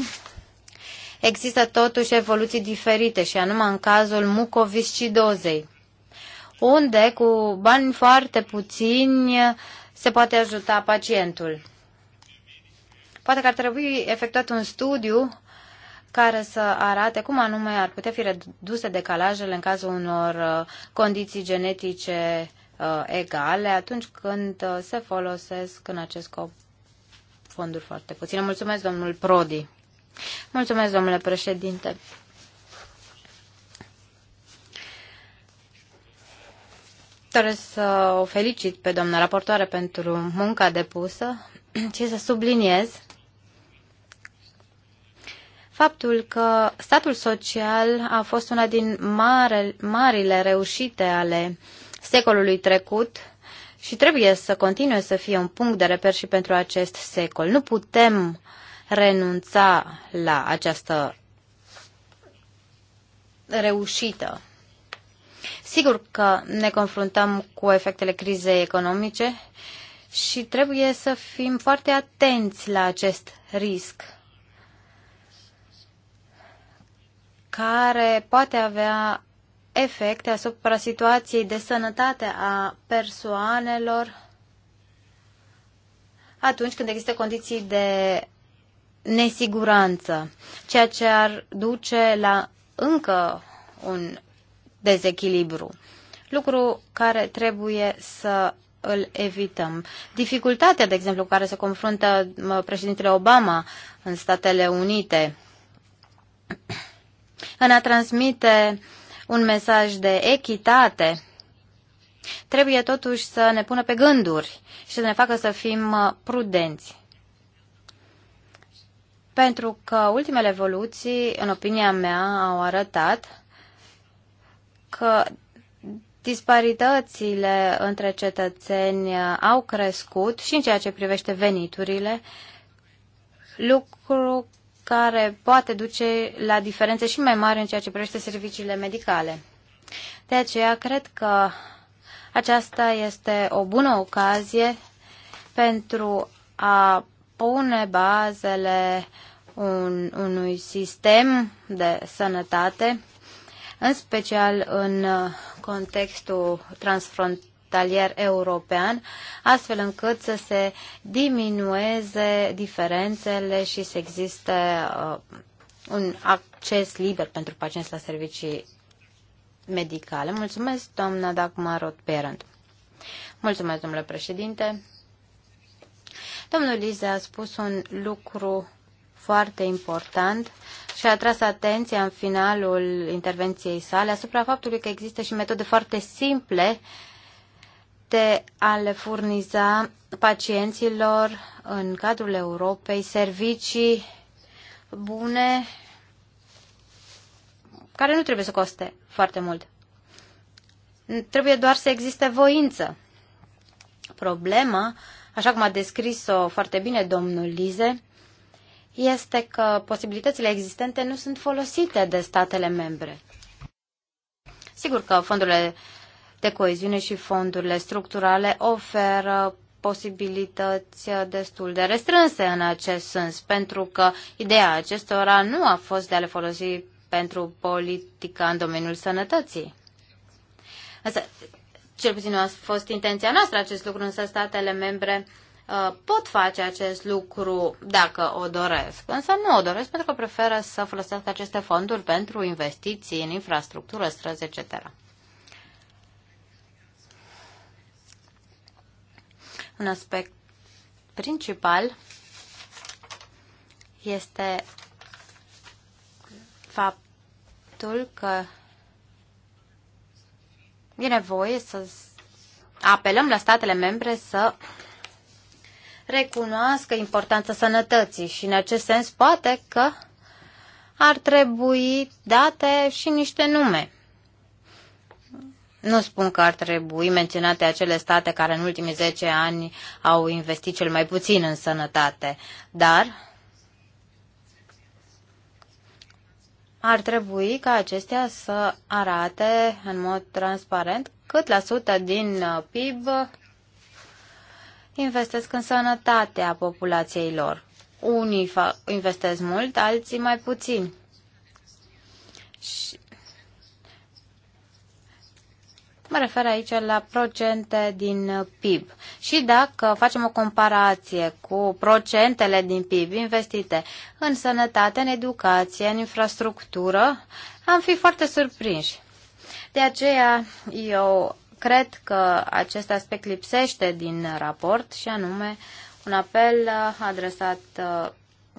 Speaker 3: există totuși evoluții diferite și anume în cazul mucoviscidozei, unde cu bani foarte puțini se poate ajuta pacientul. Poate că ar trebui efectuat un studiu care să arate cum anume ar putea fi reduse decalajele în cazul unor uh, condiții genetice uh, egale atunci când uh, se folosesc în acest scop fonduri foarte puține. Mulțumesc, domnul Prodi. Mulțumesc, domnule președinte. doresc să o felicit pe doamna raportoare pentru munca depusă și să subliniez faptul că statul social a fost una din mare, marile reușite ale secolului trecut și trebuie să continue să fie un punct de reper și pentru acest secol. Nu putem renunța la această reușită Sigur că ne confruntăm cu efectele crizei economice și trebuie să fim foarte atenți la acest risc care poate avea efecte asupra situației de sănătate a persoanelor atunci când există condiții de nesiguranță, ceea ce ar duce la încă un dezechilibru, lucru care trebuie să îl evităm. Dificultatea, de exemplu, cu care se confruntă președintele Obama în Statele Unite în a transmite un mesaj de echitate, trebuie totuși să ne pună pe gânduri și să ne facă să fim prudenți. Pentru că ultimele evoluții, în opinia mea, au arătat că disparitățile între cetățeni au crescut și în ceea ce privește veniturile, lucru care poate duce la diferențe și mai mari în ceea ce privește serviciile medicale. De aceea, cred că aceasta este o bună ocazie pentru a pune bazele un, unui sistem de sănătate în special în uh, contextul transfrontalier european, astfel încât să se diminueze diferențele și să existe uh, un acces liber pentru pacienți la servicii medicale. Mulțumesc, doamna Dagmarot Rotberend. Mulțumesc, domnule președinte. Domnul Lize a spus un lucru foarte important și a atras atenția în finalul intervenției sale asupra faptului că există și metode foarte simple de a le furniza pacienților în cadrul Europei servicii bune care nu trebuie să coste foarte mult. Trebuie doar să existe voință. Problema, așa cum a descris-o foarte bine domnul Lize, este că posibilitățile existente nu sunt folosite de statele membre. Sigur că fondurile de coeziune și fondurile structurale oferă posibilități destul de restrânse în acest sens, pentru că ideea acestora nu a fost de a le folosi pentru politica în domeniul sănătății. Însă, cel puțin nu a fost intenția noastră acest lucru, însă statele membre uh, Uh, pot face acest lucru dacă o doresc. Însă nu o doresc pentru că preferă să folosească aceste fonduri pentru investiții în infrastructură, străzi, etc. Un aspect principal este faptul că e nevoie să apelăm la statele membre să recunoască importanța sănătății și în acest sens poate că ar trebui date și niște nume. Nu spun că ar trebui menționate acele state care în ultimii 10 ani au investit cel mai puțin în sănătate, dar ar trebui ca acestea să arate în mod transparent cât la sută din PIB investesc în sănătatea populației lor. Unii investesc mult, alții mai puțin. Și Mă refer aici la procente din PIB. Și dacă facem o comparație cu procentele din PIB investite în sănătate, în educație, în infrastructură, am fi foarte surprinși. De aceea eu cred că acest aspect lipsește din raport și anume un apel adresat uh,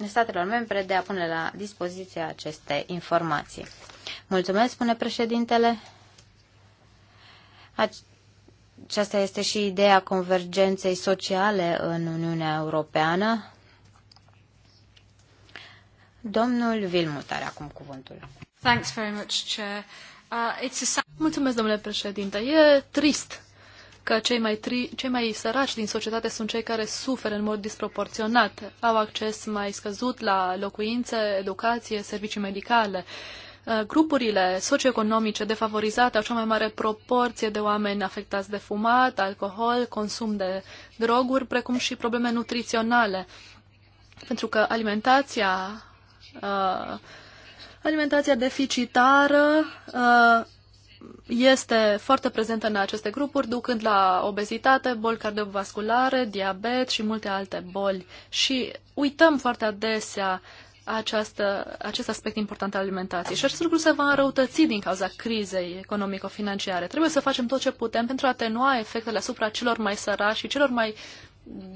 Speaker 3: statelor membre de a pune la dispoziție aceste informații. Mulțumesc, spune președintele. Aceasta este și ideea convergenței sociale în Uniunea Europeană. Domnul Vilmut are acum cuvântul.
Speaker 2: Thanks very much, Chair. Uh, Mulțumesc, domnule președinte. E trist că cei mai, tri, cei mai săraci din societate sunt cei care suferă în mod disproporționat. Au acces mai scăzut la locuințe, educație, servicii medicale. Uh, grupurile socioeconomice defavorizate au cea mai mare proporție de oameni afectați de fumat, alcool, consum de droguri, precum și probleme nutriționale. Pentru că alimentația uh, Alimentația deficitară uh, este foarte prezentă în aceste grupuri, ducând la obezitate, boli cardiovasculare, diabet și multe alte boli. Și uităm foarte adesea această, acest aspect important al alimentației. Și acest lucru se va înrăutăți din cauza crizei economico-financiare. Trebuie să facem tot ce putem pentru a atenua efectele asupra celor mai săraci și celor mai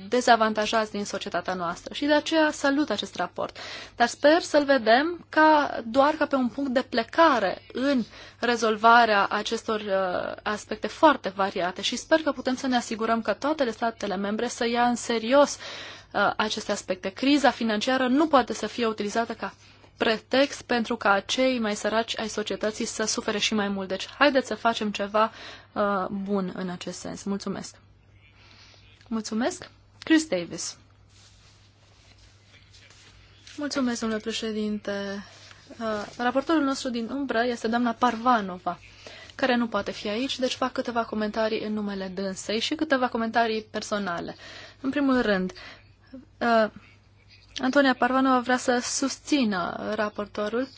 Speaker 2: dezavantajați din societatea noastră și de aceea salut acest raport. Dar sper să-l vedem ca, doar ca pe un punct de plecare în rezolvarea acestor uh, aspecte foarte variate și sper că putem să ne asigurăm că toate statele membre să ia în serios uh, aceste aspecte. Criza financiară nu poate să fie utilizată ca pretext pentru ca cei mai săraci ai societății să sufere și mai mult. Deci haideți să facem ceva uh, bun în acest sens. Mulțumesc! Mulțumesc. Chris Davis. Mulțumesc, domnule președinte. Uh, raportorul nostru din umbră este doamna Parvanova, care nu poate fi aici, deci fac câteva comentarii în numele dânsei și câteva comentarii personale. În primul rând, uh, Antonia Parvanova vrea să susțină raportorul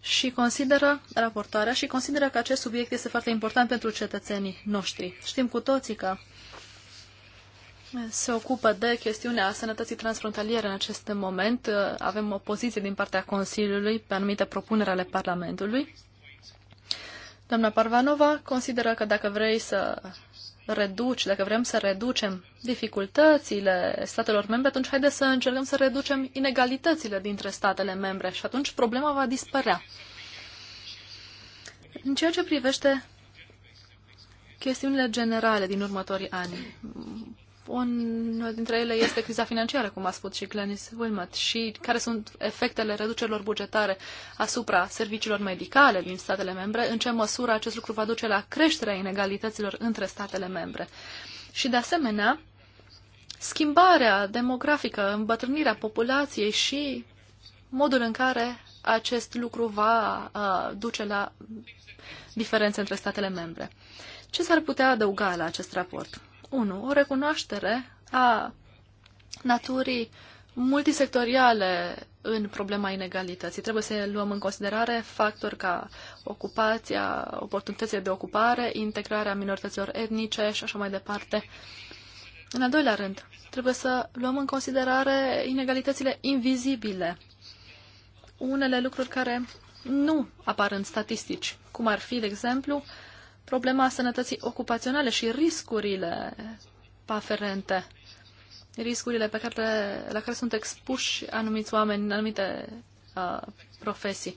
Speaker 2: și consideră raportarea și consideră că acest subiect este foarte important pentru cetățenii noștri. Știm cu toții că se ocupă de chestiunea sănătății transfrontaliere în acest moment. Avem o poziție din partea Consiliului pe anumite propuneri ale Parlamentului. Doamna Parvanova consideră că dacă vrei să reduci, dacă vrem să reducem dificultățile statelor membre, atunci haide să încercăm să reducem inegalitățile dintre statele membre și atunci problema va dispărea. În ceea ce privește chestiunile generale din următorii ani, unul dintre ele este criza financiară, cum a spus și Glenis Wilmot, și care sunt efectele reducerilor bugetare asupra serviciilor medicale din statele membre, în ce măsură acest lucru va duce la creșterea inegalităților între statele membre. Și, de asemenea, schimbarea demografică, îmbătrânirea populației și modul în care acest lucru va uh, duce la diferențe între statele membre. Ce s-ar putea adăuga la acest raport? 1. O recunoaștere a naturii multisectoriale în problema inegalității. Trebuie să luăm în considerare factori ca ocupația, oportunitățile de ocupare, integrarea minorităților etnice și așa mai departe. În al doilea rând, trebuie să luăm în considerare inegalitățile invizibile, unele lucruri care nu apar în statistici, cum ar fi, de exemplu, problema sănătății ocupaționale și riscurile aferente, riscurile pe care, la care sunt expuși anumiți oameni în anumite uh, profesii.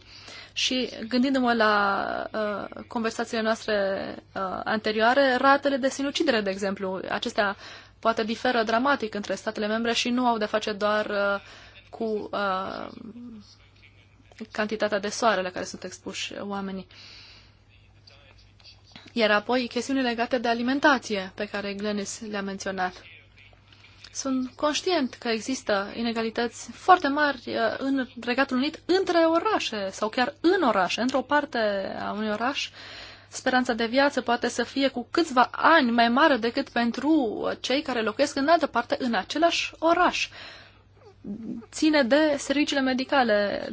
Speaker 2: Și gândindu-mă la uh, conversațiile noastre uh, anterioare, ratele de sinucidere, de exemplu, acestea poate diferă dramatic între statele membre și nu au de face doar uh, cu uh, cantitatea de soare la care sunt expuși oamenii. Uh, iar apoi chestiuni legate de alimentație, pe care Glenis le-a menționat. Sunt conștient că există inegalități foarte mari uh, în Regatul Unit între orașe sau chiar în orașe. Într-o parte a unui oraș, speranța de viață poate să fie cu câțiva ani mai mare decât pentru uh, cei care locuiesc în altă parte, în același oraș. Ține de serviciile medicale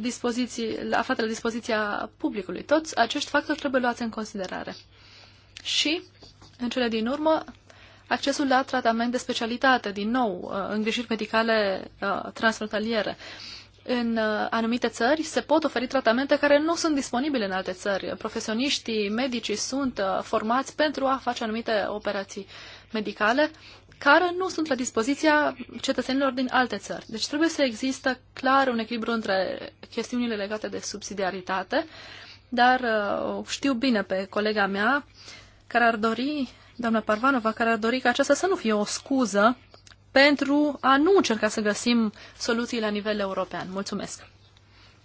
Speaker 2: aflate la dispoziția publicului. Toți acești factori trebuie luați în considerare și, în cele din urmă, accesul la tratament de specialitate, din nou, uh, îngrijiri medicale uh, transfrontaliere. În uh, anumite țări se pot oferi tratamente care nu sunt disponibile în alte țări. Profesioniștii, medicii sunt formați pentru a face anumite operații medicale care nu sunt la dispoziția cetățenilor din alte țări. Deci trebuie să există clar un echilibru între chestiunile legate de subsidiaritate, dar știu bine pe colega mea care ar dori, doamna Parvanova, care ar dori ca aceasta să nu fie o scuză pentru a nu încerca să găsim soluții la nivel european. Mulțumesc!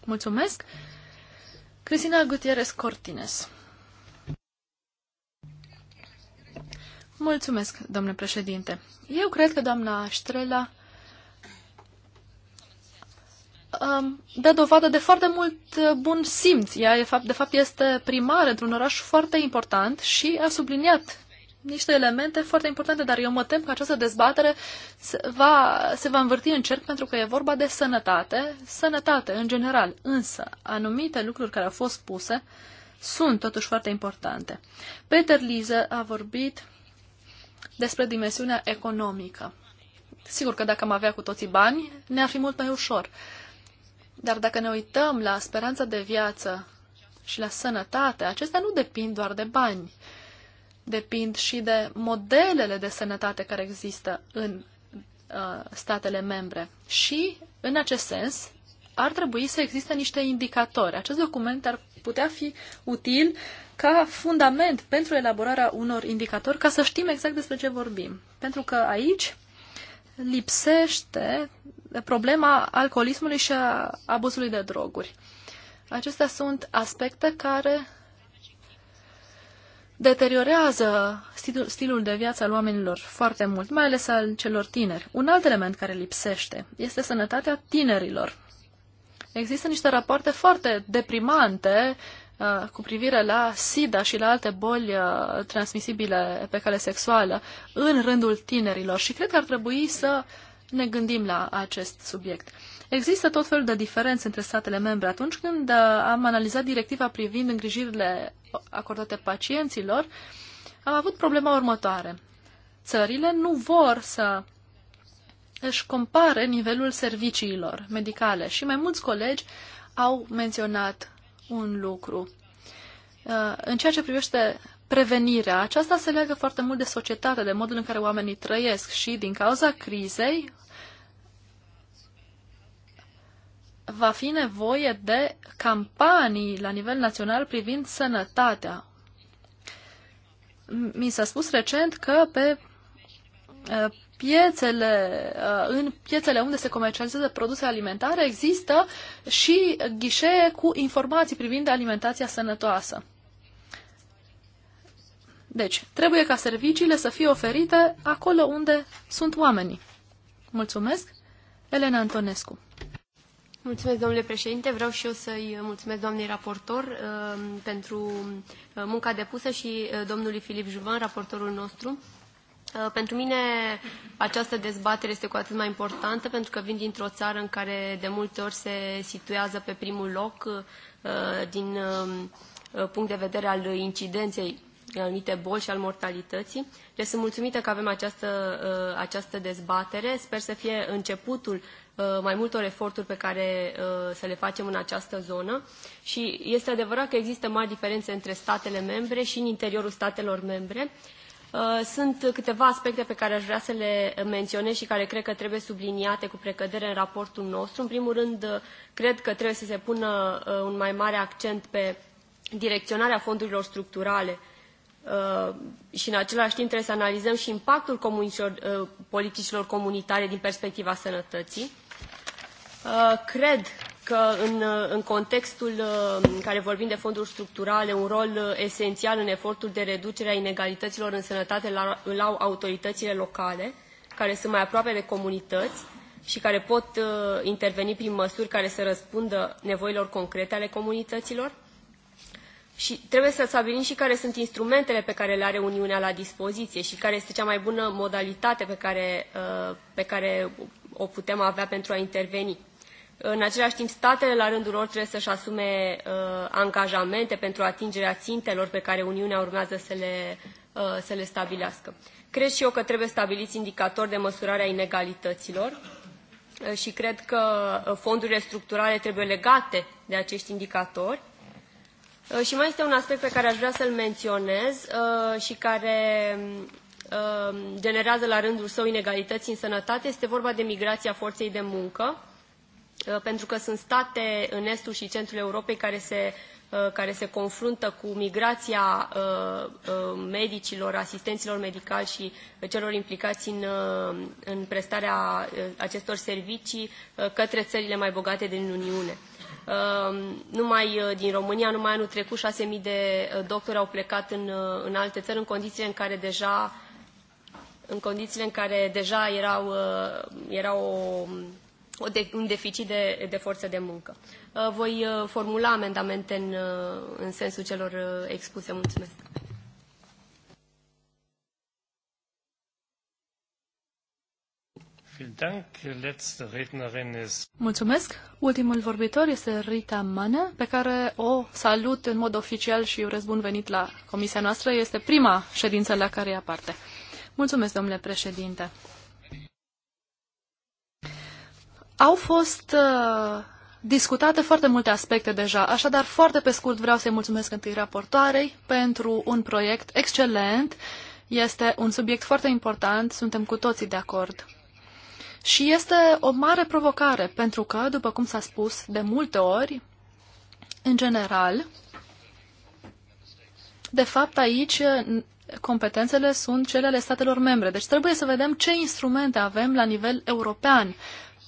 Speaker 2: Mulțumesc! Cristina Gutierrez Cortines. Mulțumesc, domnule președinte. Eu cred că doamna Ștrela Um, dă dovadă de foarte mult uh, bun simț. Ea, de fapt, de fapt este primar într-un oraș foarte important și a subliniat niște elemente foarte importante, dar eu mă tem că această dezbatere se va, se va învârti în cerc pentru că e vorba de sănătate, sănătate în general, însă anumite lucruri care au fost spuse sunt totuși foarte importante. Peter Lise a vorbit despre dimensiunea economică. Sigur că dacă am avea cu toții bani, ne-ar fi mult mai ușor. Uh, dar dacă ne uităm la speranța de viață și la sănătate, acestea nu depind doar de bani, depind și de modelele de sănătate care există în uh, statele membre. Și, în acest sens, ar trebui să existe niște indicatori. Acest document ar putea fi util ca fundament pentru elaborarea unor indicatori, ca să știm exact despre ce vorbim. Pentru că aici lipsește problema alcoolismului și a abuzului de droguri. Acestea sunt aspecte care deteriorează stilul, stilul de viață al oamenilor foarte mult, mai ales al celor tineri. Un alt element care lipsește este sănătatea tinerilor. Există niște rapoarte foarte deprimante Uh, cu privire la SIDA și la alte boli uh, transmisibile pe cale sexuală în rândul tinerilor și cred că ar trebui să ne gândim la acest subiect. Există tot felul de diferențe între statele membre. Atunci când uh, am analizat directiva privind îngrijirile acordate pacienților, am avut problema următoare. Țările nu vor să își compare nivelul serviciilor medicale și mai mulți colegi au menționat un lucru. Uh, în ceea ce privește prevenirea, aceasta se leagă foarte mult de societate, de modul în care oamenii trăiesc și din cauza crizei va fi nevoie de campanii la nivel național privind sănătatea. Mi s-a spus recent că pe uh, piețele, uh, în piețele unde se comercializează produse alimentare există și ghișee cu informații privind alimentația sănătoasă. Deci, trebuie ca serviciile să fie oferite acolo unde sunt oamenii. Mulțumesc, Elena Antonescu.
Speaker 5: Mulțumesc, domnule președinte. Vreau și eu să-i mulțumesc doamnei raportor uh, pentru uh, munca depusă și domnului Filip Juvan, raportorul nostru. Uh, pentru mine această dezbatere este cu atât mai importantă pentru că vin dintr-o țară în care de multe ori se situează pe primul loc uh, din um, uh, punct de vedere al incidenței anumite boli și al mortalității. Le deci sunt mulțumită că avem această, această dezbatere. Sper să fie începutul mai multor eforturi pe care să le facem în această zonă. Și este adevărat că există mari diferențe între statele membre și în interiorul statelor membre. Uh, sunt câteva aspecte pe care aș vrea să le menționez și care cred că trebuie subliniate cu precădere în raportul nostru. În primul rând, uh, cred că trebuie să se pună uh, un mai mare accent pe direcționarea fondurilor structurale și în același timp trebuie să analizăm și impactul comunicilor, politicilor comunitare din perspectiva sănătății. Cred că în, în contextul în uh, care vorbim de fonduri structurale, un rol uh, esențial în efortul de reducere a inegalităților în sănătate îl au autoritățile locale, care sunt mai aproape de comunități și care pot uh, interveni prin măsuri care să răspundă nevoilor concrete ale comunităților. Și trebuie să stabilim și care sunt instrumentele pe care le are Uniunea la dispoziție și care este cea mai bună modalitate pe care, pe care o putem avea pentru a interveni. În același timp, statele la rândul lor trebuie să-și asume uh, angajamente pentru atingerea țintelor pe care Uniunea urmează să le, uh, să le stabilească. Cred și eu că trebuie stabiliți indicatori de măsurare a inegalităților uh, și cred că uh, fondurile structurale trebuie legate de acești indicatori. Uh, și mai este un aspect pe care aș vrea să-l menționez uh, și care uh, generează la rândul său inegalități în sănătate, este vorba de migrația forței de muncă Uh, pentru că sunt state în estul și centrul Europei care se, uh, care se confruntă cu migrația uh, medicilor, asistenților medicali și celor implicați în, în prestarea acestor servicii către țările mai bogate din Uniune. Numai din România, numai anul trecut, 6.000 de doctori au plecat în, în alte țări, în condițiile în care deja în condițiile în care deja erau, era o um, un deficit de, de forță de muncă. Uh, voi uh, formula amendamente în, uh, în sensul celor expuse. Mulțumesc.
Speaker 2: Mulțumesc. Ultimul vorbitor este Rita Mane, pe care o salut în mod oficial și urez bun venit la comisia noastră. Este prima ședință la care ia parte. Mulțumesc, domnule președinte. Au fost uh, discutate foarte multe aspecte deja, așadar foarte pe scurt vreau să-i mulțumesc întâi raportoarei pentru un proiect excelent. Este un subiect foarte important, suntem cu toții de acord. Și este o mare provocare, pentru că, după cum s-a spus de multe ori, în general, de fapt aici competențele sunt cele ale statelor membre. Deci trebuie să vedem ce instrumente avem la nivel european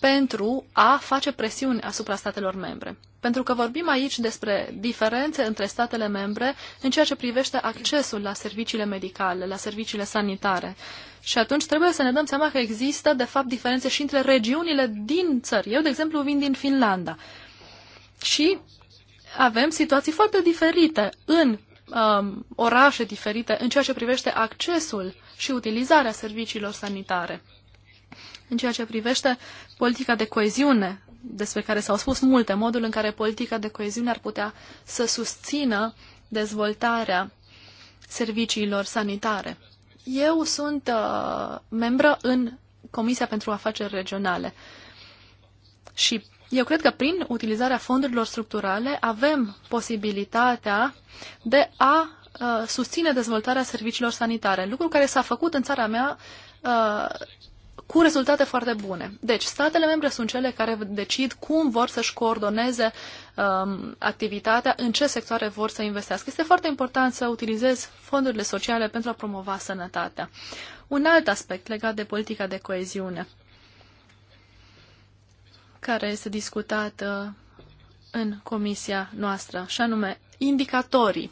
Speaker 2: pentru a face presiuni asupra statelor membre. Pentru că vorbim aici despre diferențe între statele membre în ceea ce privește accesul la serviciile medicale, la serviciile sanitare. Și atunci trebuie să ne dăm seama că există, de fapt, diferențe și între regiunile din țări. Eu, de exemplu, vin din Finlanda. Și avem situații foarte diferite în um, orașe diferite în ceea ce privește accesul și utilizarea serviciilor sanitare în ceea ce privește politica de coeziune, despre care s-au spus multe, modul în care politica de coeziune ar putea să susțină dezvoltarea serviciilor sanitare. Eu sunt uh, membră în Comisia pentru Afaceri Regionale și eu cred că prin utilizarea fondurilor structurale avem posibilitatea de a uh, susține dezvoltarea serviciilor sanitare, lucru care s-a făcut în țara mea uh, cu rezultate foarte bune. Deci, statele membre sunt cele care decid cum vor să-și coordoneze um, activitatea, în ce sectoare vor să investească. Este foarte important să utilizezi fondurile sociale pentru a promova sănătatea. Un alt aspect legat de politica de coeziune, care este discutat uh, în comisia noastră, și anume indicatorii.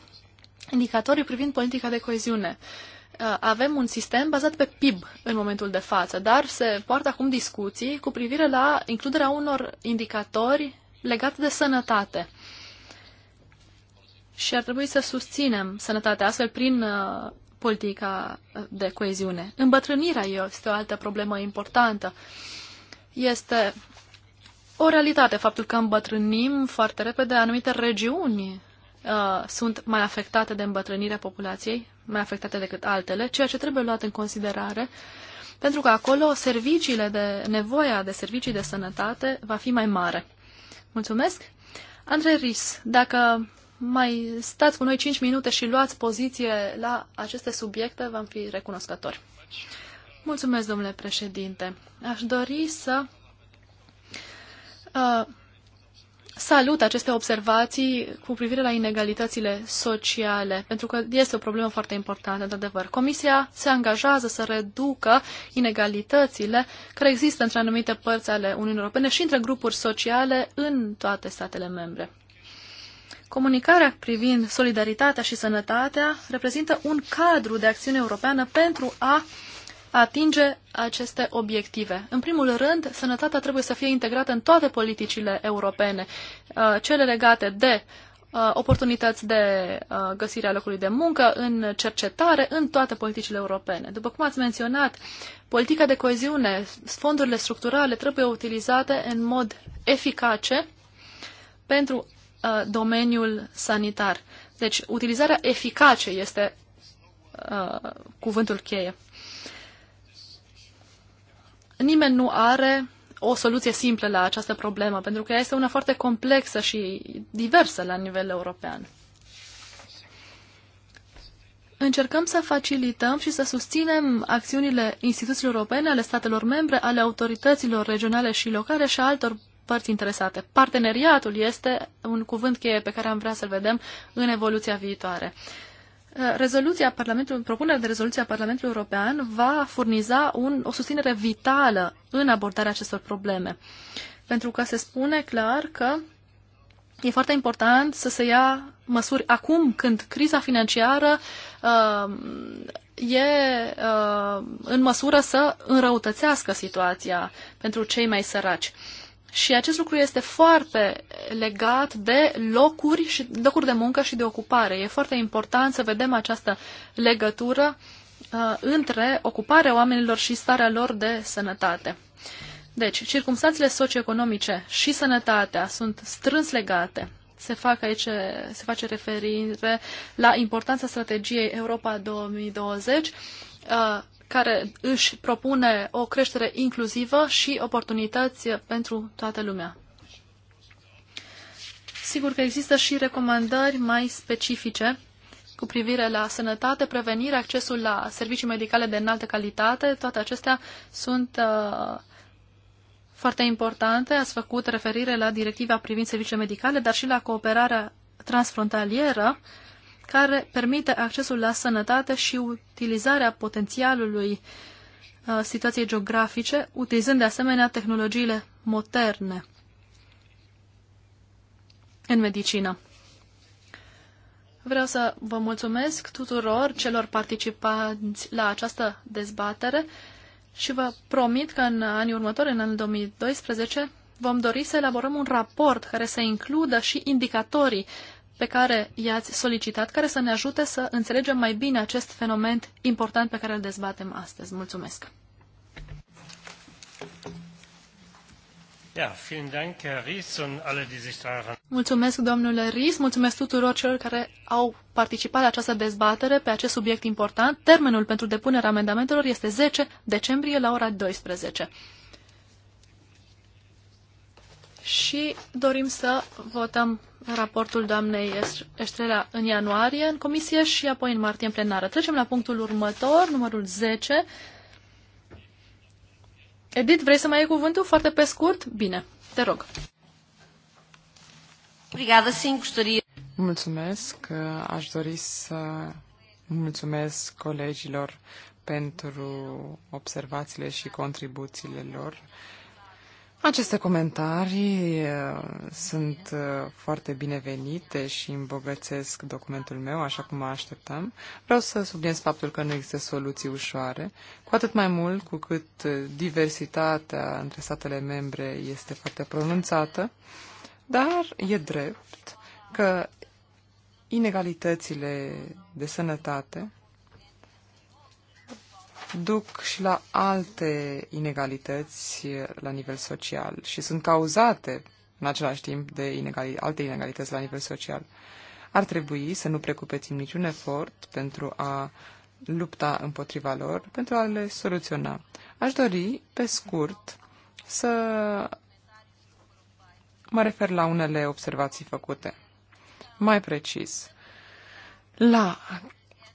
Speaker 2: Indicatorii privind politica de coeziune. Uh, avem un sistem bazat pe PIB în momentul de față, dar se poartă acum discuții cu privire la includerea unor indicatori legate de sănătate. Și ar trebui să susținem sănătatea astfel prin uh, politica de coeziune. Îmbătrânirea este o altă problemă importantă. Este o realitate faptul că îmbătrânim foarte repede anumite regiuni Uh, sunt mai afectate de îmbătrânirea populației, mai afectate decât altele, ceea ce trebuie luat în considerare, pentru că acolo serviciile de, nevoia de servicii de sănătate va fi mai mare. Mulțumesc! Andrei Ris, dacă mai stați cu noi 5 minute și luați poziție la aceste subiecte, v-am fi recunoscători. Mulțumesc, domnule președinte. Aș dori să uh, salut aceste observații cu privire la inegalitățile sociale, pentru că este o problemă foarte importantă, într-adevăr. Comisia se angajează să reducă inegalitățile care există între anumite părți ale Uniunii Europene și între grupuri sociale în toate statele membre. Comunicarea privind solidaritatea și sănătatea reprezintă un cadru de acțiune europeană pentru a atinge aceste obiective. În primul rând, sănătatea trebuie să fie integrată în toate politicile europene, uh, cele legate de uh, oportunități de uh, găsire a locului de muncă, în cercetare, în toate politicile europene. După cum ați menționat, politica de coeziune, fondurile structurale trebuie utilizate în mod eficace pentru domeniul sanitar. Deci, utilizarea eficace este uh, cuvântul cheie nimeni nu are o soluție simplă la această problemă, pentru că ea este una foarte complexă și diversă la nivel european. Încercăm să facilităm și să susținem acțiunile instituțiilor europene, ale statelor membre, ale autorităților regionale și locale și a altor părți interesate. Parteneriatul este un cuvânt cheie pe care am vrea să-l vedem în evoluția viitoare. Rezoluția Parlamentului, propunerea de rezoluție a Parlamentului European va furniza un, o susținere vitală în abordarea acestor probleme. Pentru că se spune clar că e foarte important să se ia măsuri acum când criza financiară uh, e uh, în măsură să înrăutățească situația pentru cei mai săraci. Uh, și acest lucru este foarte legat de locuri, și, locuri de muncă și de ocupare. E foarte important să vedem această legătură uh, între ocuparea oamenilor și starea lor de sănătate. Deci, circumstanțele socioeconomice și sănătatea sunt strâns legate. Se, fac aici, se face referire la importanța strategiei Europa 2020, uh, care își propune o creștere inclusivă și oportunități pentru toată lumea. Sigur că există și recomandări mai specifice cu privire la sănătate, prevenire, accesul la servicii medicale de înaltă calitate, toate acestea sunt uh, foarte importante. Ați făcut referire la directiva privind serviciile medicale, dar și la cooperarea transfrontalieră uh, care permite accesul la sănătate și utilizarea potențialului uh, situației geografice, utilizând de asemenea tehnologiile moderne în medicină. Vreau să vă mulțumesc tuturor celor participanți la această dezbatere și vă promit că în anii următori, în anul 2012, vom dori să elaborăm un raport care să includă și indicatorii pe care i-ați solicitat, care să ne ajute să înțelegem mai bine acest fenomen important pe care îl dezbatem astăzi. Mulțumesc! Mulțumesc, domnule Ries, mulțumesc tuturor celor care au participat la această dezbatere pe acest subiect important. Termenul pentru depunerea amendamentelor este 10 decembrie la ora 12 și dorim să votăm raportul doamnei Estrela în ianuarie în comisie și apoi în martie în plenară. Trecem la punctul următor, numărul 10. Edith, vrei să mai iei cuvântul foarte pe scurt? Bine, te rog.
Speaker 4: Obrigada, sim, gostaria. Mulțumesc. Aș dori să mulțumesc colegilor pentru observațiile și contribuțiile lor aceste comentarii eh, sunt eh, foarte binevenite și îmbogățesc documentul meu, așa cum mă așteptam. Vreau să subliniez faptul că nu există soluții ușoare, cu atât mai mult cu cât eh, diversitatea între statele membre este foarte pronunțată, dar e drept că inegalitățile de sănătate duc și la alte inegalități la nivel social și sunt cauzate în același timp de inegali- alte inegalități la nivel social. Ar trebui să nu precupețim niciun efort pentru a lupta împotriva lor, pentru a le soluționa. Aș dori, pe scurt, să mă refer la unele observații făcute. Mai precis, la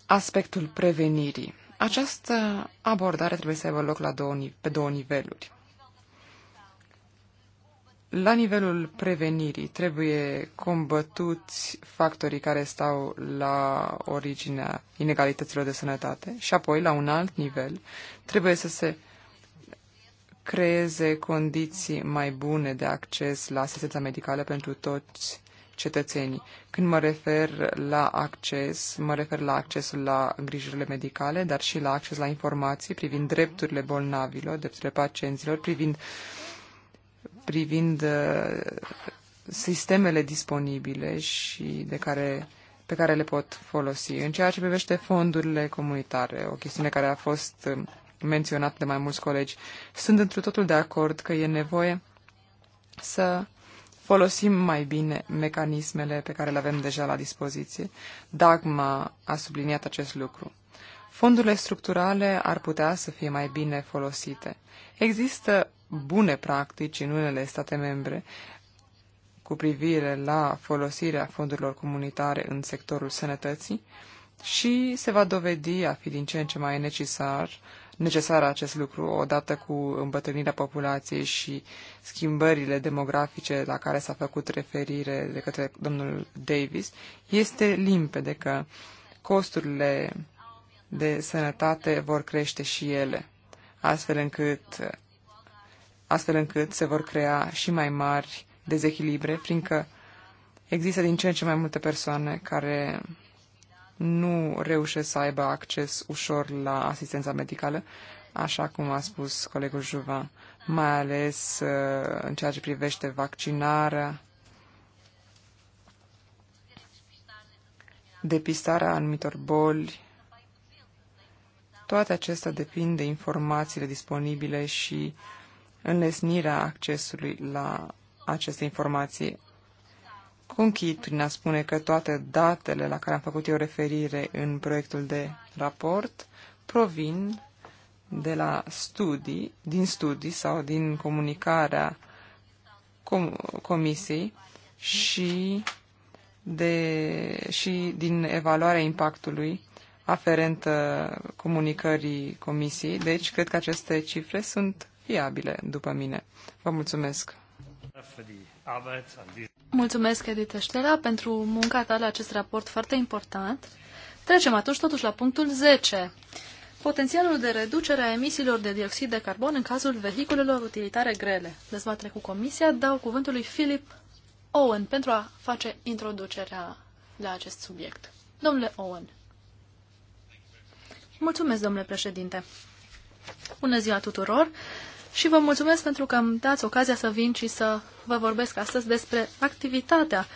Speaker 4: aspectul prevenirii. Această abordare trebuie să aibă loc la două, pe două niveluri. La nivelul prevenirii trebuie combătuți factorii care stau la originea inegalităților de sănătate și apoi, la un alt nivel, trebuie să se creeze condiții mai bune de acces la asistența medicală pentru toți cetățenii. Când mă refer la acces, mă refer la accesul la îngrijirile medicale, dar și la acces la informații privind drepturile bolnavilor, drepturile pacienților, privind, privind uh, sistemele disponibile și de care, pe care le pot folosi. În ceea ce privește fondurile comunitare, o chestiune care a fost uh, menționată de mai mulți colegi, sunt într totul de acord că e nevoie să folosim mai bine mecanismele pe care le avem deja la dispoziție. Dagma a subliniat acest lucru. Fondurile structurale ar putea să fie mai bine folosite. Există bune practici în unele state membre cu privire la folosirea fondurilor comunitare în sectorul sănătății și se va dovedi a fi din ce în ce mai necesar uh, necesar acest lucru odată cu îmbătrânirea populației și schimbările demografice la care s-a făcut referire de către domnul Davis, este limpede că costurile de sănătate vor crește și ele, astfel încât, astfel încât se vor crea și mai mari dezechilibre, fiindcă există din ce în ce mai multe persoane care nu reușesc să aibă acces ușor la asistența medicală, așa cum a spus colegul Juvan, mai ales uh, în ceea ce privește vaccinarea, depistarea anumitor boli. Toate acestea depind de informațiile disponibile și înlesnirea accesului la aceste informații. Conchid prin a spune că toate datele la care am făcut eu referire în proiectul de raport provin de la studii, din studii sau din comunicarea com comisiei și, de, și din evaluarea impactului aferentă comunicării comisiei. Deci, cred că aceste cifre sunt fiabile, după mine. Vă mulțumesc!
Speaker 2: Mulțumesc, Edith Eștera, pentru munca ta la acest raport foarte important. Trecem atunci totuși la punctul 10. Potențialul de reducere a emisiilor de dioxid de carbon în cazul vehiculelor utilitare grele. Dezbatere cu comisia, dau cuvântul lui Philip Owen pentru a face introducerea la acest subiect. Domnule Owen. Mulțumesc, domnule președinte. Bună ziua tuturor! și vă mulțumesc pentru că mi-am dat ocazia să vin și să vă vorbesc astăzi despre activitatea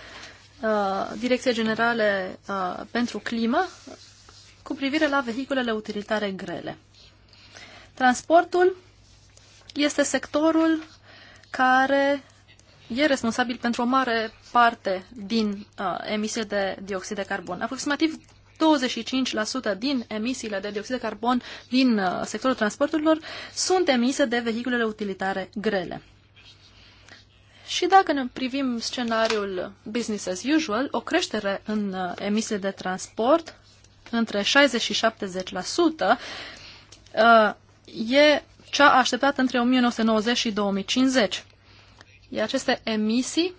Speaker 2: uh, Direcției Generale uh, pentru Climă cu privire la vehiculele utilitare grele. Transportul este sectorul care e responsabil pentru o mare parte din uh, emisie de dioxid de carbon. Aproximativ 25% din emisiile de dioxid de carbon din uh, sectorul transporturilor sunt emise de vehiculele utilitare grele. Și dacă ne privim scenariul business as usual, o creștere în uh, emisiile de transport între 60 și 70% uh, e cea așteptată între 1990 și 2050. Iar aceste emisii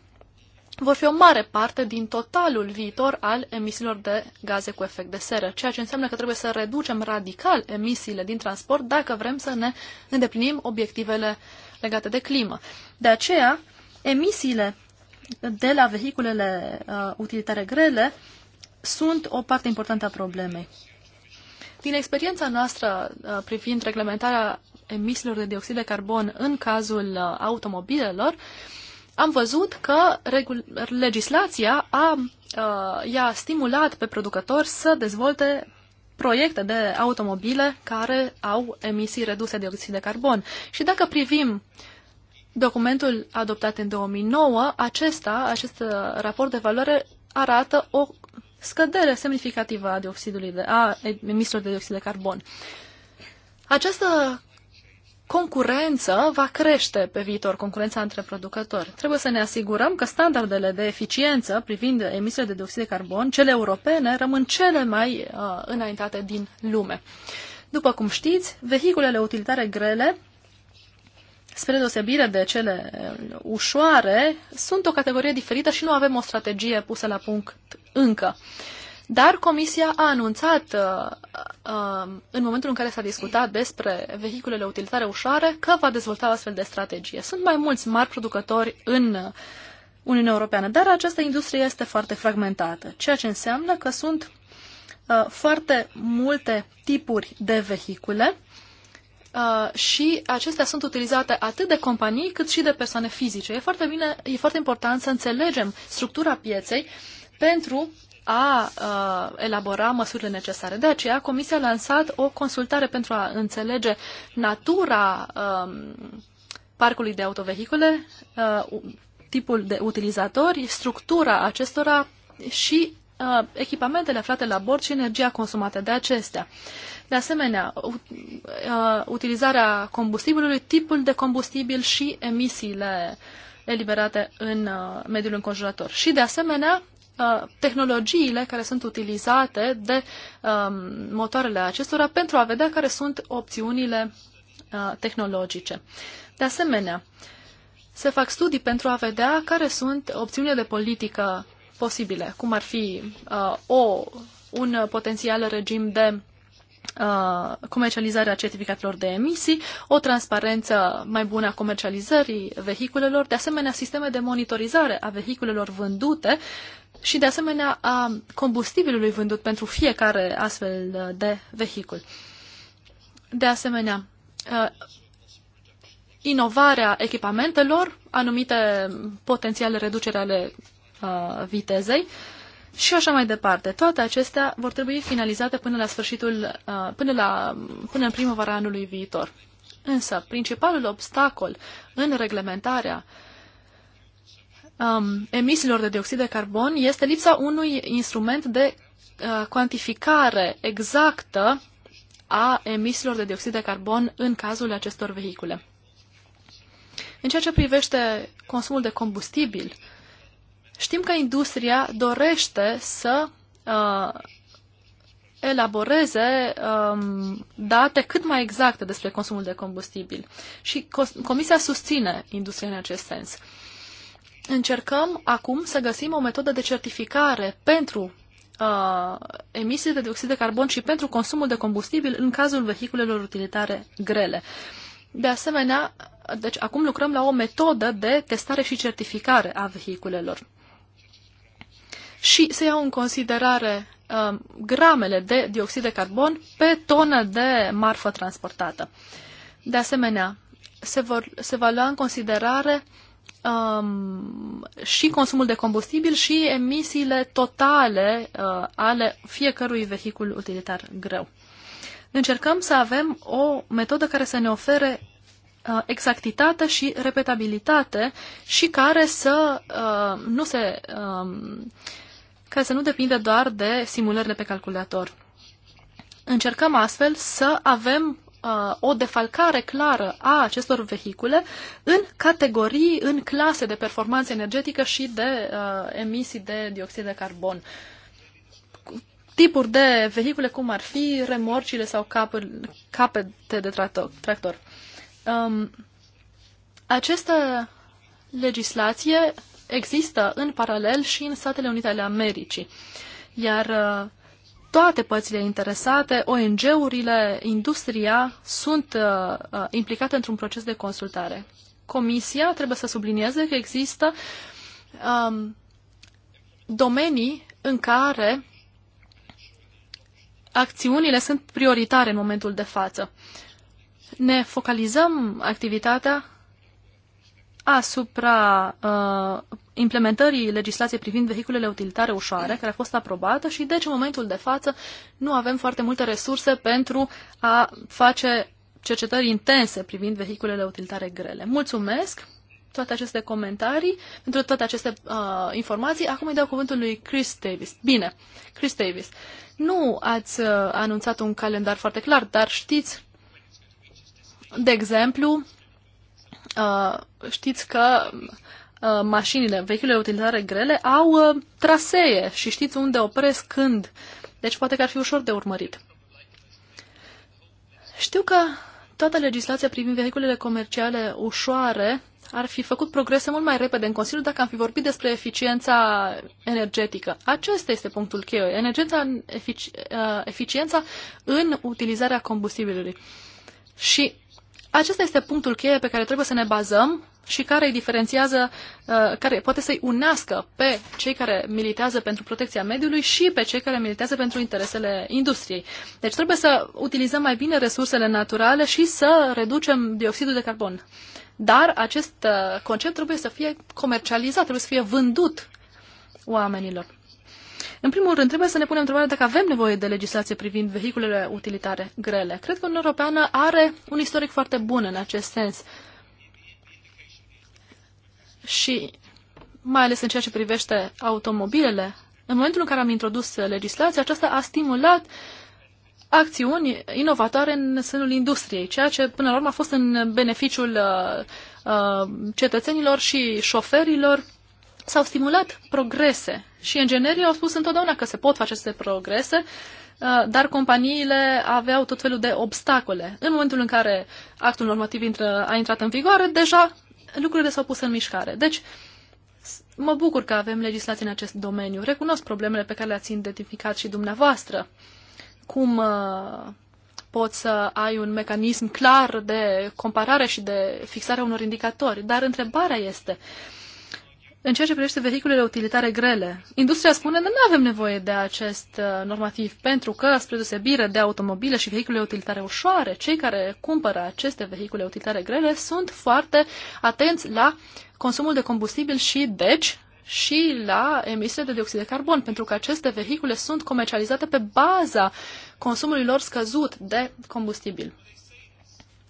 Speaker 2: vor fi o mare parte din totalul viitor al emisiilor de gaze cu efect de seră, ceea ce înseamnă că trebuie să reducem radical emisiile din transport dacă vrem să ne îndeplinim obiectivele legate de climă. De aceea, emisiile de la vehiculele uh, utilitare grele sunt o parte importantă a problemei. Din experiența noastră uh, privind reglementarea emisiilor de dioxid de carbon în cazul uh, automobilelor, uh, am văzut că legislația a, uh, i-a stimulat pe producători să dezvolte proiecte de automobile care au emisii reduse de oxid de carbon. Și dacă privim documentul adoptat în 2009, acesta, acest uh, raport de valoare arată o scădere semnificativă a, dioxidului de, a emisiilor de dioxid de carbon. Această concurență va crește pe viitor, concurența între producători. Trebuie să ne asigurăm că standardele de eficiență privind emisiile de dioxid de carbon, cele europene, rămân cele mai uh, înaintate din lume. După cum știți, vehiculele utilitare grele, spre deosebire de cele uh, ușoare, sunt o categorie diferită și nu avem o strategie pusă la punct încă. Uh, dar Comisia a anunțat, uh, uh, în momentul în care s-a discutat despre vehiculele utilitare ușoare, că va dezvolta o astfel de strategie. Sunt mai mulți mari producători în Uniunea Europeană, dar această industrie este foarte fragmentată, ceea ce înseamnă că sunt uh, foarte multe tipuri de vehicule Uh, și acestea sunt utilizate atât de companii cât și de persoane fizice. E foarte, bine, e foarte important să înțelegem structura pieței pentru a uh, elabora măsurile necesare. De aceea, Comisia a lansat o consultare pentru a înțelege natura um, parcului de autovehicule, uh, tipul de utilizatori, structura acestora și uh, echipamentele aflate la bord și energia consumată de acestea. De asemenea, uh, utilizarea combustibilului, tipul de combustibil și emisiile eliberate în uh, mediul înconjurător. Și, de asemenea, Uh, tehnologiile care sunt utilizate de um, motoarele acestora pentru a vedea care sunt opțiunile uh, tehnologice. De asemenea, se fac studii pentru a vedea care sunt opțiunile de politică posibile, cum ar fi uh, o, un potențial regim de comercializarea comercializare a certificatelor de emisii, o transparență mai bună a comercializării vehiculelor, de asemenea sisteme de monitorizare a vehiculelor vândute și de asemenea a combustibilului vândut pentru fiecare astfel de vehicul. De asemenea, inovarea echipamentelor, anumite potențiale reducere ale vitezei și așa mai departe. Toate acestea vor trebui finalizate până la sfârșitul, până, la, până în primăvara anului viitor. Însă, principalul obstacol în reglementarea uh, um, emisiilor de dioxid de carbon este lipsa unui instrument de uh, cuantificare exactă a emisiilor de dioxid de carbon în cazul acestor vehicule. În ceea ce privește consumul de combustibil, știm că industria dorește să uh, elaboreze um, date cât mai exacte despre consumul de combustibil. Și Comisia susține industria în acest sens încercăm acum să găsim o metodă de certificare pentru uh, de dioxid de carbon și pentru consumul de combustibil în cazul vehiculelor utilitare grele. De asemenea, deci acum lucrăm la o metodă de testare și certificare a vehiculelor. Și se iau în considerare uh, gramele de dioxid de carbon pe tonă de marfă transportată. De asemenea, se, vor, se va lua în considerare uh, um, și consumul de combustibil și emisiile totale uh, ale fiecărui vehicul utilitar greu. Încercăm să avem o metodă care să ne ofere uh, exactitate și repetabilitate și care să uh, nu se uh, care să nu depinde doar de simulările pe calculator. Încercăm astfel să avem uh, o defalcare clară a acestor vehicule în categorii, în clase de performanță energetică și de uh, emisii de dioxid de carbon. Tipuri de vehicule cum ar fi remorcile sau cap capete de tractor. Um, această legislație există în paralel și în Statele Unite ale Americii. Iar uh, toate părțile interesate, ONG-urile, industria, sunt uh, uh, implicate într-un proces de consultare. Comisia trebuie să sublinieze că există um, domenii în care acțiunile sunt prioritare în momentul de față. Ne focalizăm activitatea asupra uh, implementării legislației privind vehiculele utilitare ușoare, care a fost aprobată și deci în momentul de față nu avem foarte multe resurse pentru a face cercetări intense privind vehiculele utilitare grele. Mulțumesc toate aceste comentarii, pentru toate aceste uh, informații. Acum îi dau cuvântul lui Chris Davis. Bine, Chris Davis, nu ați uh, anunțat un calendar foarte clar, dar știți, de exemplu, uh, știți că uh, mașinile, vehiculele utilitare grele au uh, trasee și știți unde opresc când. Deci poate că ar fi ușor de urmărit. Știu că toată legislația privind vehiculele comerciale ușoare ar fi făcut progrese mult mai repede în Consiliu dacă am fi vorbit despre eficiența energetică. Acesta este punctul cheie, energența, efici, uh, eficiența în utilizarea combustibilului. Și acesta este punctul cheie pe care trebuie să ne bazăm și care îi diferențiază, uh, care poate să-i unească pe cei care militează pentru protecția mediului și pe cei care militează pentru interesele industriei. Deci trebuie să utilizăm mai bine resursele naturale și să reducem dioxidul de carbon. Dar acest uh, concept trebuie să fie comercializat, trebuie să fie vândut oamenilor. În primul rând, trebuie să ne punem întrebarea dacă avem nevoie de legislație privind vehiculele utilitare grele. Cred că Uniunea Europeană are un istoric foarte bun în acest sens. Și mai ales în ceea ce privește automobilele, în momentul în care am introdus legislația, aceasta a stimulat acțiuni inovatoare în sânul industriei, ceea ce până la urmă a fost în beneficiul uh, uh, cetățenilor și șoferilor s-au stimulat progrese și inginerii au spus întotdeauna că se pot face aceste progrese, uh, dar companiile aveau tot felul de obstacole. În momentul în care actul normativ intră, a intrat în vigoare, deja lucrurile s-au pus în mișcare. Deci, mă bucur că avem legislație în acest domeniu. Recunosc problemele pe care le-ați identificat și dumneavoastră. Cum uh, poți să ai un mecanism clar de comparare și de fixare a unor indicatori. Dar întrebarea este, uh, în ceea ce privește vehiculele utilitare grele, industria spune că nu avem nevoie de acest uh, normativ pentru că, spre deosebire de automobile și vehiculele utilitare ușoare, cei care cumpără aceste vehicule utilitare grele sunt foarte atenți la consumul de combustibil și, deci, și la emisiile de dioxid de carbon, pentru că aceste vehicule sunt comercializate pe baza consumului lor scăzut de combustibil.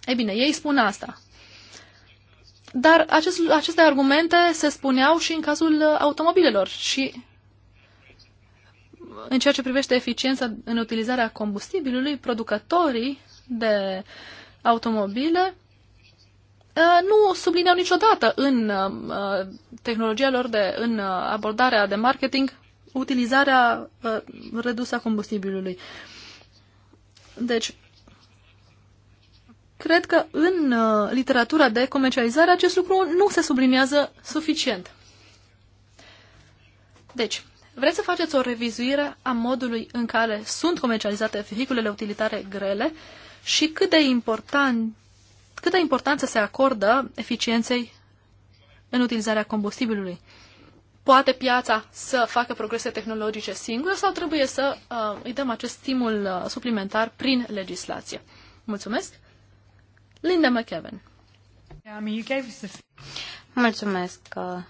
Speaker 2: Ei bine, ei spun asta. Dar acest, aceste argumente se spuneau și în cazul uh, automobilelor și în ceea ce privește eficiența în utilizarea combustibilului, producătorii de automobile uh, nu sublineau niciodată în uh, tehnologia lor, de, în abordarea de marketing, utilizarea redusă a combustibilului. Deci, Cred că în uh, literatura de comercializare acest lucru nu se subliniază suficient. Deci, vreți să faceți o revizuire a modului în care sunt comercializate vehiculele utilitare grele și cât de important, câtă importanță se acordă eficienței în utilizarea combustibilului. Poate piața să facă progrese tehnologice singură sau trebuie să uh, îi dăm acest stimul uh, suplimentar prin legislație. Mulțumesc! Linda McKevin.
Speaker 3: Mulțumesc că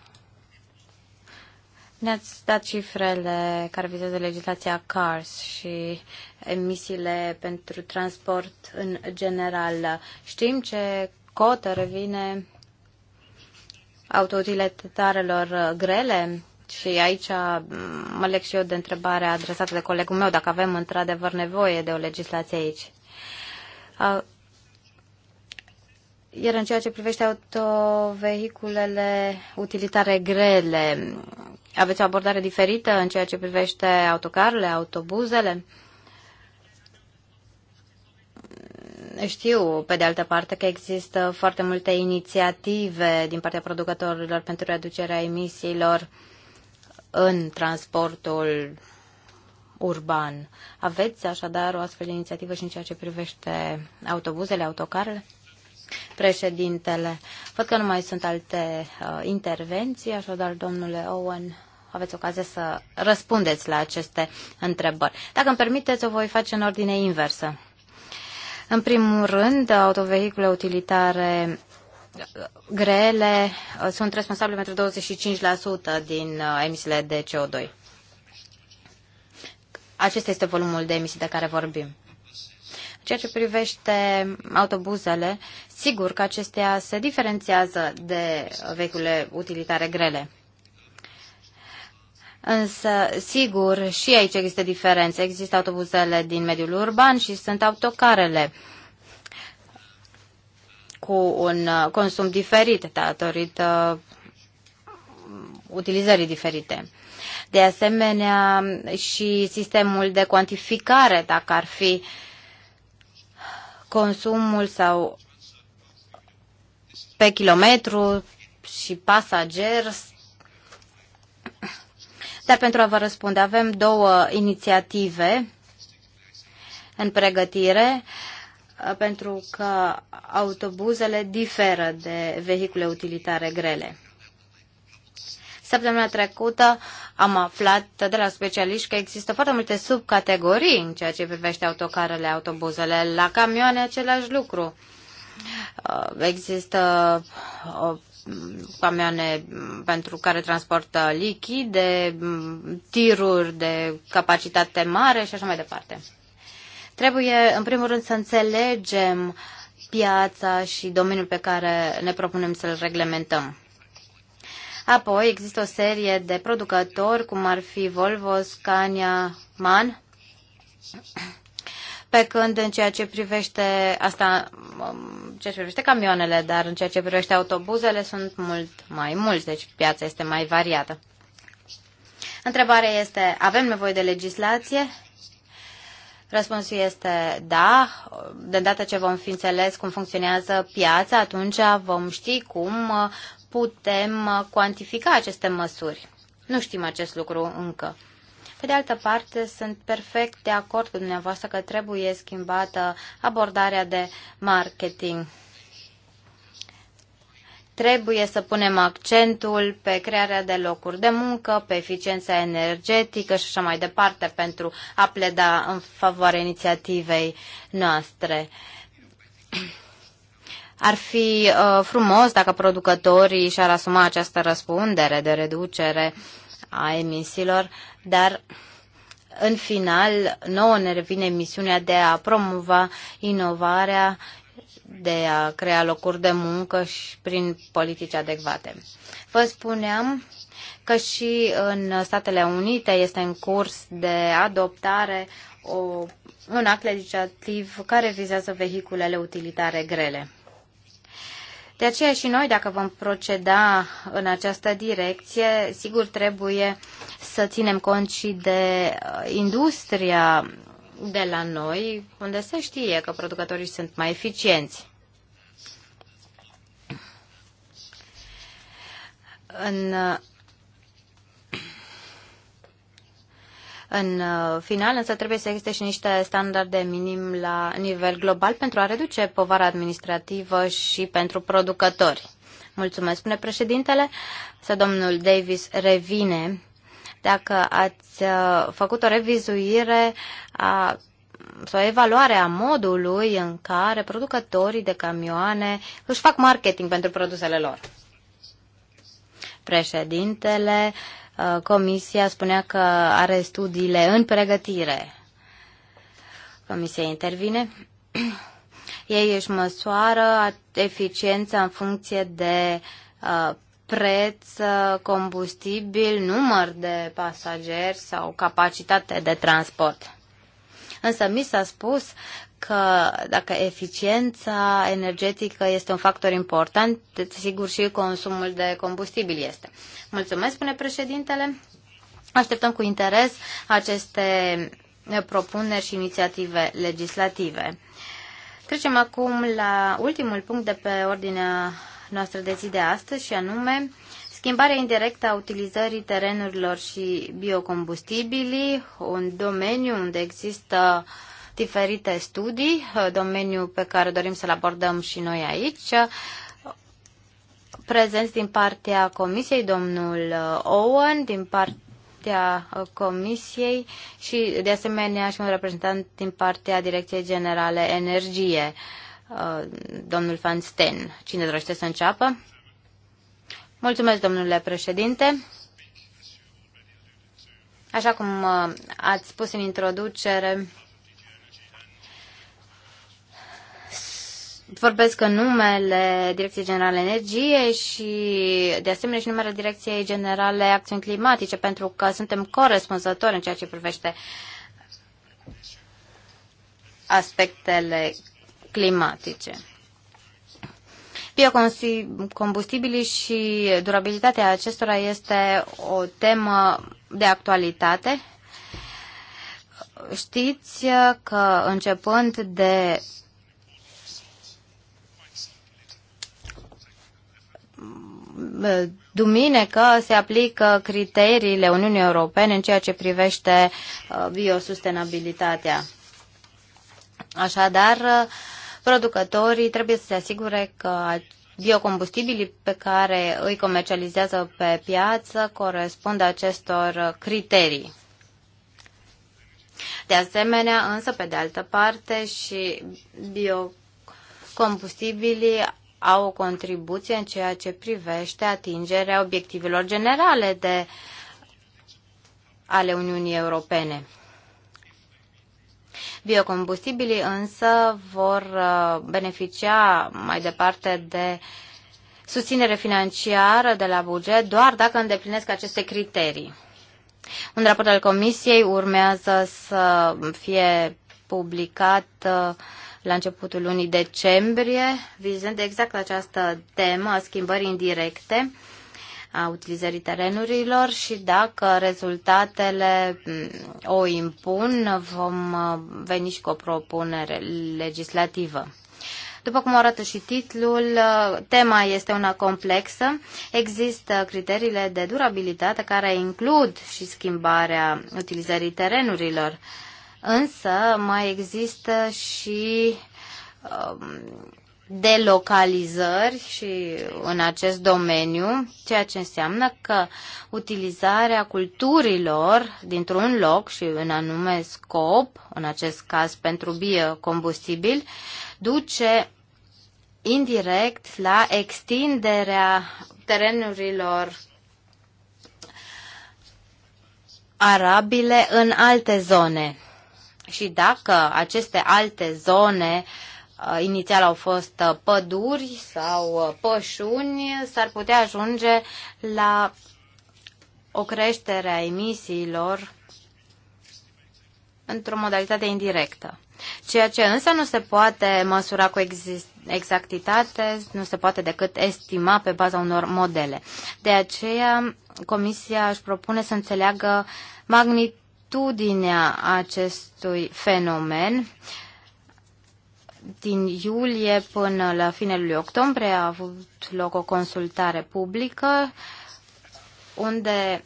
Speaker 3: ne-ați dat cifrele care vizează legislația CARS și emisiile pentru transport în general. Știm ce cotă revine autoutilitarelor grele și aici mă leg și eu de întrebarea adresată de colegul meu dacă avem într-adevăr nevoie de o legislație aici. Iar în ceea ce privește autovehiculele utilitare grele, aveți o abordare diferită în ceea ce privește autocarele, autobuzele? Știu, pe de altă parte, că există foarte multe inițiative din partea producătorilor pentru reducerea emisiilor în transportul urban. Aveți așadar o astfel de inițiativă și în ceea ce privește autobuzele, autocarele? Președintele, văd că nu mai sunt alte uh, intervenții, așadar, domnule Owen, aveți ocazia să răspundeți la aceste întrebări. Dacă îmi permiteți, o voi face în ordine inversă. În primul rând, autovehicule utilitare uh, grele uh, sunt responsabile pentru 25% din uh, emisiile de CO2. Acesta este volumul de emisii de care vorbim ceea ce privește autobuzele, sigur că acestea se diferențiază de vehicule utilitare grele. Însă, sigur, și aici există diferențe. Există autobuzele din mediul urban și sunt autocarele cu un uh, consum diferit datorită uh, utilizării diferite. De asemenea, și sistemul de cuantificare, dacă ar fi uh, consumul sau pe kilometru și pasager. Dar pentru a vă răspunde, avem două inițiative în pregătire uh, pentru că autobuzele diferă de vehicule utilitare grele. Săptămâna trecută am aflat de la specialiști că există foarte multe subcategorii în ceea ce privește autocarele, autobuzele, la camioane același lucru. Uh, există uh, camioane pentru care transportă lichide, tiruri de capacitate mare și așa mai departe. Trebuie, în primul rând, să înțelegem piața și domeniul pe care ne propunem să-l reglementăm. Apoi există o serie de producători, cum ar fi Volvo, Scania, MAN, pe când în ceea ce privește asta, ceea ce privește camioanele, dar în ceea ce privește autobuzele sunt mult mai mulți, deci piața este mai variată. Întrebarea este, avem nevoie de legislație? Răspunsul este da. De data ce vom fi înțeles cum funcționează piața, atunci vom ști cum putem uh, cuantifica aceste măsuri. Nu știm acest lucru încă. Pe de altă parte, sunt perfect de acord cu dumneavoastră că trebuie schimbată abordarea de marketing. Trebuie să punem accentul pe crearea de locuri de muncă, pe eficiența energetică și așa mai departe pentru a pleda în favoarea inițiativei noastre. Ar fi uh, frumos dacă producătorii și-ar asuma această răspundere de reducere a emisiilor, dar în final nouă ne revine misiunea de a promova inovarea, de a crea locuri de muncă și prin politici adecvate. Vă spuneam că și în Statele Unite este în curs de adoptare o, un act legislativ care vizează vehiculele utilitare grele. De aceea și noi, dacă vom proceda în această direcție, sigur trebuie să ținem cont și de uh, industria de la noi, unde se știe că producătorii sunt mai eficienți. În uh, În uh, final, însă, trebuie să existe și niște standarde minim la nivel global pentru a reduce povara administrativă și pentru producători. Mulțumesc, spune președintele. Să domnul Davis revine. Dacă ați uh, făcut o revizuire a sau o evaluare a modului în care producătorii de camioane își fac marketing pentru produsele lor. Președintele Uh, comisia spunea că are studiile în pregătire. Comisia intervine. Ei își măsoară eficiența în funcție de uh, preț, uh, combustibil, număr de pasageri sau capacitate de transport. Însă mi s-a spus că dacă eficiența energetică este un factor important, sigur și consumul de combustibil este. Mulțumesc, spune președintele. Așteptăm cu interes aceste propuneri și inițiative legislative. Trecem acum la ultimul punct de pe ordinea noastră de zi de astăzi și anume schimbarea indirectă a utilizării terenurilor și biocombustibilii, un domeniu unde există uh, diferite studii, uh, domeniul pe care dorim să-l abordăm și noi aici. Prezenți din partea Comisiei domnul uh, Owen, din partea uh, Comisiei și de asemenea și un reprezentant din partea Direcției Generale Energie, domnul Van Sten. Cine dorește să înceapă? Mulțumesc, domnule președinte. Așa cum ați spus în introducere, vorbesc în numele Direcției Generale Energie și de asemenea și numele Direcției Generale Acțiuni Climatice, pentru că suntem corespunzători în ceea ce privește aspectele climatice. Biocombustibilii și durabilitatea acestora este o temă de actualitate. Știți că începând de duminică se aplică criteriile Uniunii Europene în ceea ce privește uh, biosustenabilitatea. Așadar, uh, producătorii trebuie să se asigure că biocombustibilii pe care îi comercializează pe piață corespund acestor criterii. De asemenea, însă, pe de altă parte, și biocombustibilii au o contribuție în ceea ce privește atingerea obiectivelor generale de ale Uniunii Europene. Biocombustibilii însă vor uh, beneficia mai departe de susținere financiară de la buget doar dacă îndeplinesc aceste criterii. Un raport al Comisiei urmează să fie publicat uh, la începutul lunii decembrie, vizând exact această temă a schimbării indirecte a utilizării terenurilor și dacă rezultatele mm, o impun, vom uh, veni și cu o propunere legislativă. După cum arată și titlul, uh, tema este una complexă. Există criteriile de durabilitate care includ și schimbarea utilizării terenurilor. Însă mai există și um, delocalizări și în acest domeniu, ceea ce înseamnă că utilizarea culturilor dintr-un loc și în anume scop, în acest caz pentru biocombustibil, duce indirect la extinderea terenurilor arabile în alte zone și dacă aceste alte zone uh, inițial au fost uh, păduri sau uh, pășuni, s-ar putea ajunge la o creștere a emisiilor într-o modalitate indirectă. Ceea ce însă nu se poate măsura cu exactitate, nu se poate decât estima pe baza unor modele. De aceea, Comisia își propune să înțeleagă magnitudinea amplitudinea acestui fenomen. Din iulie până la finele lui octombrie a avut loc o consultare publică unde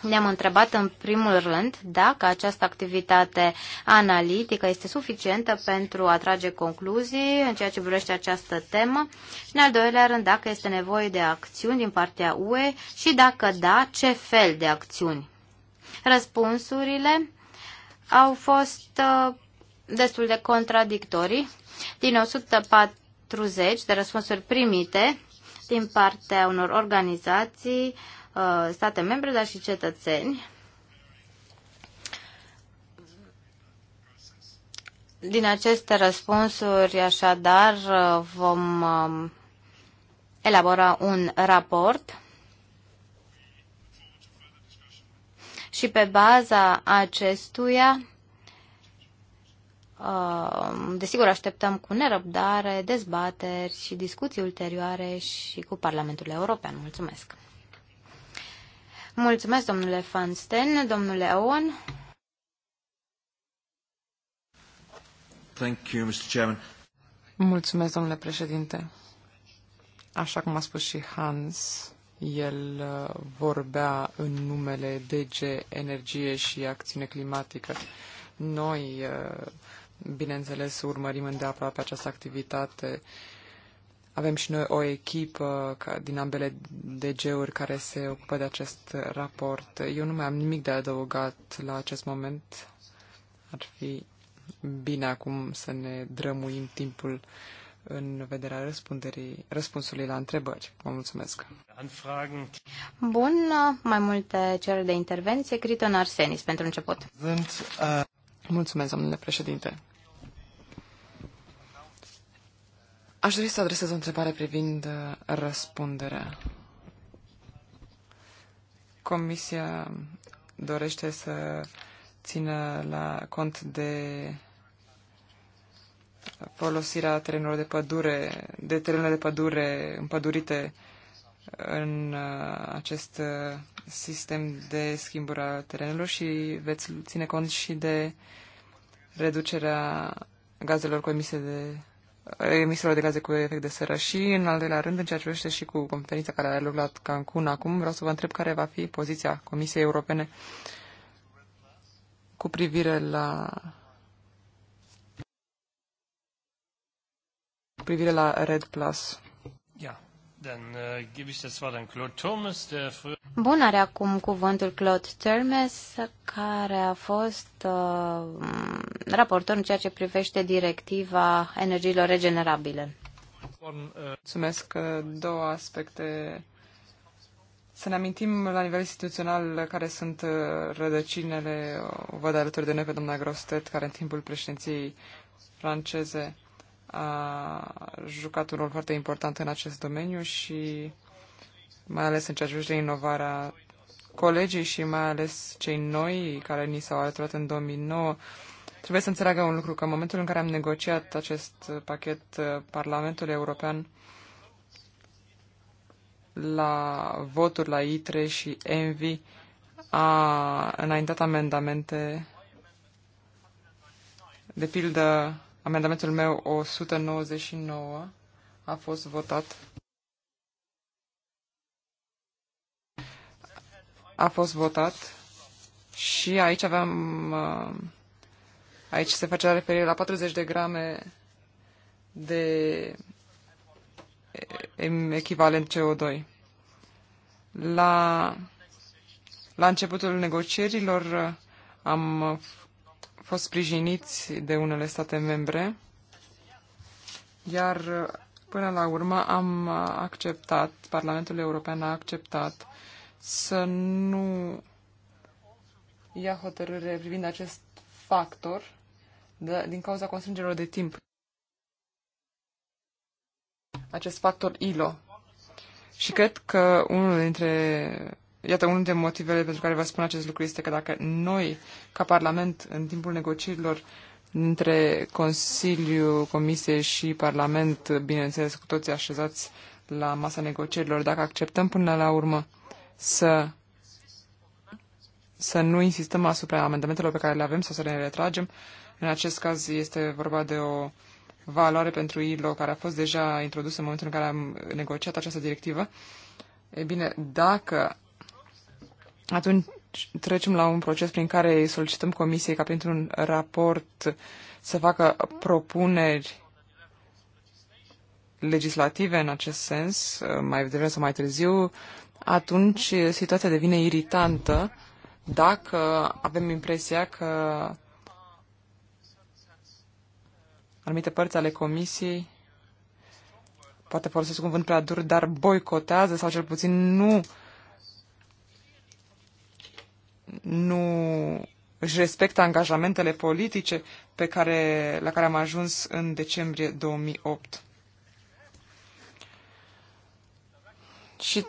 Speaker 3: ne-am întrebat în primul rând dacă această activitate analitică este suficientă pentru a trage concluzii în ceea ce privește această temă și, în al doilea rând, dacă este nevoie de acțiuni din partea UE și, dacă da, ce fel de acțiuni. Răspunsurile au fost uh, destul de contradictorii. Din 140 de răspunsuri primite din partea unor organizații, uh, state membre, dar și cetățeni, Din aceste răspunsuri, așadar, uh, vom um, elabora un raport și pe baza acestuia uh, Desigur, așteptăm cu nerăbdare dezbateri și discuții ulterioare și cu Parlamentul European. Mulțumesc! Mulțumesc, domnule Van Sten, domnule Owen. Thank you, Mr. Chairman.
Speaker 4: Mulțumesc, domnule președinte. Așa cum a spus și Hans, el uh, vorbea în numele DG Energie și Acțiune Climatică. Noi, uh, bineînțeles, urmărim îndeaproape această activitate. Avem și noi o echipă din ambele DG-uri care se ocupă de acest raport. Eu nu mai am nimic de adăugat la acest moment. Ar fi bine acum să ne drămuim timpul în vederea răspunderii, răspunsului la întrebări. Vă mulțumesc.
Speaker 3: Bun, mai multe cereri de intervenție. Criton Arsenis, pentru început. Sunt, uh... Mulțumesc, domnule președinte.
Speaker 4: Aș dori să adresez o întrebare privind uh, răspunderea. Comisia dorește să țină la cont de folosirea terenurilor de pădure, de terenurile de pădure împădurite în uh, acest uh, sistem de schimbare a terenelor și veți ține cont și de reducerea gazelor cu emise de uh, emisiilor de gaze cu efect de seră și, în al doilea rând, în ceea ce privește și cu conferința care are loc la Cancun acum, vreau să vă întreb care va fi poziția Comisiei Europene cu privire la cu
Speaker 3: privire la Red
Speaker 4: Plus.
Speaker 1: Eh,
Speaker 3: Bun, are acum cuvântul Claude Termes, care a fost uh, raportor în ceea ce privește directiva energiilor regenerabile.
Speaker 4: Eh, Mulțumesc. Două aspecte. Să ne amintim la nivel instituțional care sunt rădăcinele, o văd alături de noi pe doamna Grostet, care în timpul președinției franceze a jucat un rol foarte important în acest domeniu și mai ales în ceea ce privește inovarea colegii și mai ales cei noi care ni s-au alăturat în 2009 trebuie să înțeleagă un lucru, că în momentul în care am negociat acest pachet, Parlamentul European la voturi la ITRE și ENVI a înaintat amendamente de pildă Amendamentul meu 199 a fost votat. A fost votat și aici aveam... Uh, aici se face referire la 40 de grame de echivalent CO2. La, la începutul negocierilor am fost sprijiniți de unele state membre, iar uh, până la urmă am uh, acceptat, Parlamentul European a acceptat să nu ia hotărâre privind acest factor de, din cauza constrângerilor de timp. Acest factor ILO. Și cred că unul dintre Iată, unul dintre motivele pentru care vă spun acest lucru este că dacă noi, ca Parlament, în timpul negocierilor între Consiliu, Comisie și Parlament, bineînțeles cu toții așezați la masa negocierilor, dacă acceptăm până la urmă să, să nu insistăm asupra amendamentelor pe care le avem sau să le retragem, în acest caz este vorba de o valoare pentru ILO care a fost deja introdusă în momentul în care am negociat această directivă, E bine, dacă atunci trecem la un proces prin care solicităm comisiei ca printr-un raport să facă propuneri legislative în acest sens, mai devreme sau mai târziu, atunci situația devine iritantă dacă avem impresia că anumite părți ale comisiei poate folosesc cuvânt prea dur, dar boicotează sau cel puțin nu nu își respectă angajamentele politice pe care, la care am ajuns în decembrie 2008. Și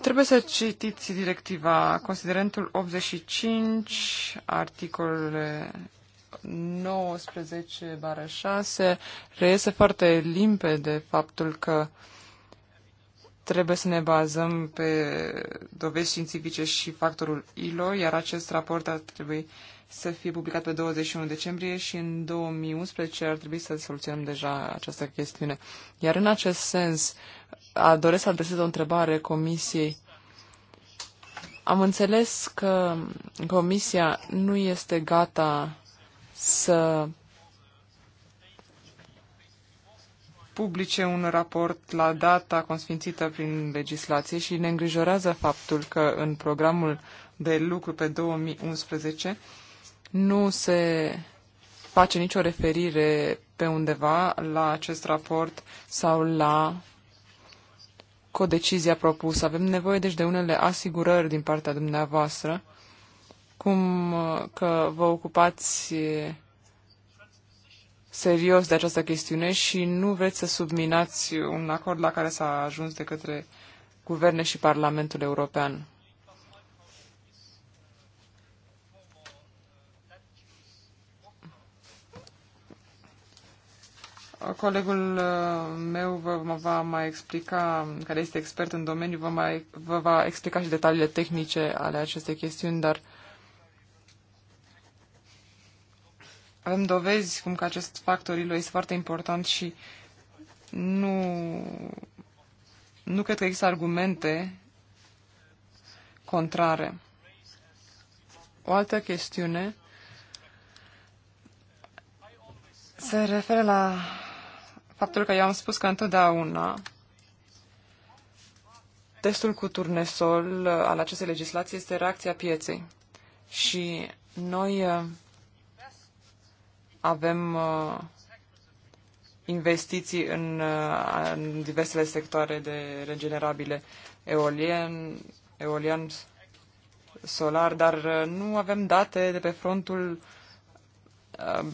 Speaker 4: trebuie să citiți directiva, considerentul 85, articolele 19 bară 6, reiese foarte limpede faptul că uh, Trebuie să ne bazăm pe dovezi științifice și factorul ILO, iar acest raport ar trebui să fie publicat pe 21 decembrie și în 2011 ar trebui să soluționăm deja această chestiune. Iar în acest sens, a, doresc să adresez o întrebare Comisiei. Am înțeles că Comisia nu este gata să publice un raport la data consfințită prin legislație și ne îngrijorează faptul că în programul de lucru pe 2011 nu se face nicio referire pe undeva la acest raport sau la codecizia propusă. Avem nevoie deci de unele asigurări din partea dumneavoastră, cum uh, că vă ocupați serios de această chestiune și nu vreți să subminați un acord la care s-a ajuns de către guverne și Parlamentul European. Colegul uh, meu vă va mai explica, care este expert în domeniu, vă, mai, vă va explica și detaliile tehnice ale acestei chestiuni, dar Avem dovezi cum că acest factor lui este foarte important și nu, nu cred că există argumente contrare. O altă chestiune se referă la faptul că eu am spus că întotdeauna testul cu turnesol uh, al acestei legislații este reacția pieței. Și noi uh, avem uh, investiții în, uh, în diversele sectoare de regenerabile, eolien, eolian, solar, dar uh, nu avem date de pe frontul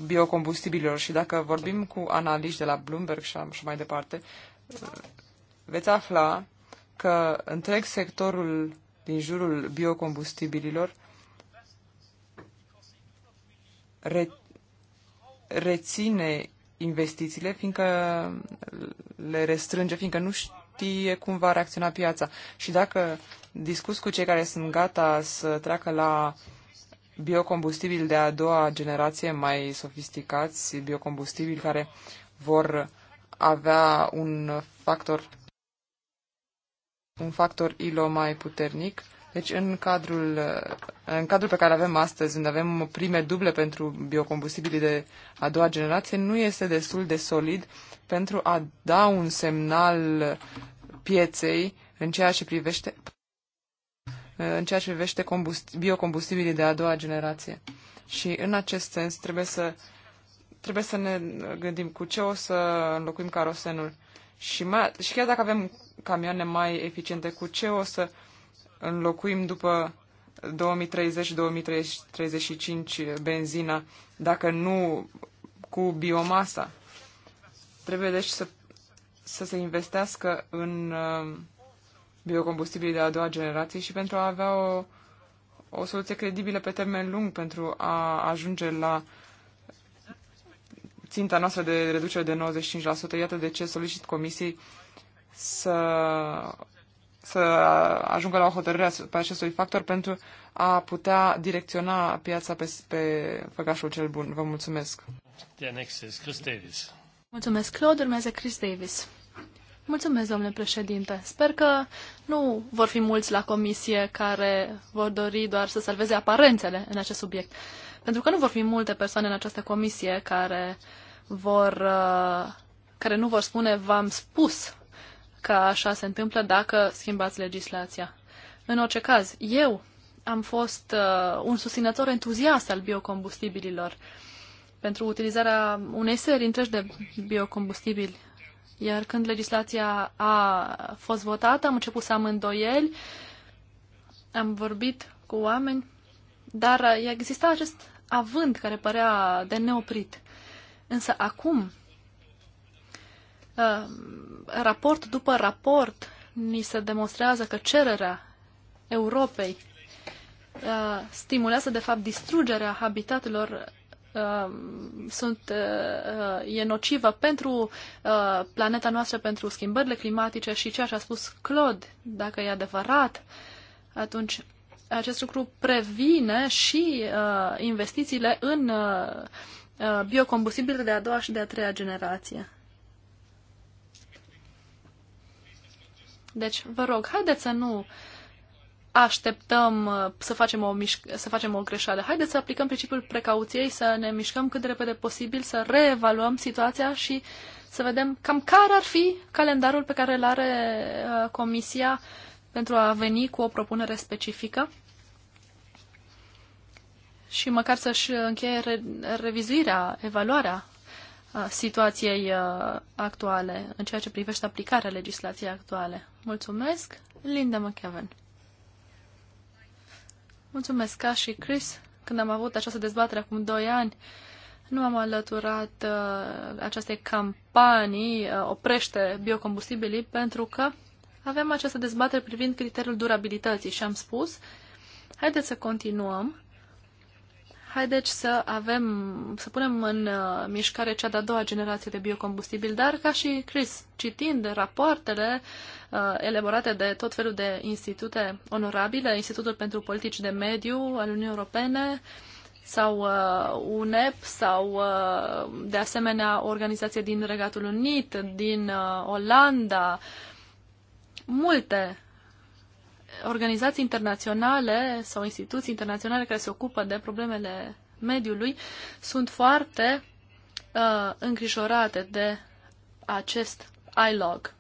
Speaker 4: biocombustibililor și dacă vorbim cu analiști de la Bloomberg și mai departe, veți afla că întreg sectorul din jurul biocombustibililor reține investițiile, fiindcă le restrânge, fiindcă nu știe cum va reacționa piața. Și dacă discuți cu cei care sunt gata să treacă la biocombustibili de a doua generație mai sofisticați, biocombustibili care vor avea un factor un factor ILO mai puternic, deci în cadrul, în cadrul pe care avem astăzi, unde avem prime duble pentru biocombustibilii de a doua generație, nu este destul de solid pentru a da un semnal pieței în ceea ce privește în ceea ce privește biocombustibilii de a doua generație. Și în acest sens trebuie să, trebuie să ne gândim cu ce o să înlocuim carosenul. Și, mai, și chiar dacă avem camioane mai eficiente, cu ce o să uh, înlocuim după 2030-2035 benzina, dacă nu cu biomasa. Trebuie deci să, să se investească în uh, biocombustibili de a doua generație și pentru a avea o, o soluție credibilă pe termen lung pentru a ajunge la ținta noastră de reducere de 95%. Iată de ce solicit comisiei să să ajungă la o hotărâre pe acestui factor pentru a putea direcționa piața pe, pe făgașul cel bun. Vă mulțumesc.
Speaker 1: The next is Chris Davis.
Speaker 2: Mulțumesc, Claude. Urmează Chris Davis. Mulțumesc, domnule președinte. Sper că nu vor fi mulți la comisie care vor dori doar să salveze aparențele în acest subiect. Pentru că nu vor fi multe persoane în această comisie care vor uh, care nu vor spune v-am spus că așa se întâmplă dacă schimbați legislația. În orice caz, eu am fost uh, un susținător entuziast al biocombustibililor pentru utilizarea unei serii întregi de biocombustibili. Iar când legislația a fost votată, am început să am îndoieli, am vorbit cu oameni, dar uh, exista acest avânt care părea de neoprit. Însă acum, Uh, raport după raport ni se demonstrează că cererea Europei uh, stimulează, de fapt, distrugerea habitatelor uh, sunt, e nocivă pentru planeta noastră, pentru schimbările climatice și ceea ce a spus Claude, dacă e adevărat, atunci acest lucru previne și investițiile în biocombustibile de a doua și de a treia generație. Deci, vă rog, haideți să nu așteptăm uh, să facem, o mișc- să facem o greșeală. Haideți să aplicăm principiul precauției, să ne mișcăm cât de repede posibil, să reevaluăm situația și să vedem cam care ar fi calendarul pe care îl are uh, Comisia pentru a veni cu o propunere specifică și măcar să-și încheie re- revizuirea, evaluarea situației actuale, în ceea ce privește aplicarea legislației actuale. Mulțumesc, Linda McKeven. Mulțumesc, ca și Chris, când am avut această dezbatere acum 2 ani, nu am alăturat uh, aceste campanii uh, oprește biocombustibilii pentru că aveam această dezbatere privind criteriul durabilității și am spus haideți să continuăm Haideți să avem, să punem în uh, mișcare cea de-a doua generație de biocombustibil, dar ca și Chris, citind rapoartele uh, elaborate de tot felul de institute onorabile, Institutul pentru Politici de Mediu al Uniunii Europene, sau uh, UNEP sau uh, de asemenea o organizație din Regatul Unit, din uh, Olanda, multe organizații internaționale sau instituții internaționale care se ocupă de problemele mediului sunt foarte uh, îngrijorate de acest ILOG.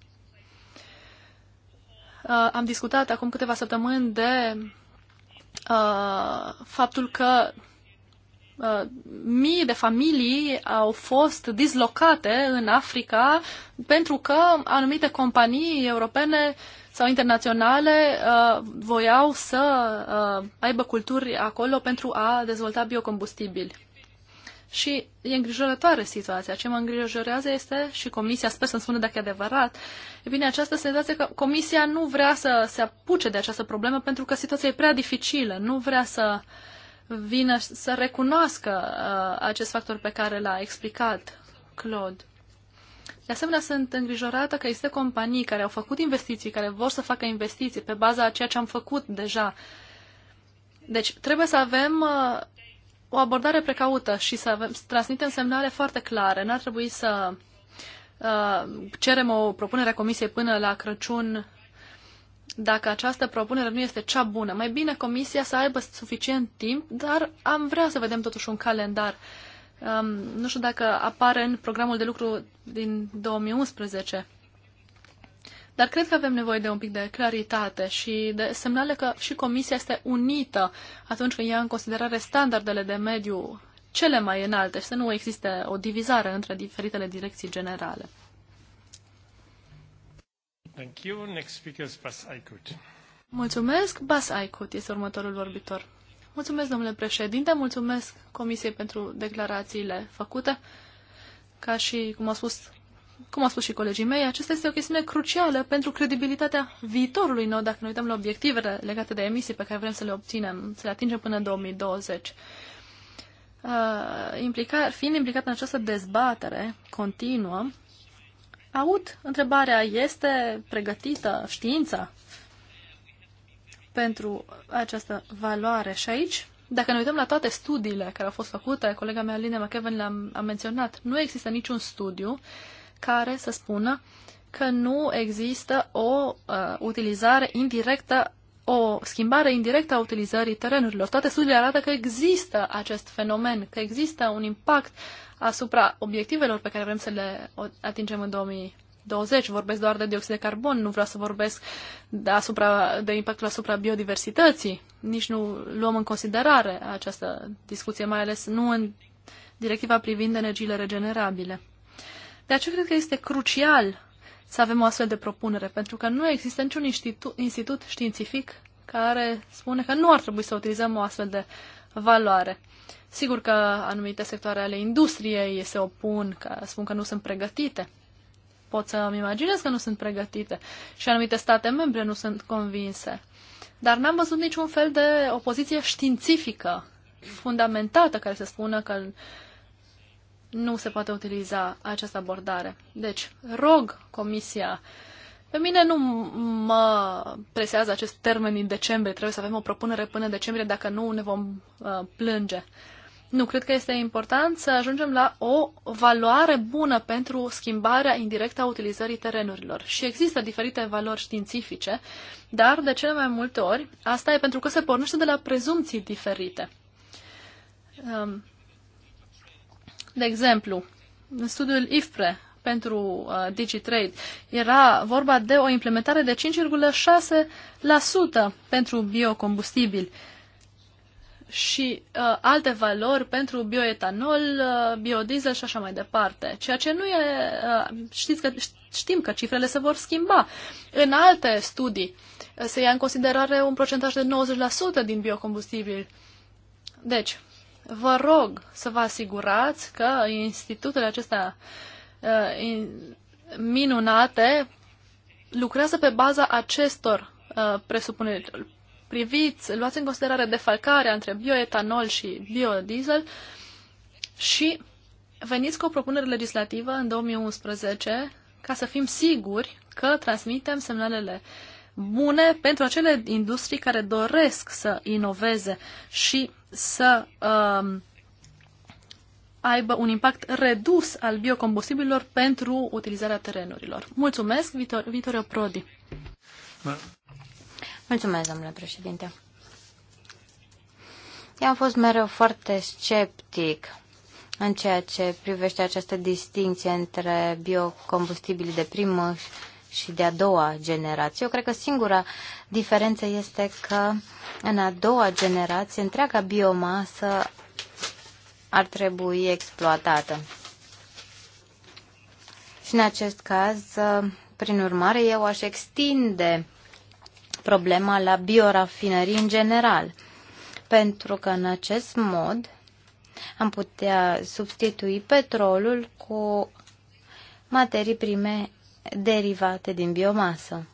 Speaker 2: Uh, am discutat acum câteva săptămâni de uh, faptul că Uh, mii de familii au fost dislocate în Africa pentru că anumite companii europene sau internaționale uh, voiau să uh, aibă culturi acolo pentru a dezvolta biocombustibili. Și e îngrijorătoare situația. Ce mă îngrijorează este, și comisia, sper să-mi spună dacă e adevărat, e bine, această senzație că comisia nu vrea să se apuce de această problemă pentru că situația e prea dificilă, nu vrea să uh, vină să recunoască uh, acest factor pe care l-a explicat Claude. De asemenea, sunt îngrijorată că există companii care au făcut investiții, care vor să facă investiții pe baza a ceea ce am făcut deja. Deci, trebuie să avem uh, o abordare precaută și să, avem, să transmitem semnale foarte clare. N-ar trebui să uh, cerem o propunere a Comisiei până la Crăciun dacă această propunere nu este cea bună. Mai bine comisia să aibă suficient timp, dar am vrea să vedem totuși un calendar. Um, nu știu dacă apare în programul de lucru din 2011. Dar cred că avem nevoie de un pic de claritate și de semnale că și Comisia este unită atunci când ia în considerare standardele de mediu cele mai înalte și să nu existe o divizare între diferitele direcții generale.
Speaker 1: Thank you. Next speaker is Bas Aykut.
Speaker 2: Mulțumesc. Bas Aykut este următorul vorbitor. Mulțumesc, domnule președinte, mulțumesc Comisiei pentru declarațiile făcute. Ca și, cum a spus cum a spus și colegii mei, acesta este o chestiune crucială pentru credibilitatea viitorului nou, dacă ne uităm la obiectivele legate de emisii pe care vrem să le obținem, să le atingem până în 2020. Uh, implica, fiind implicat în această dezbatere continuă, Aud, întrebarea este pregătită știința pentru această valoare și aici, dacă ne uităm la toate studiile care au fost făcute, colega mea Aline McEwen le-a menționat, nu există niciun studiu care să spună că nu există o uh, utilizare indirectă o schimbare indirectă a utilizării terenurilor. Toate studiile arată că există acest fenomen, că există un impact asupra obiectivelor pe care vrem să le atingem în 2020. Vorbesc doar de dioxid de carbon, nu vreau să vorbesc de, asupra, de impactul asupra biodiversității. Nici nu luăm în considerare această discuție, mai ales nu în directiva privind energiile regenerabile. De aceea cred că este crucial să avem o astfel de propunere, pentru că nu există niciun institut, institut științific care spune că nu ar trebui să utilizăm o astfel de valoare. Sigur că anumite sectoare ale industriei se opun, că spun că nu sunt pregătite. Pot să-mi imaginez că nu sunt pregătite și anumite state membre nu sunt convinse. Dar n-am văzut niciun fel de opoziție științifică fundamentată care să spună că nu se poate utiliza această abordare. Deci, rog Comisia. Pe mine nu mă presează acest termen din decembrie. Trebuie să avem o propunere până în decembrie, dacă nu ne vom uh, plânge. Nu, cred că este important să ajungem la o valoare bună pentru schimbarea indirectă a utilizării terenurilor. Și există diferite valori științifice, dar de cele mai multe ori asta e pentru că se pornește de la prezumții diferite. Um, de exemplu, în studiul IFPRE pentru uh, DigiTrade era vorba de o implementare de 5,6% pentru biocombustibili și uh, alte valori pentru bioetanol, uh, biodiesel și așa mai departe. Ceea ce nu e, uh, știți că, știm că cifrele se vor schimba. În alte studii uh, se ia în considerare un procentaj de 90% din biocombustibili. Deci, vă rog să vă asigurați că institutele acestea uh, minunate lucrează pe baza acestor uh, presupuneri. Priviți, luați în considerare defalcarea între bioetanol și biodiesel și veniți cu o propunere legislativă în 2011 ca să fim siguri că transmitem semnalele bune pentru acele industrii care doresc să inoveze și să um, aibă un impact redus al biocombustibililor pentru utilizarea terenurilor. Mulțumesc, Vitor, Vitorio Prodi.
Speaker 3: Mulțumesc, domnule președinte. Eu am fost mereu foarte sceptic în ceea ce privește această distinție între biocombustibili de primă și de a doua generație. Eu cred că singura diferență este că în a doua generație întreaga biomasă ar trebui exploatată. Și în acest caz, prin urmare, eu aș extinde problema la biorafinării în general, pentru că în acest mod am putea substitui petrolul cu materii prime derivate din biomasă.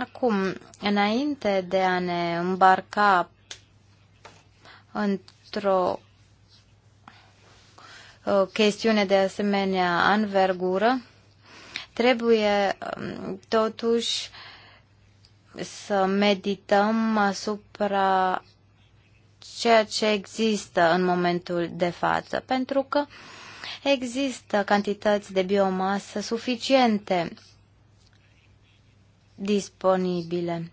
Speaker 3: Acum, înainte de a ne îmbarca într-o uh, chestiune de asemenea anvergură, trebuie um, totuși să medităm asupra ceea ce există în momentul de față, pentru că există cantități de biomasă suficiente disponibile.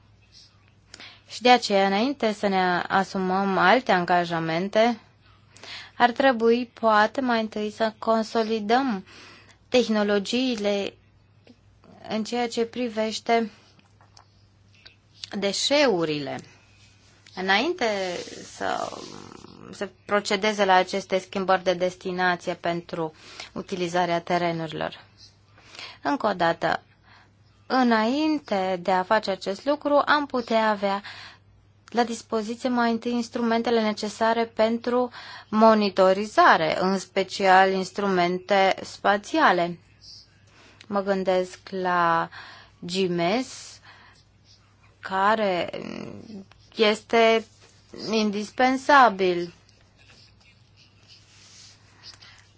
Speaker 3: Și de aceea, înainte să ne asumăm alte angajamente, ar trebui poate mai întâi să consolidăm tehnologiile în ceea ce privește deșeurile. Înainte să se procedeze la aceste schimbări de destinație pentru utilizarea terenurilor. Încă o dată, înainte de a face acest lucru, am putea avea la dispoziție mai întâi instrumentele necesare pentru monitorizare, în special instrumente spațiale. Mă gândesc la GMS, care este indispensabil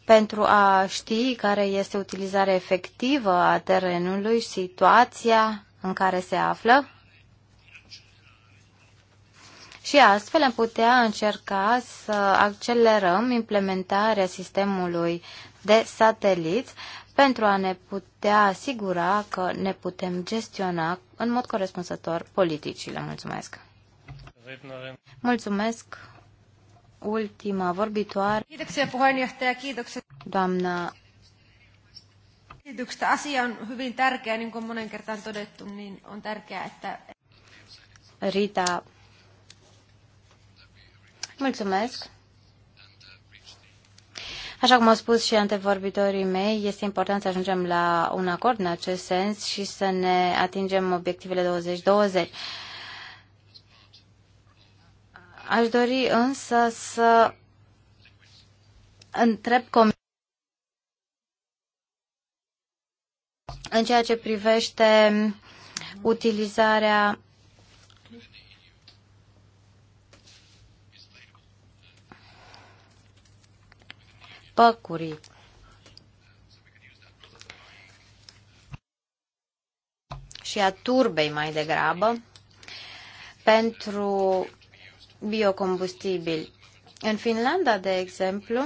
Speaker 3: pentru a ști care este utilizarea efectivă a terenului, situația în care se află și astfel am putea încerca să accelerăm implementarea sistemului de sateliți pentru a ne putea asigura că ne putem gestiona în mod corespunzător politicile. Mulțumesc! Mulțumesc. Ultima vorbitoare. Kiitoksia puheenjohtaja, kiitoksia. Doamna esityksestä. Asia
Speaker 2: on hyvin tärkeä, niin kuin monen kertaan todettu, niin on tärkeää, että...
Speaker 3: Rita, mulțumesc. Așa cum au spus și antevorbitorii mei, este important să ajungem la un acord în acest sens și să ne atingem obiectivele 2020. Aș dori însă să întreb comisia în ceea ce privește utilizarea păcurii. și a turbei mai degrabă pentru biocombustibili. În Finlanda, de exemplu,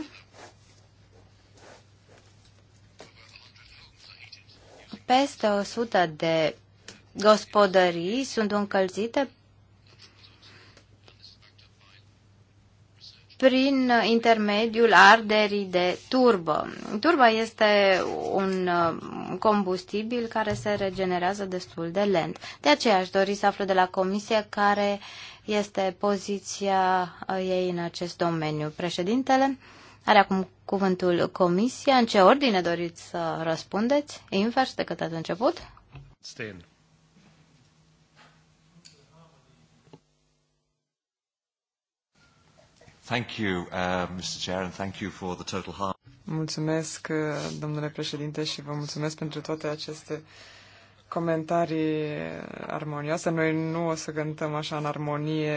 Speaker 3: peste 100 de gospodării sunt încălzite prin intermediul arderii de turbă. Turba este un uh, combustibil care se regenerează destul de lent. De aceea aș dori să aflu de la comisie care este poziția uh, ei în acest domeniu. Președintele are acum cuvântul Comisia. În ce ordine doriți să răspundeți? Invers decât ați început?
Speaker 1: Stand.
Speaker 4: Thank you, uh, Mr. Chair, and thank you for the total harm. Mulțumesc, uh, domnule președinte, și vă mulțumesc pentru toate aceste uh, comentarii armonioase. Noi nu o să cântăm așa în armonie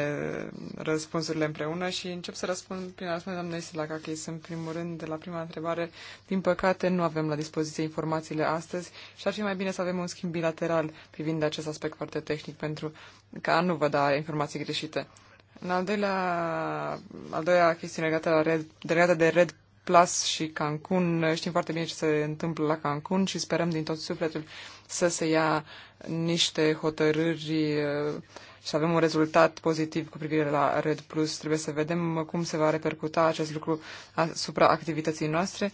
Speaker 4: răspunsurile împreună și încep să răspund prin răspuns doamnei sunt În primul rând, de la prima întrebare, din păcate nu avem la dispoziție informațiile astăzi și ar fi mai bine să avem un schimb bilateral privind acest aspect foarte tehnic pentru ca nu vă da informații greșite. În al doilea, al doilea chestiune legată, la red, legată de Red Plus și Cancun. Știm foarte bine ce se întâmplă la Cancun și sperăm din tot sufletul să se ia niște hotărâri și uh, să avem un rezultat pozitiv cu privire la Red Plus. Trebuie să vedem cum se va repercuta acest lucru asupra activității noastre.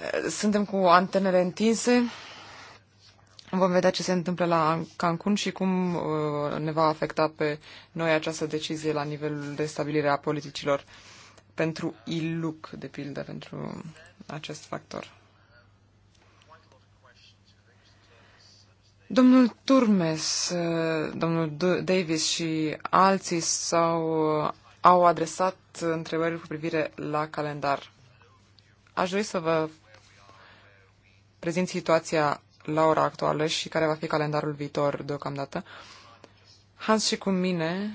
Speaker 4: Uh, suntem cu antenele întinse. Vom vedea ce se întâmplă la Cancun și cum uh, ne va afecta pe noi această decizie la nivelul de stabilire a politicilor pentru iluc, de pildă, pentru acest factor. Domnul Turmes, domnul Davis și alții s-au, au adresat întrebări cu privire la calendar. Aș dori să vă prezint situația la ora actuală și care va fi calendarul viitor deocamdată. Hans și cu mine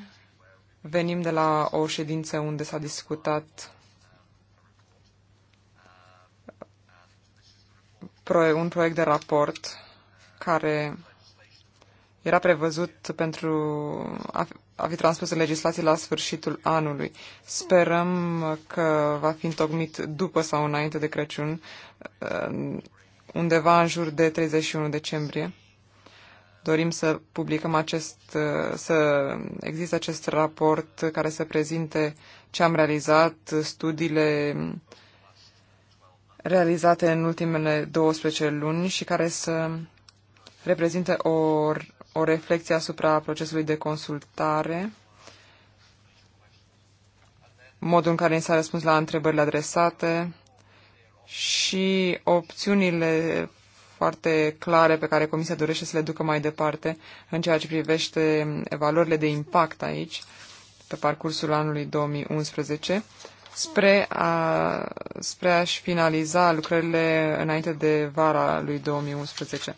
Speaker 4: Venim de la o ședință unde s-a discutat un proiect de raport care era prevăzut pentru a fi, transpus în legislație la sfârșitul anului. Sperăm că va fi întocmit după sau înainte de Crăciun, undeva în jur de 31 decembrie dorim să publicăm acest, să există acest raport care să prezinte ce am realizat, studiile realizate în ultimele 12 luni și care să reprezinte o, o reflexie asupra procesului de consultare, modul în care s-a răspuns la întrebările adresate și opțiunile foarte clare pe care Comisia dorește să le ducă mai departe în ceea ce privește valorile de impact aici, pe parcursul anului 2011, spre, a, spre a-și finaliza lucrările înainte de vara lui 2011.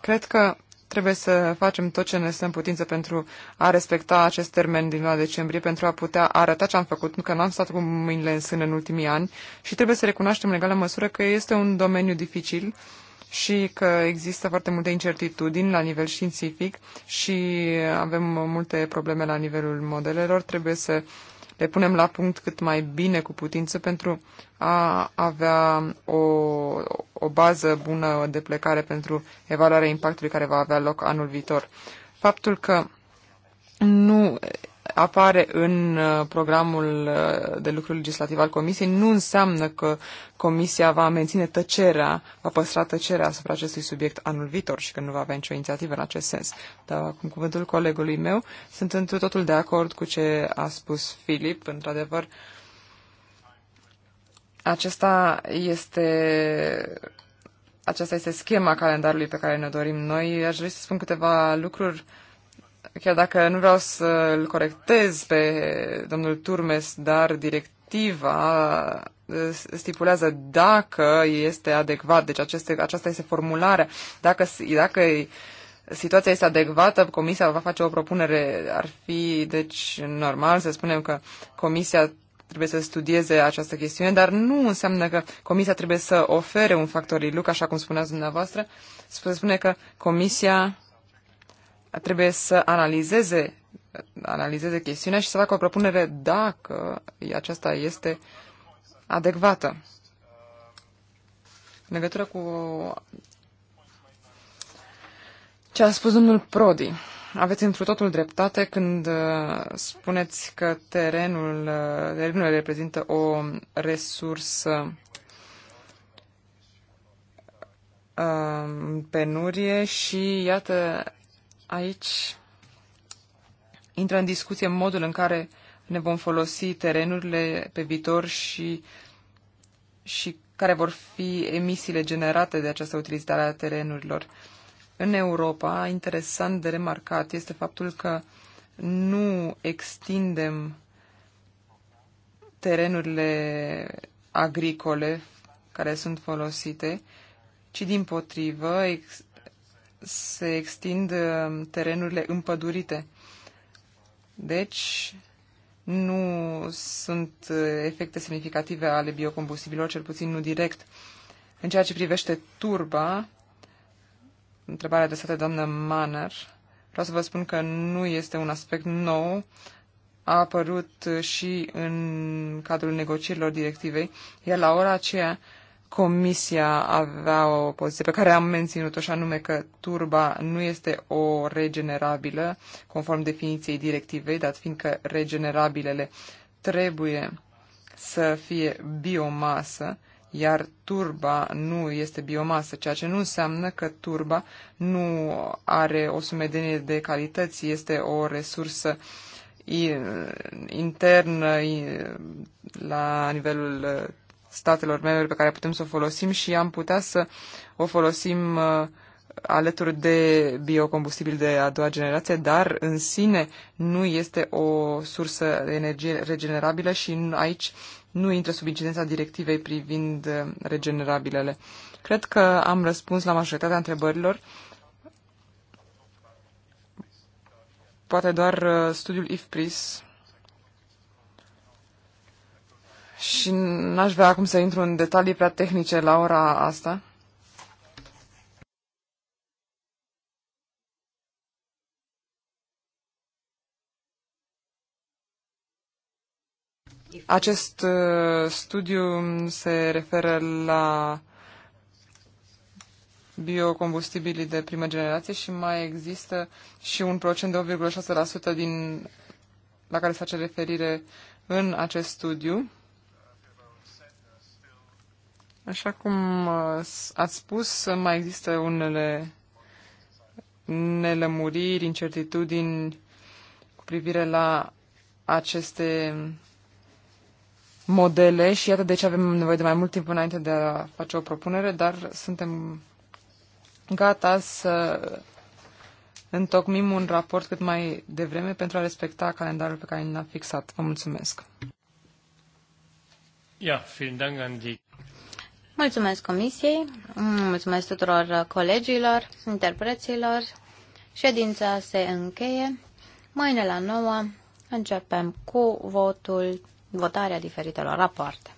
Speaker 4: Cred că trebuie să facem tot ce ne stă în putință pentru a respecta acest termen din luna decembrie, pentru a putea arăta ce am făcut, că n-am stat cu mâinile în sân în ultimii ani și trebuie să recunoaștem în egală măsură că este un domeniu dificil și că există foarte multe incertitudini la nivel științific și avem multe probleme la nivelul modelelor. Trebuie să le punem la punct cât mai bine cu putință pentru a avea o, o bază bună de plecare pentru evaluarea impactului care va avea loc anul viitor. Faptul că nu apare în uh, programul uh, de lucru legislativ al Comisiei nu înseamnă că Comisia va menține tăcerea, va păstra tăcerea asupra acestui subiect anul viitor și că nu va avea nicio inițiativă în acest sens. Dar, cum cuvântul colegului meu, sunt întru totul de acord cu ce a spus Filip. Într-adevăr, acesta este aceasta este schema calendarului pe care ne dorim noi. Aș vrea să spun câteva lucruri uh, chiar dacă nu vreau să îl corectez pe domnul Turmes, dar directiva uh, stipulează dacă este adecvat, deci aceste, aceasta este formularea, dacă, dacă situația este adecvată, comisia va face o propunere, ar fi deci normal să spunem că comisia trebuie să studieze această chestiune, dar nu înseamnă că comisia trebuie să ofere un factorilu, așa cum spuneați dumneavoastră, spune că comisia trebuie să analizeze, analizeze chestiunea și să facă o propunere dacă aceasta este adecvată. În legătură cu ce a spus domnul Prodi, aveți într totul dreptate când uh, spuneți că terenul, uh, terenul reprezintă o resursă uh, penurie și iată Aici intră în discuție modul în care ne vom folosi terenurile pe viitor și, și care vor fi emisiile generate de această utilizare a terenurilor. În Europa, interesant de remarcat este faptul că nu extindem terenurile agricole care sunt folosite, ci din potrivă se extind uh, terenurile împădurite. Deci, nu sunt uh, efecte semnificative ale biocombustibilor, cel puțin nu direct. În ceea ce privește turba, întrebarea sate doamnă Manner, vreau să vă spun că nu este un aspect nou, a apărut și în cadrul negocierilor directivei, iar la ora aceea Comisia avea o poziție pe care am menținut-o și anume că turba nu este o regenerabilă conform definiției directivei, dat fiindcă regenerabilele trebuie să fie biomasă, iar turba nu este biomasă, ceea ce nu înseamnă că turba nu are o sumedenie de calități, este o resursă internă la nivelul statelor membre pe care putem să o folosim și am putea să o folosim uh, alături de biocombustibil de a doua generație, dar în sine nu este o sursă de energie regenerabilă și aici nu intră sub incidența directivei privind uh, regenerabilele. Cred că am răspuns la majoritatea întrebărilor. Poate doar uh, studiul IFPRIS și n-aș vrea acum să intru în detalii prea tehnice la ora asta. Acest uh, studiu se referă la biocombustibilii de primă generație și mai există și un procent de 8,6% din la care se face referire în acest studiu. Așa cum uh, ați spus, mai există unele nelămuriri, incertitudini cu privire la aceste modele și iată de ce avem nevoie de mai mult timp înainte de a face o propunere, dar suntem gata să întocmim un raport cât mai devreme pentru a
Speaker 3: respecta calendarul pe care l-a fixat. Vă mulțumesc!
Speaker 1: Ja, vielen Dank an die
Speaker 3: Mulțumesc Comisiei, mulțumesc tuturor colegilor, interpreților. Ședința se încheie. Mâine la 9 începem cu votul, votarea diferitelor rapoarte.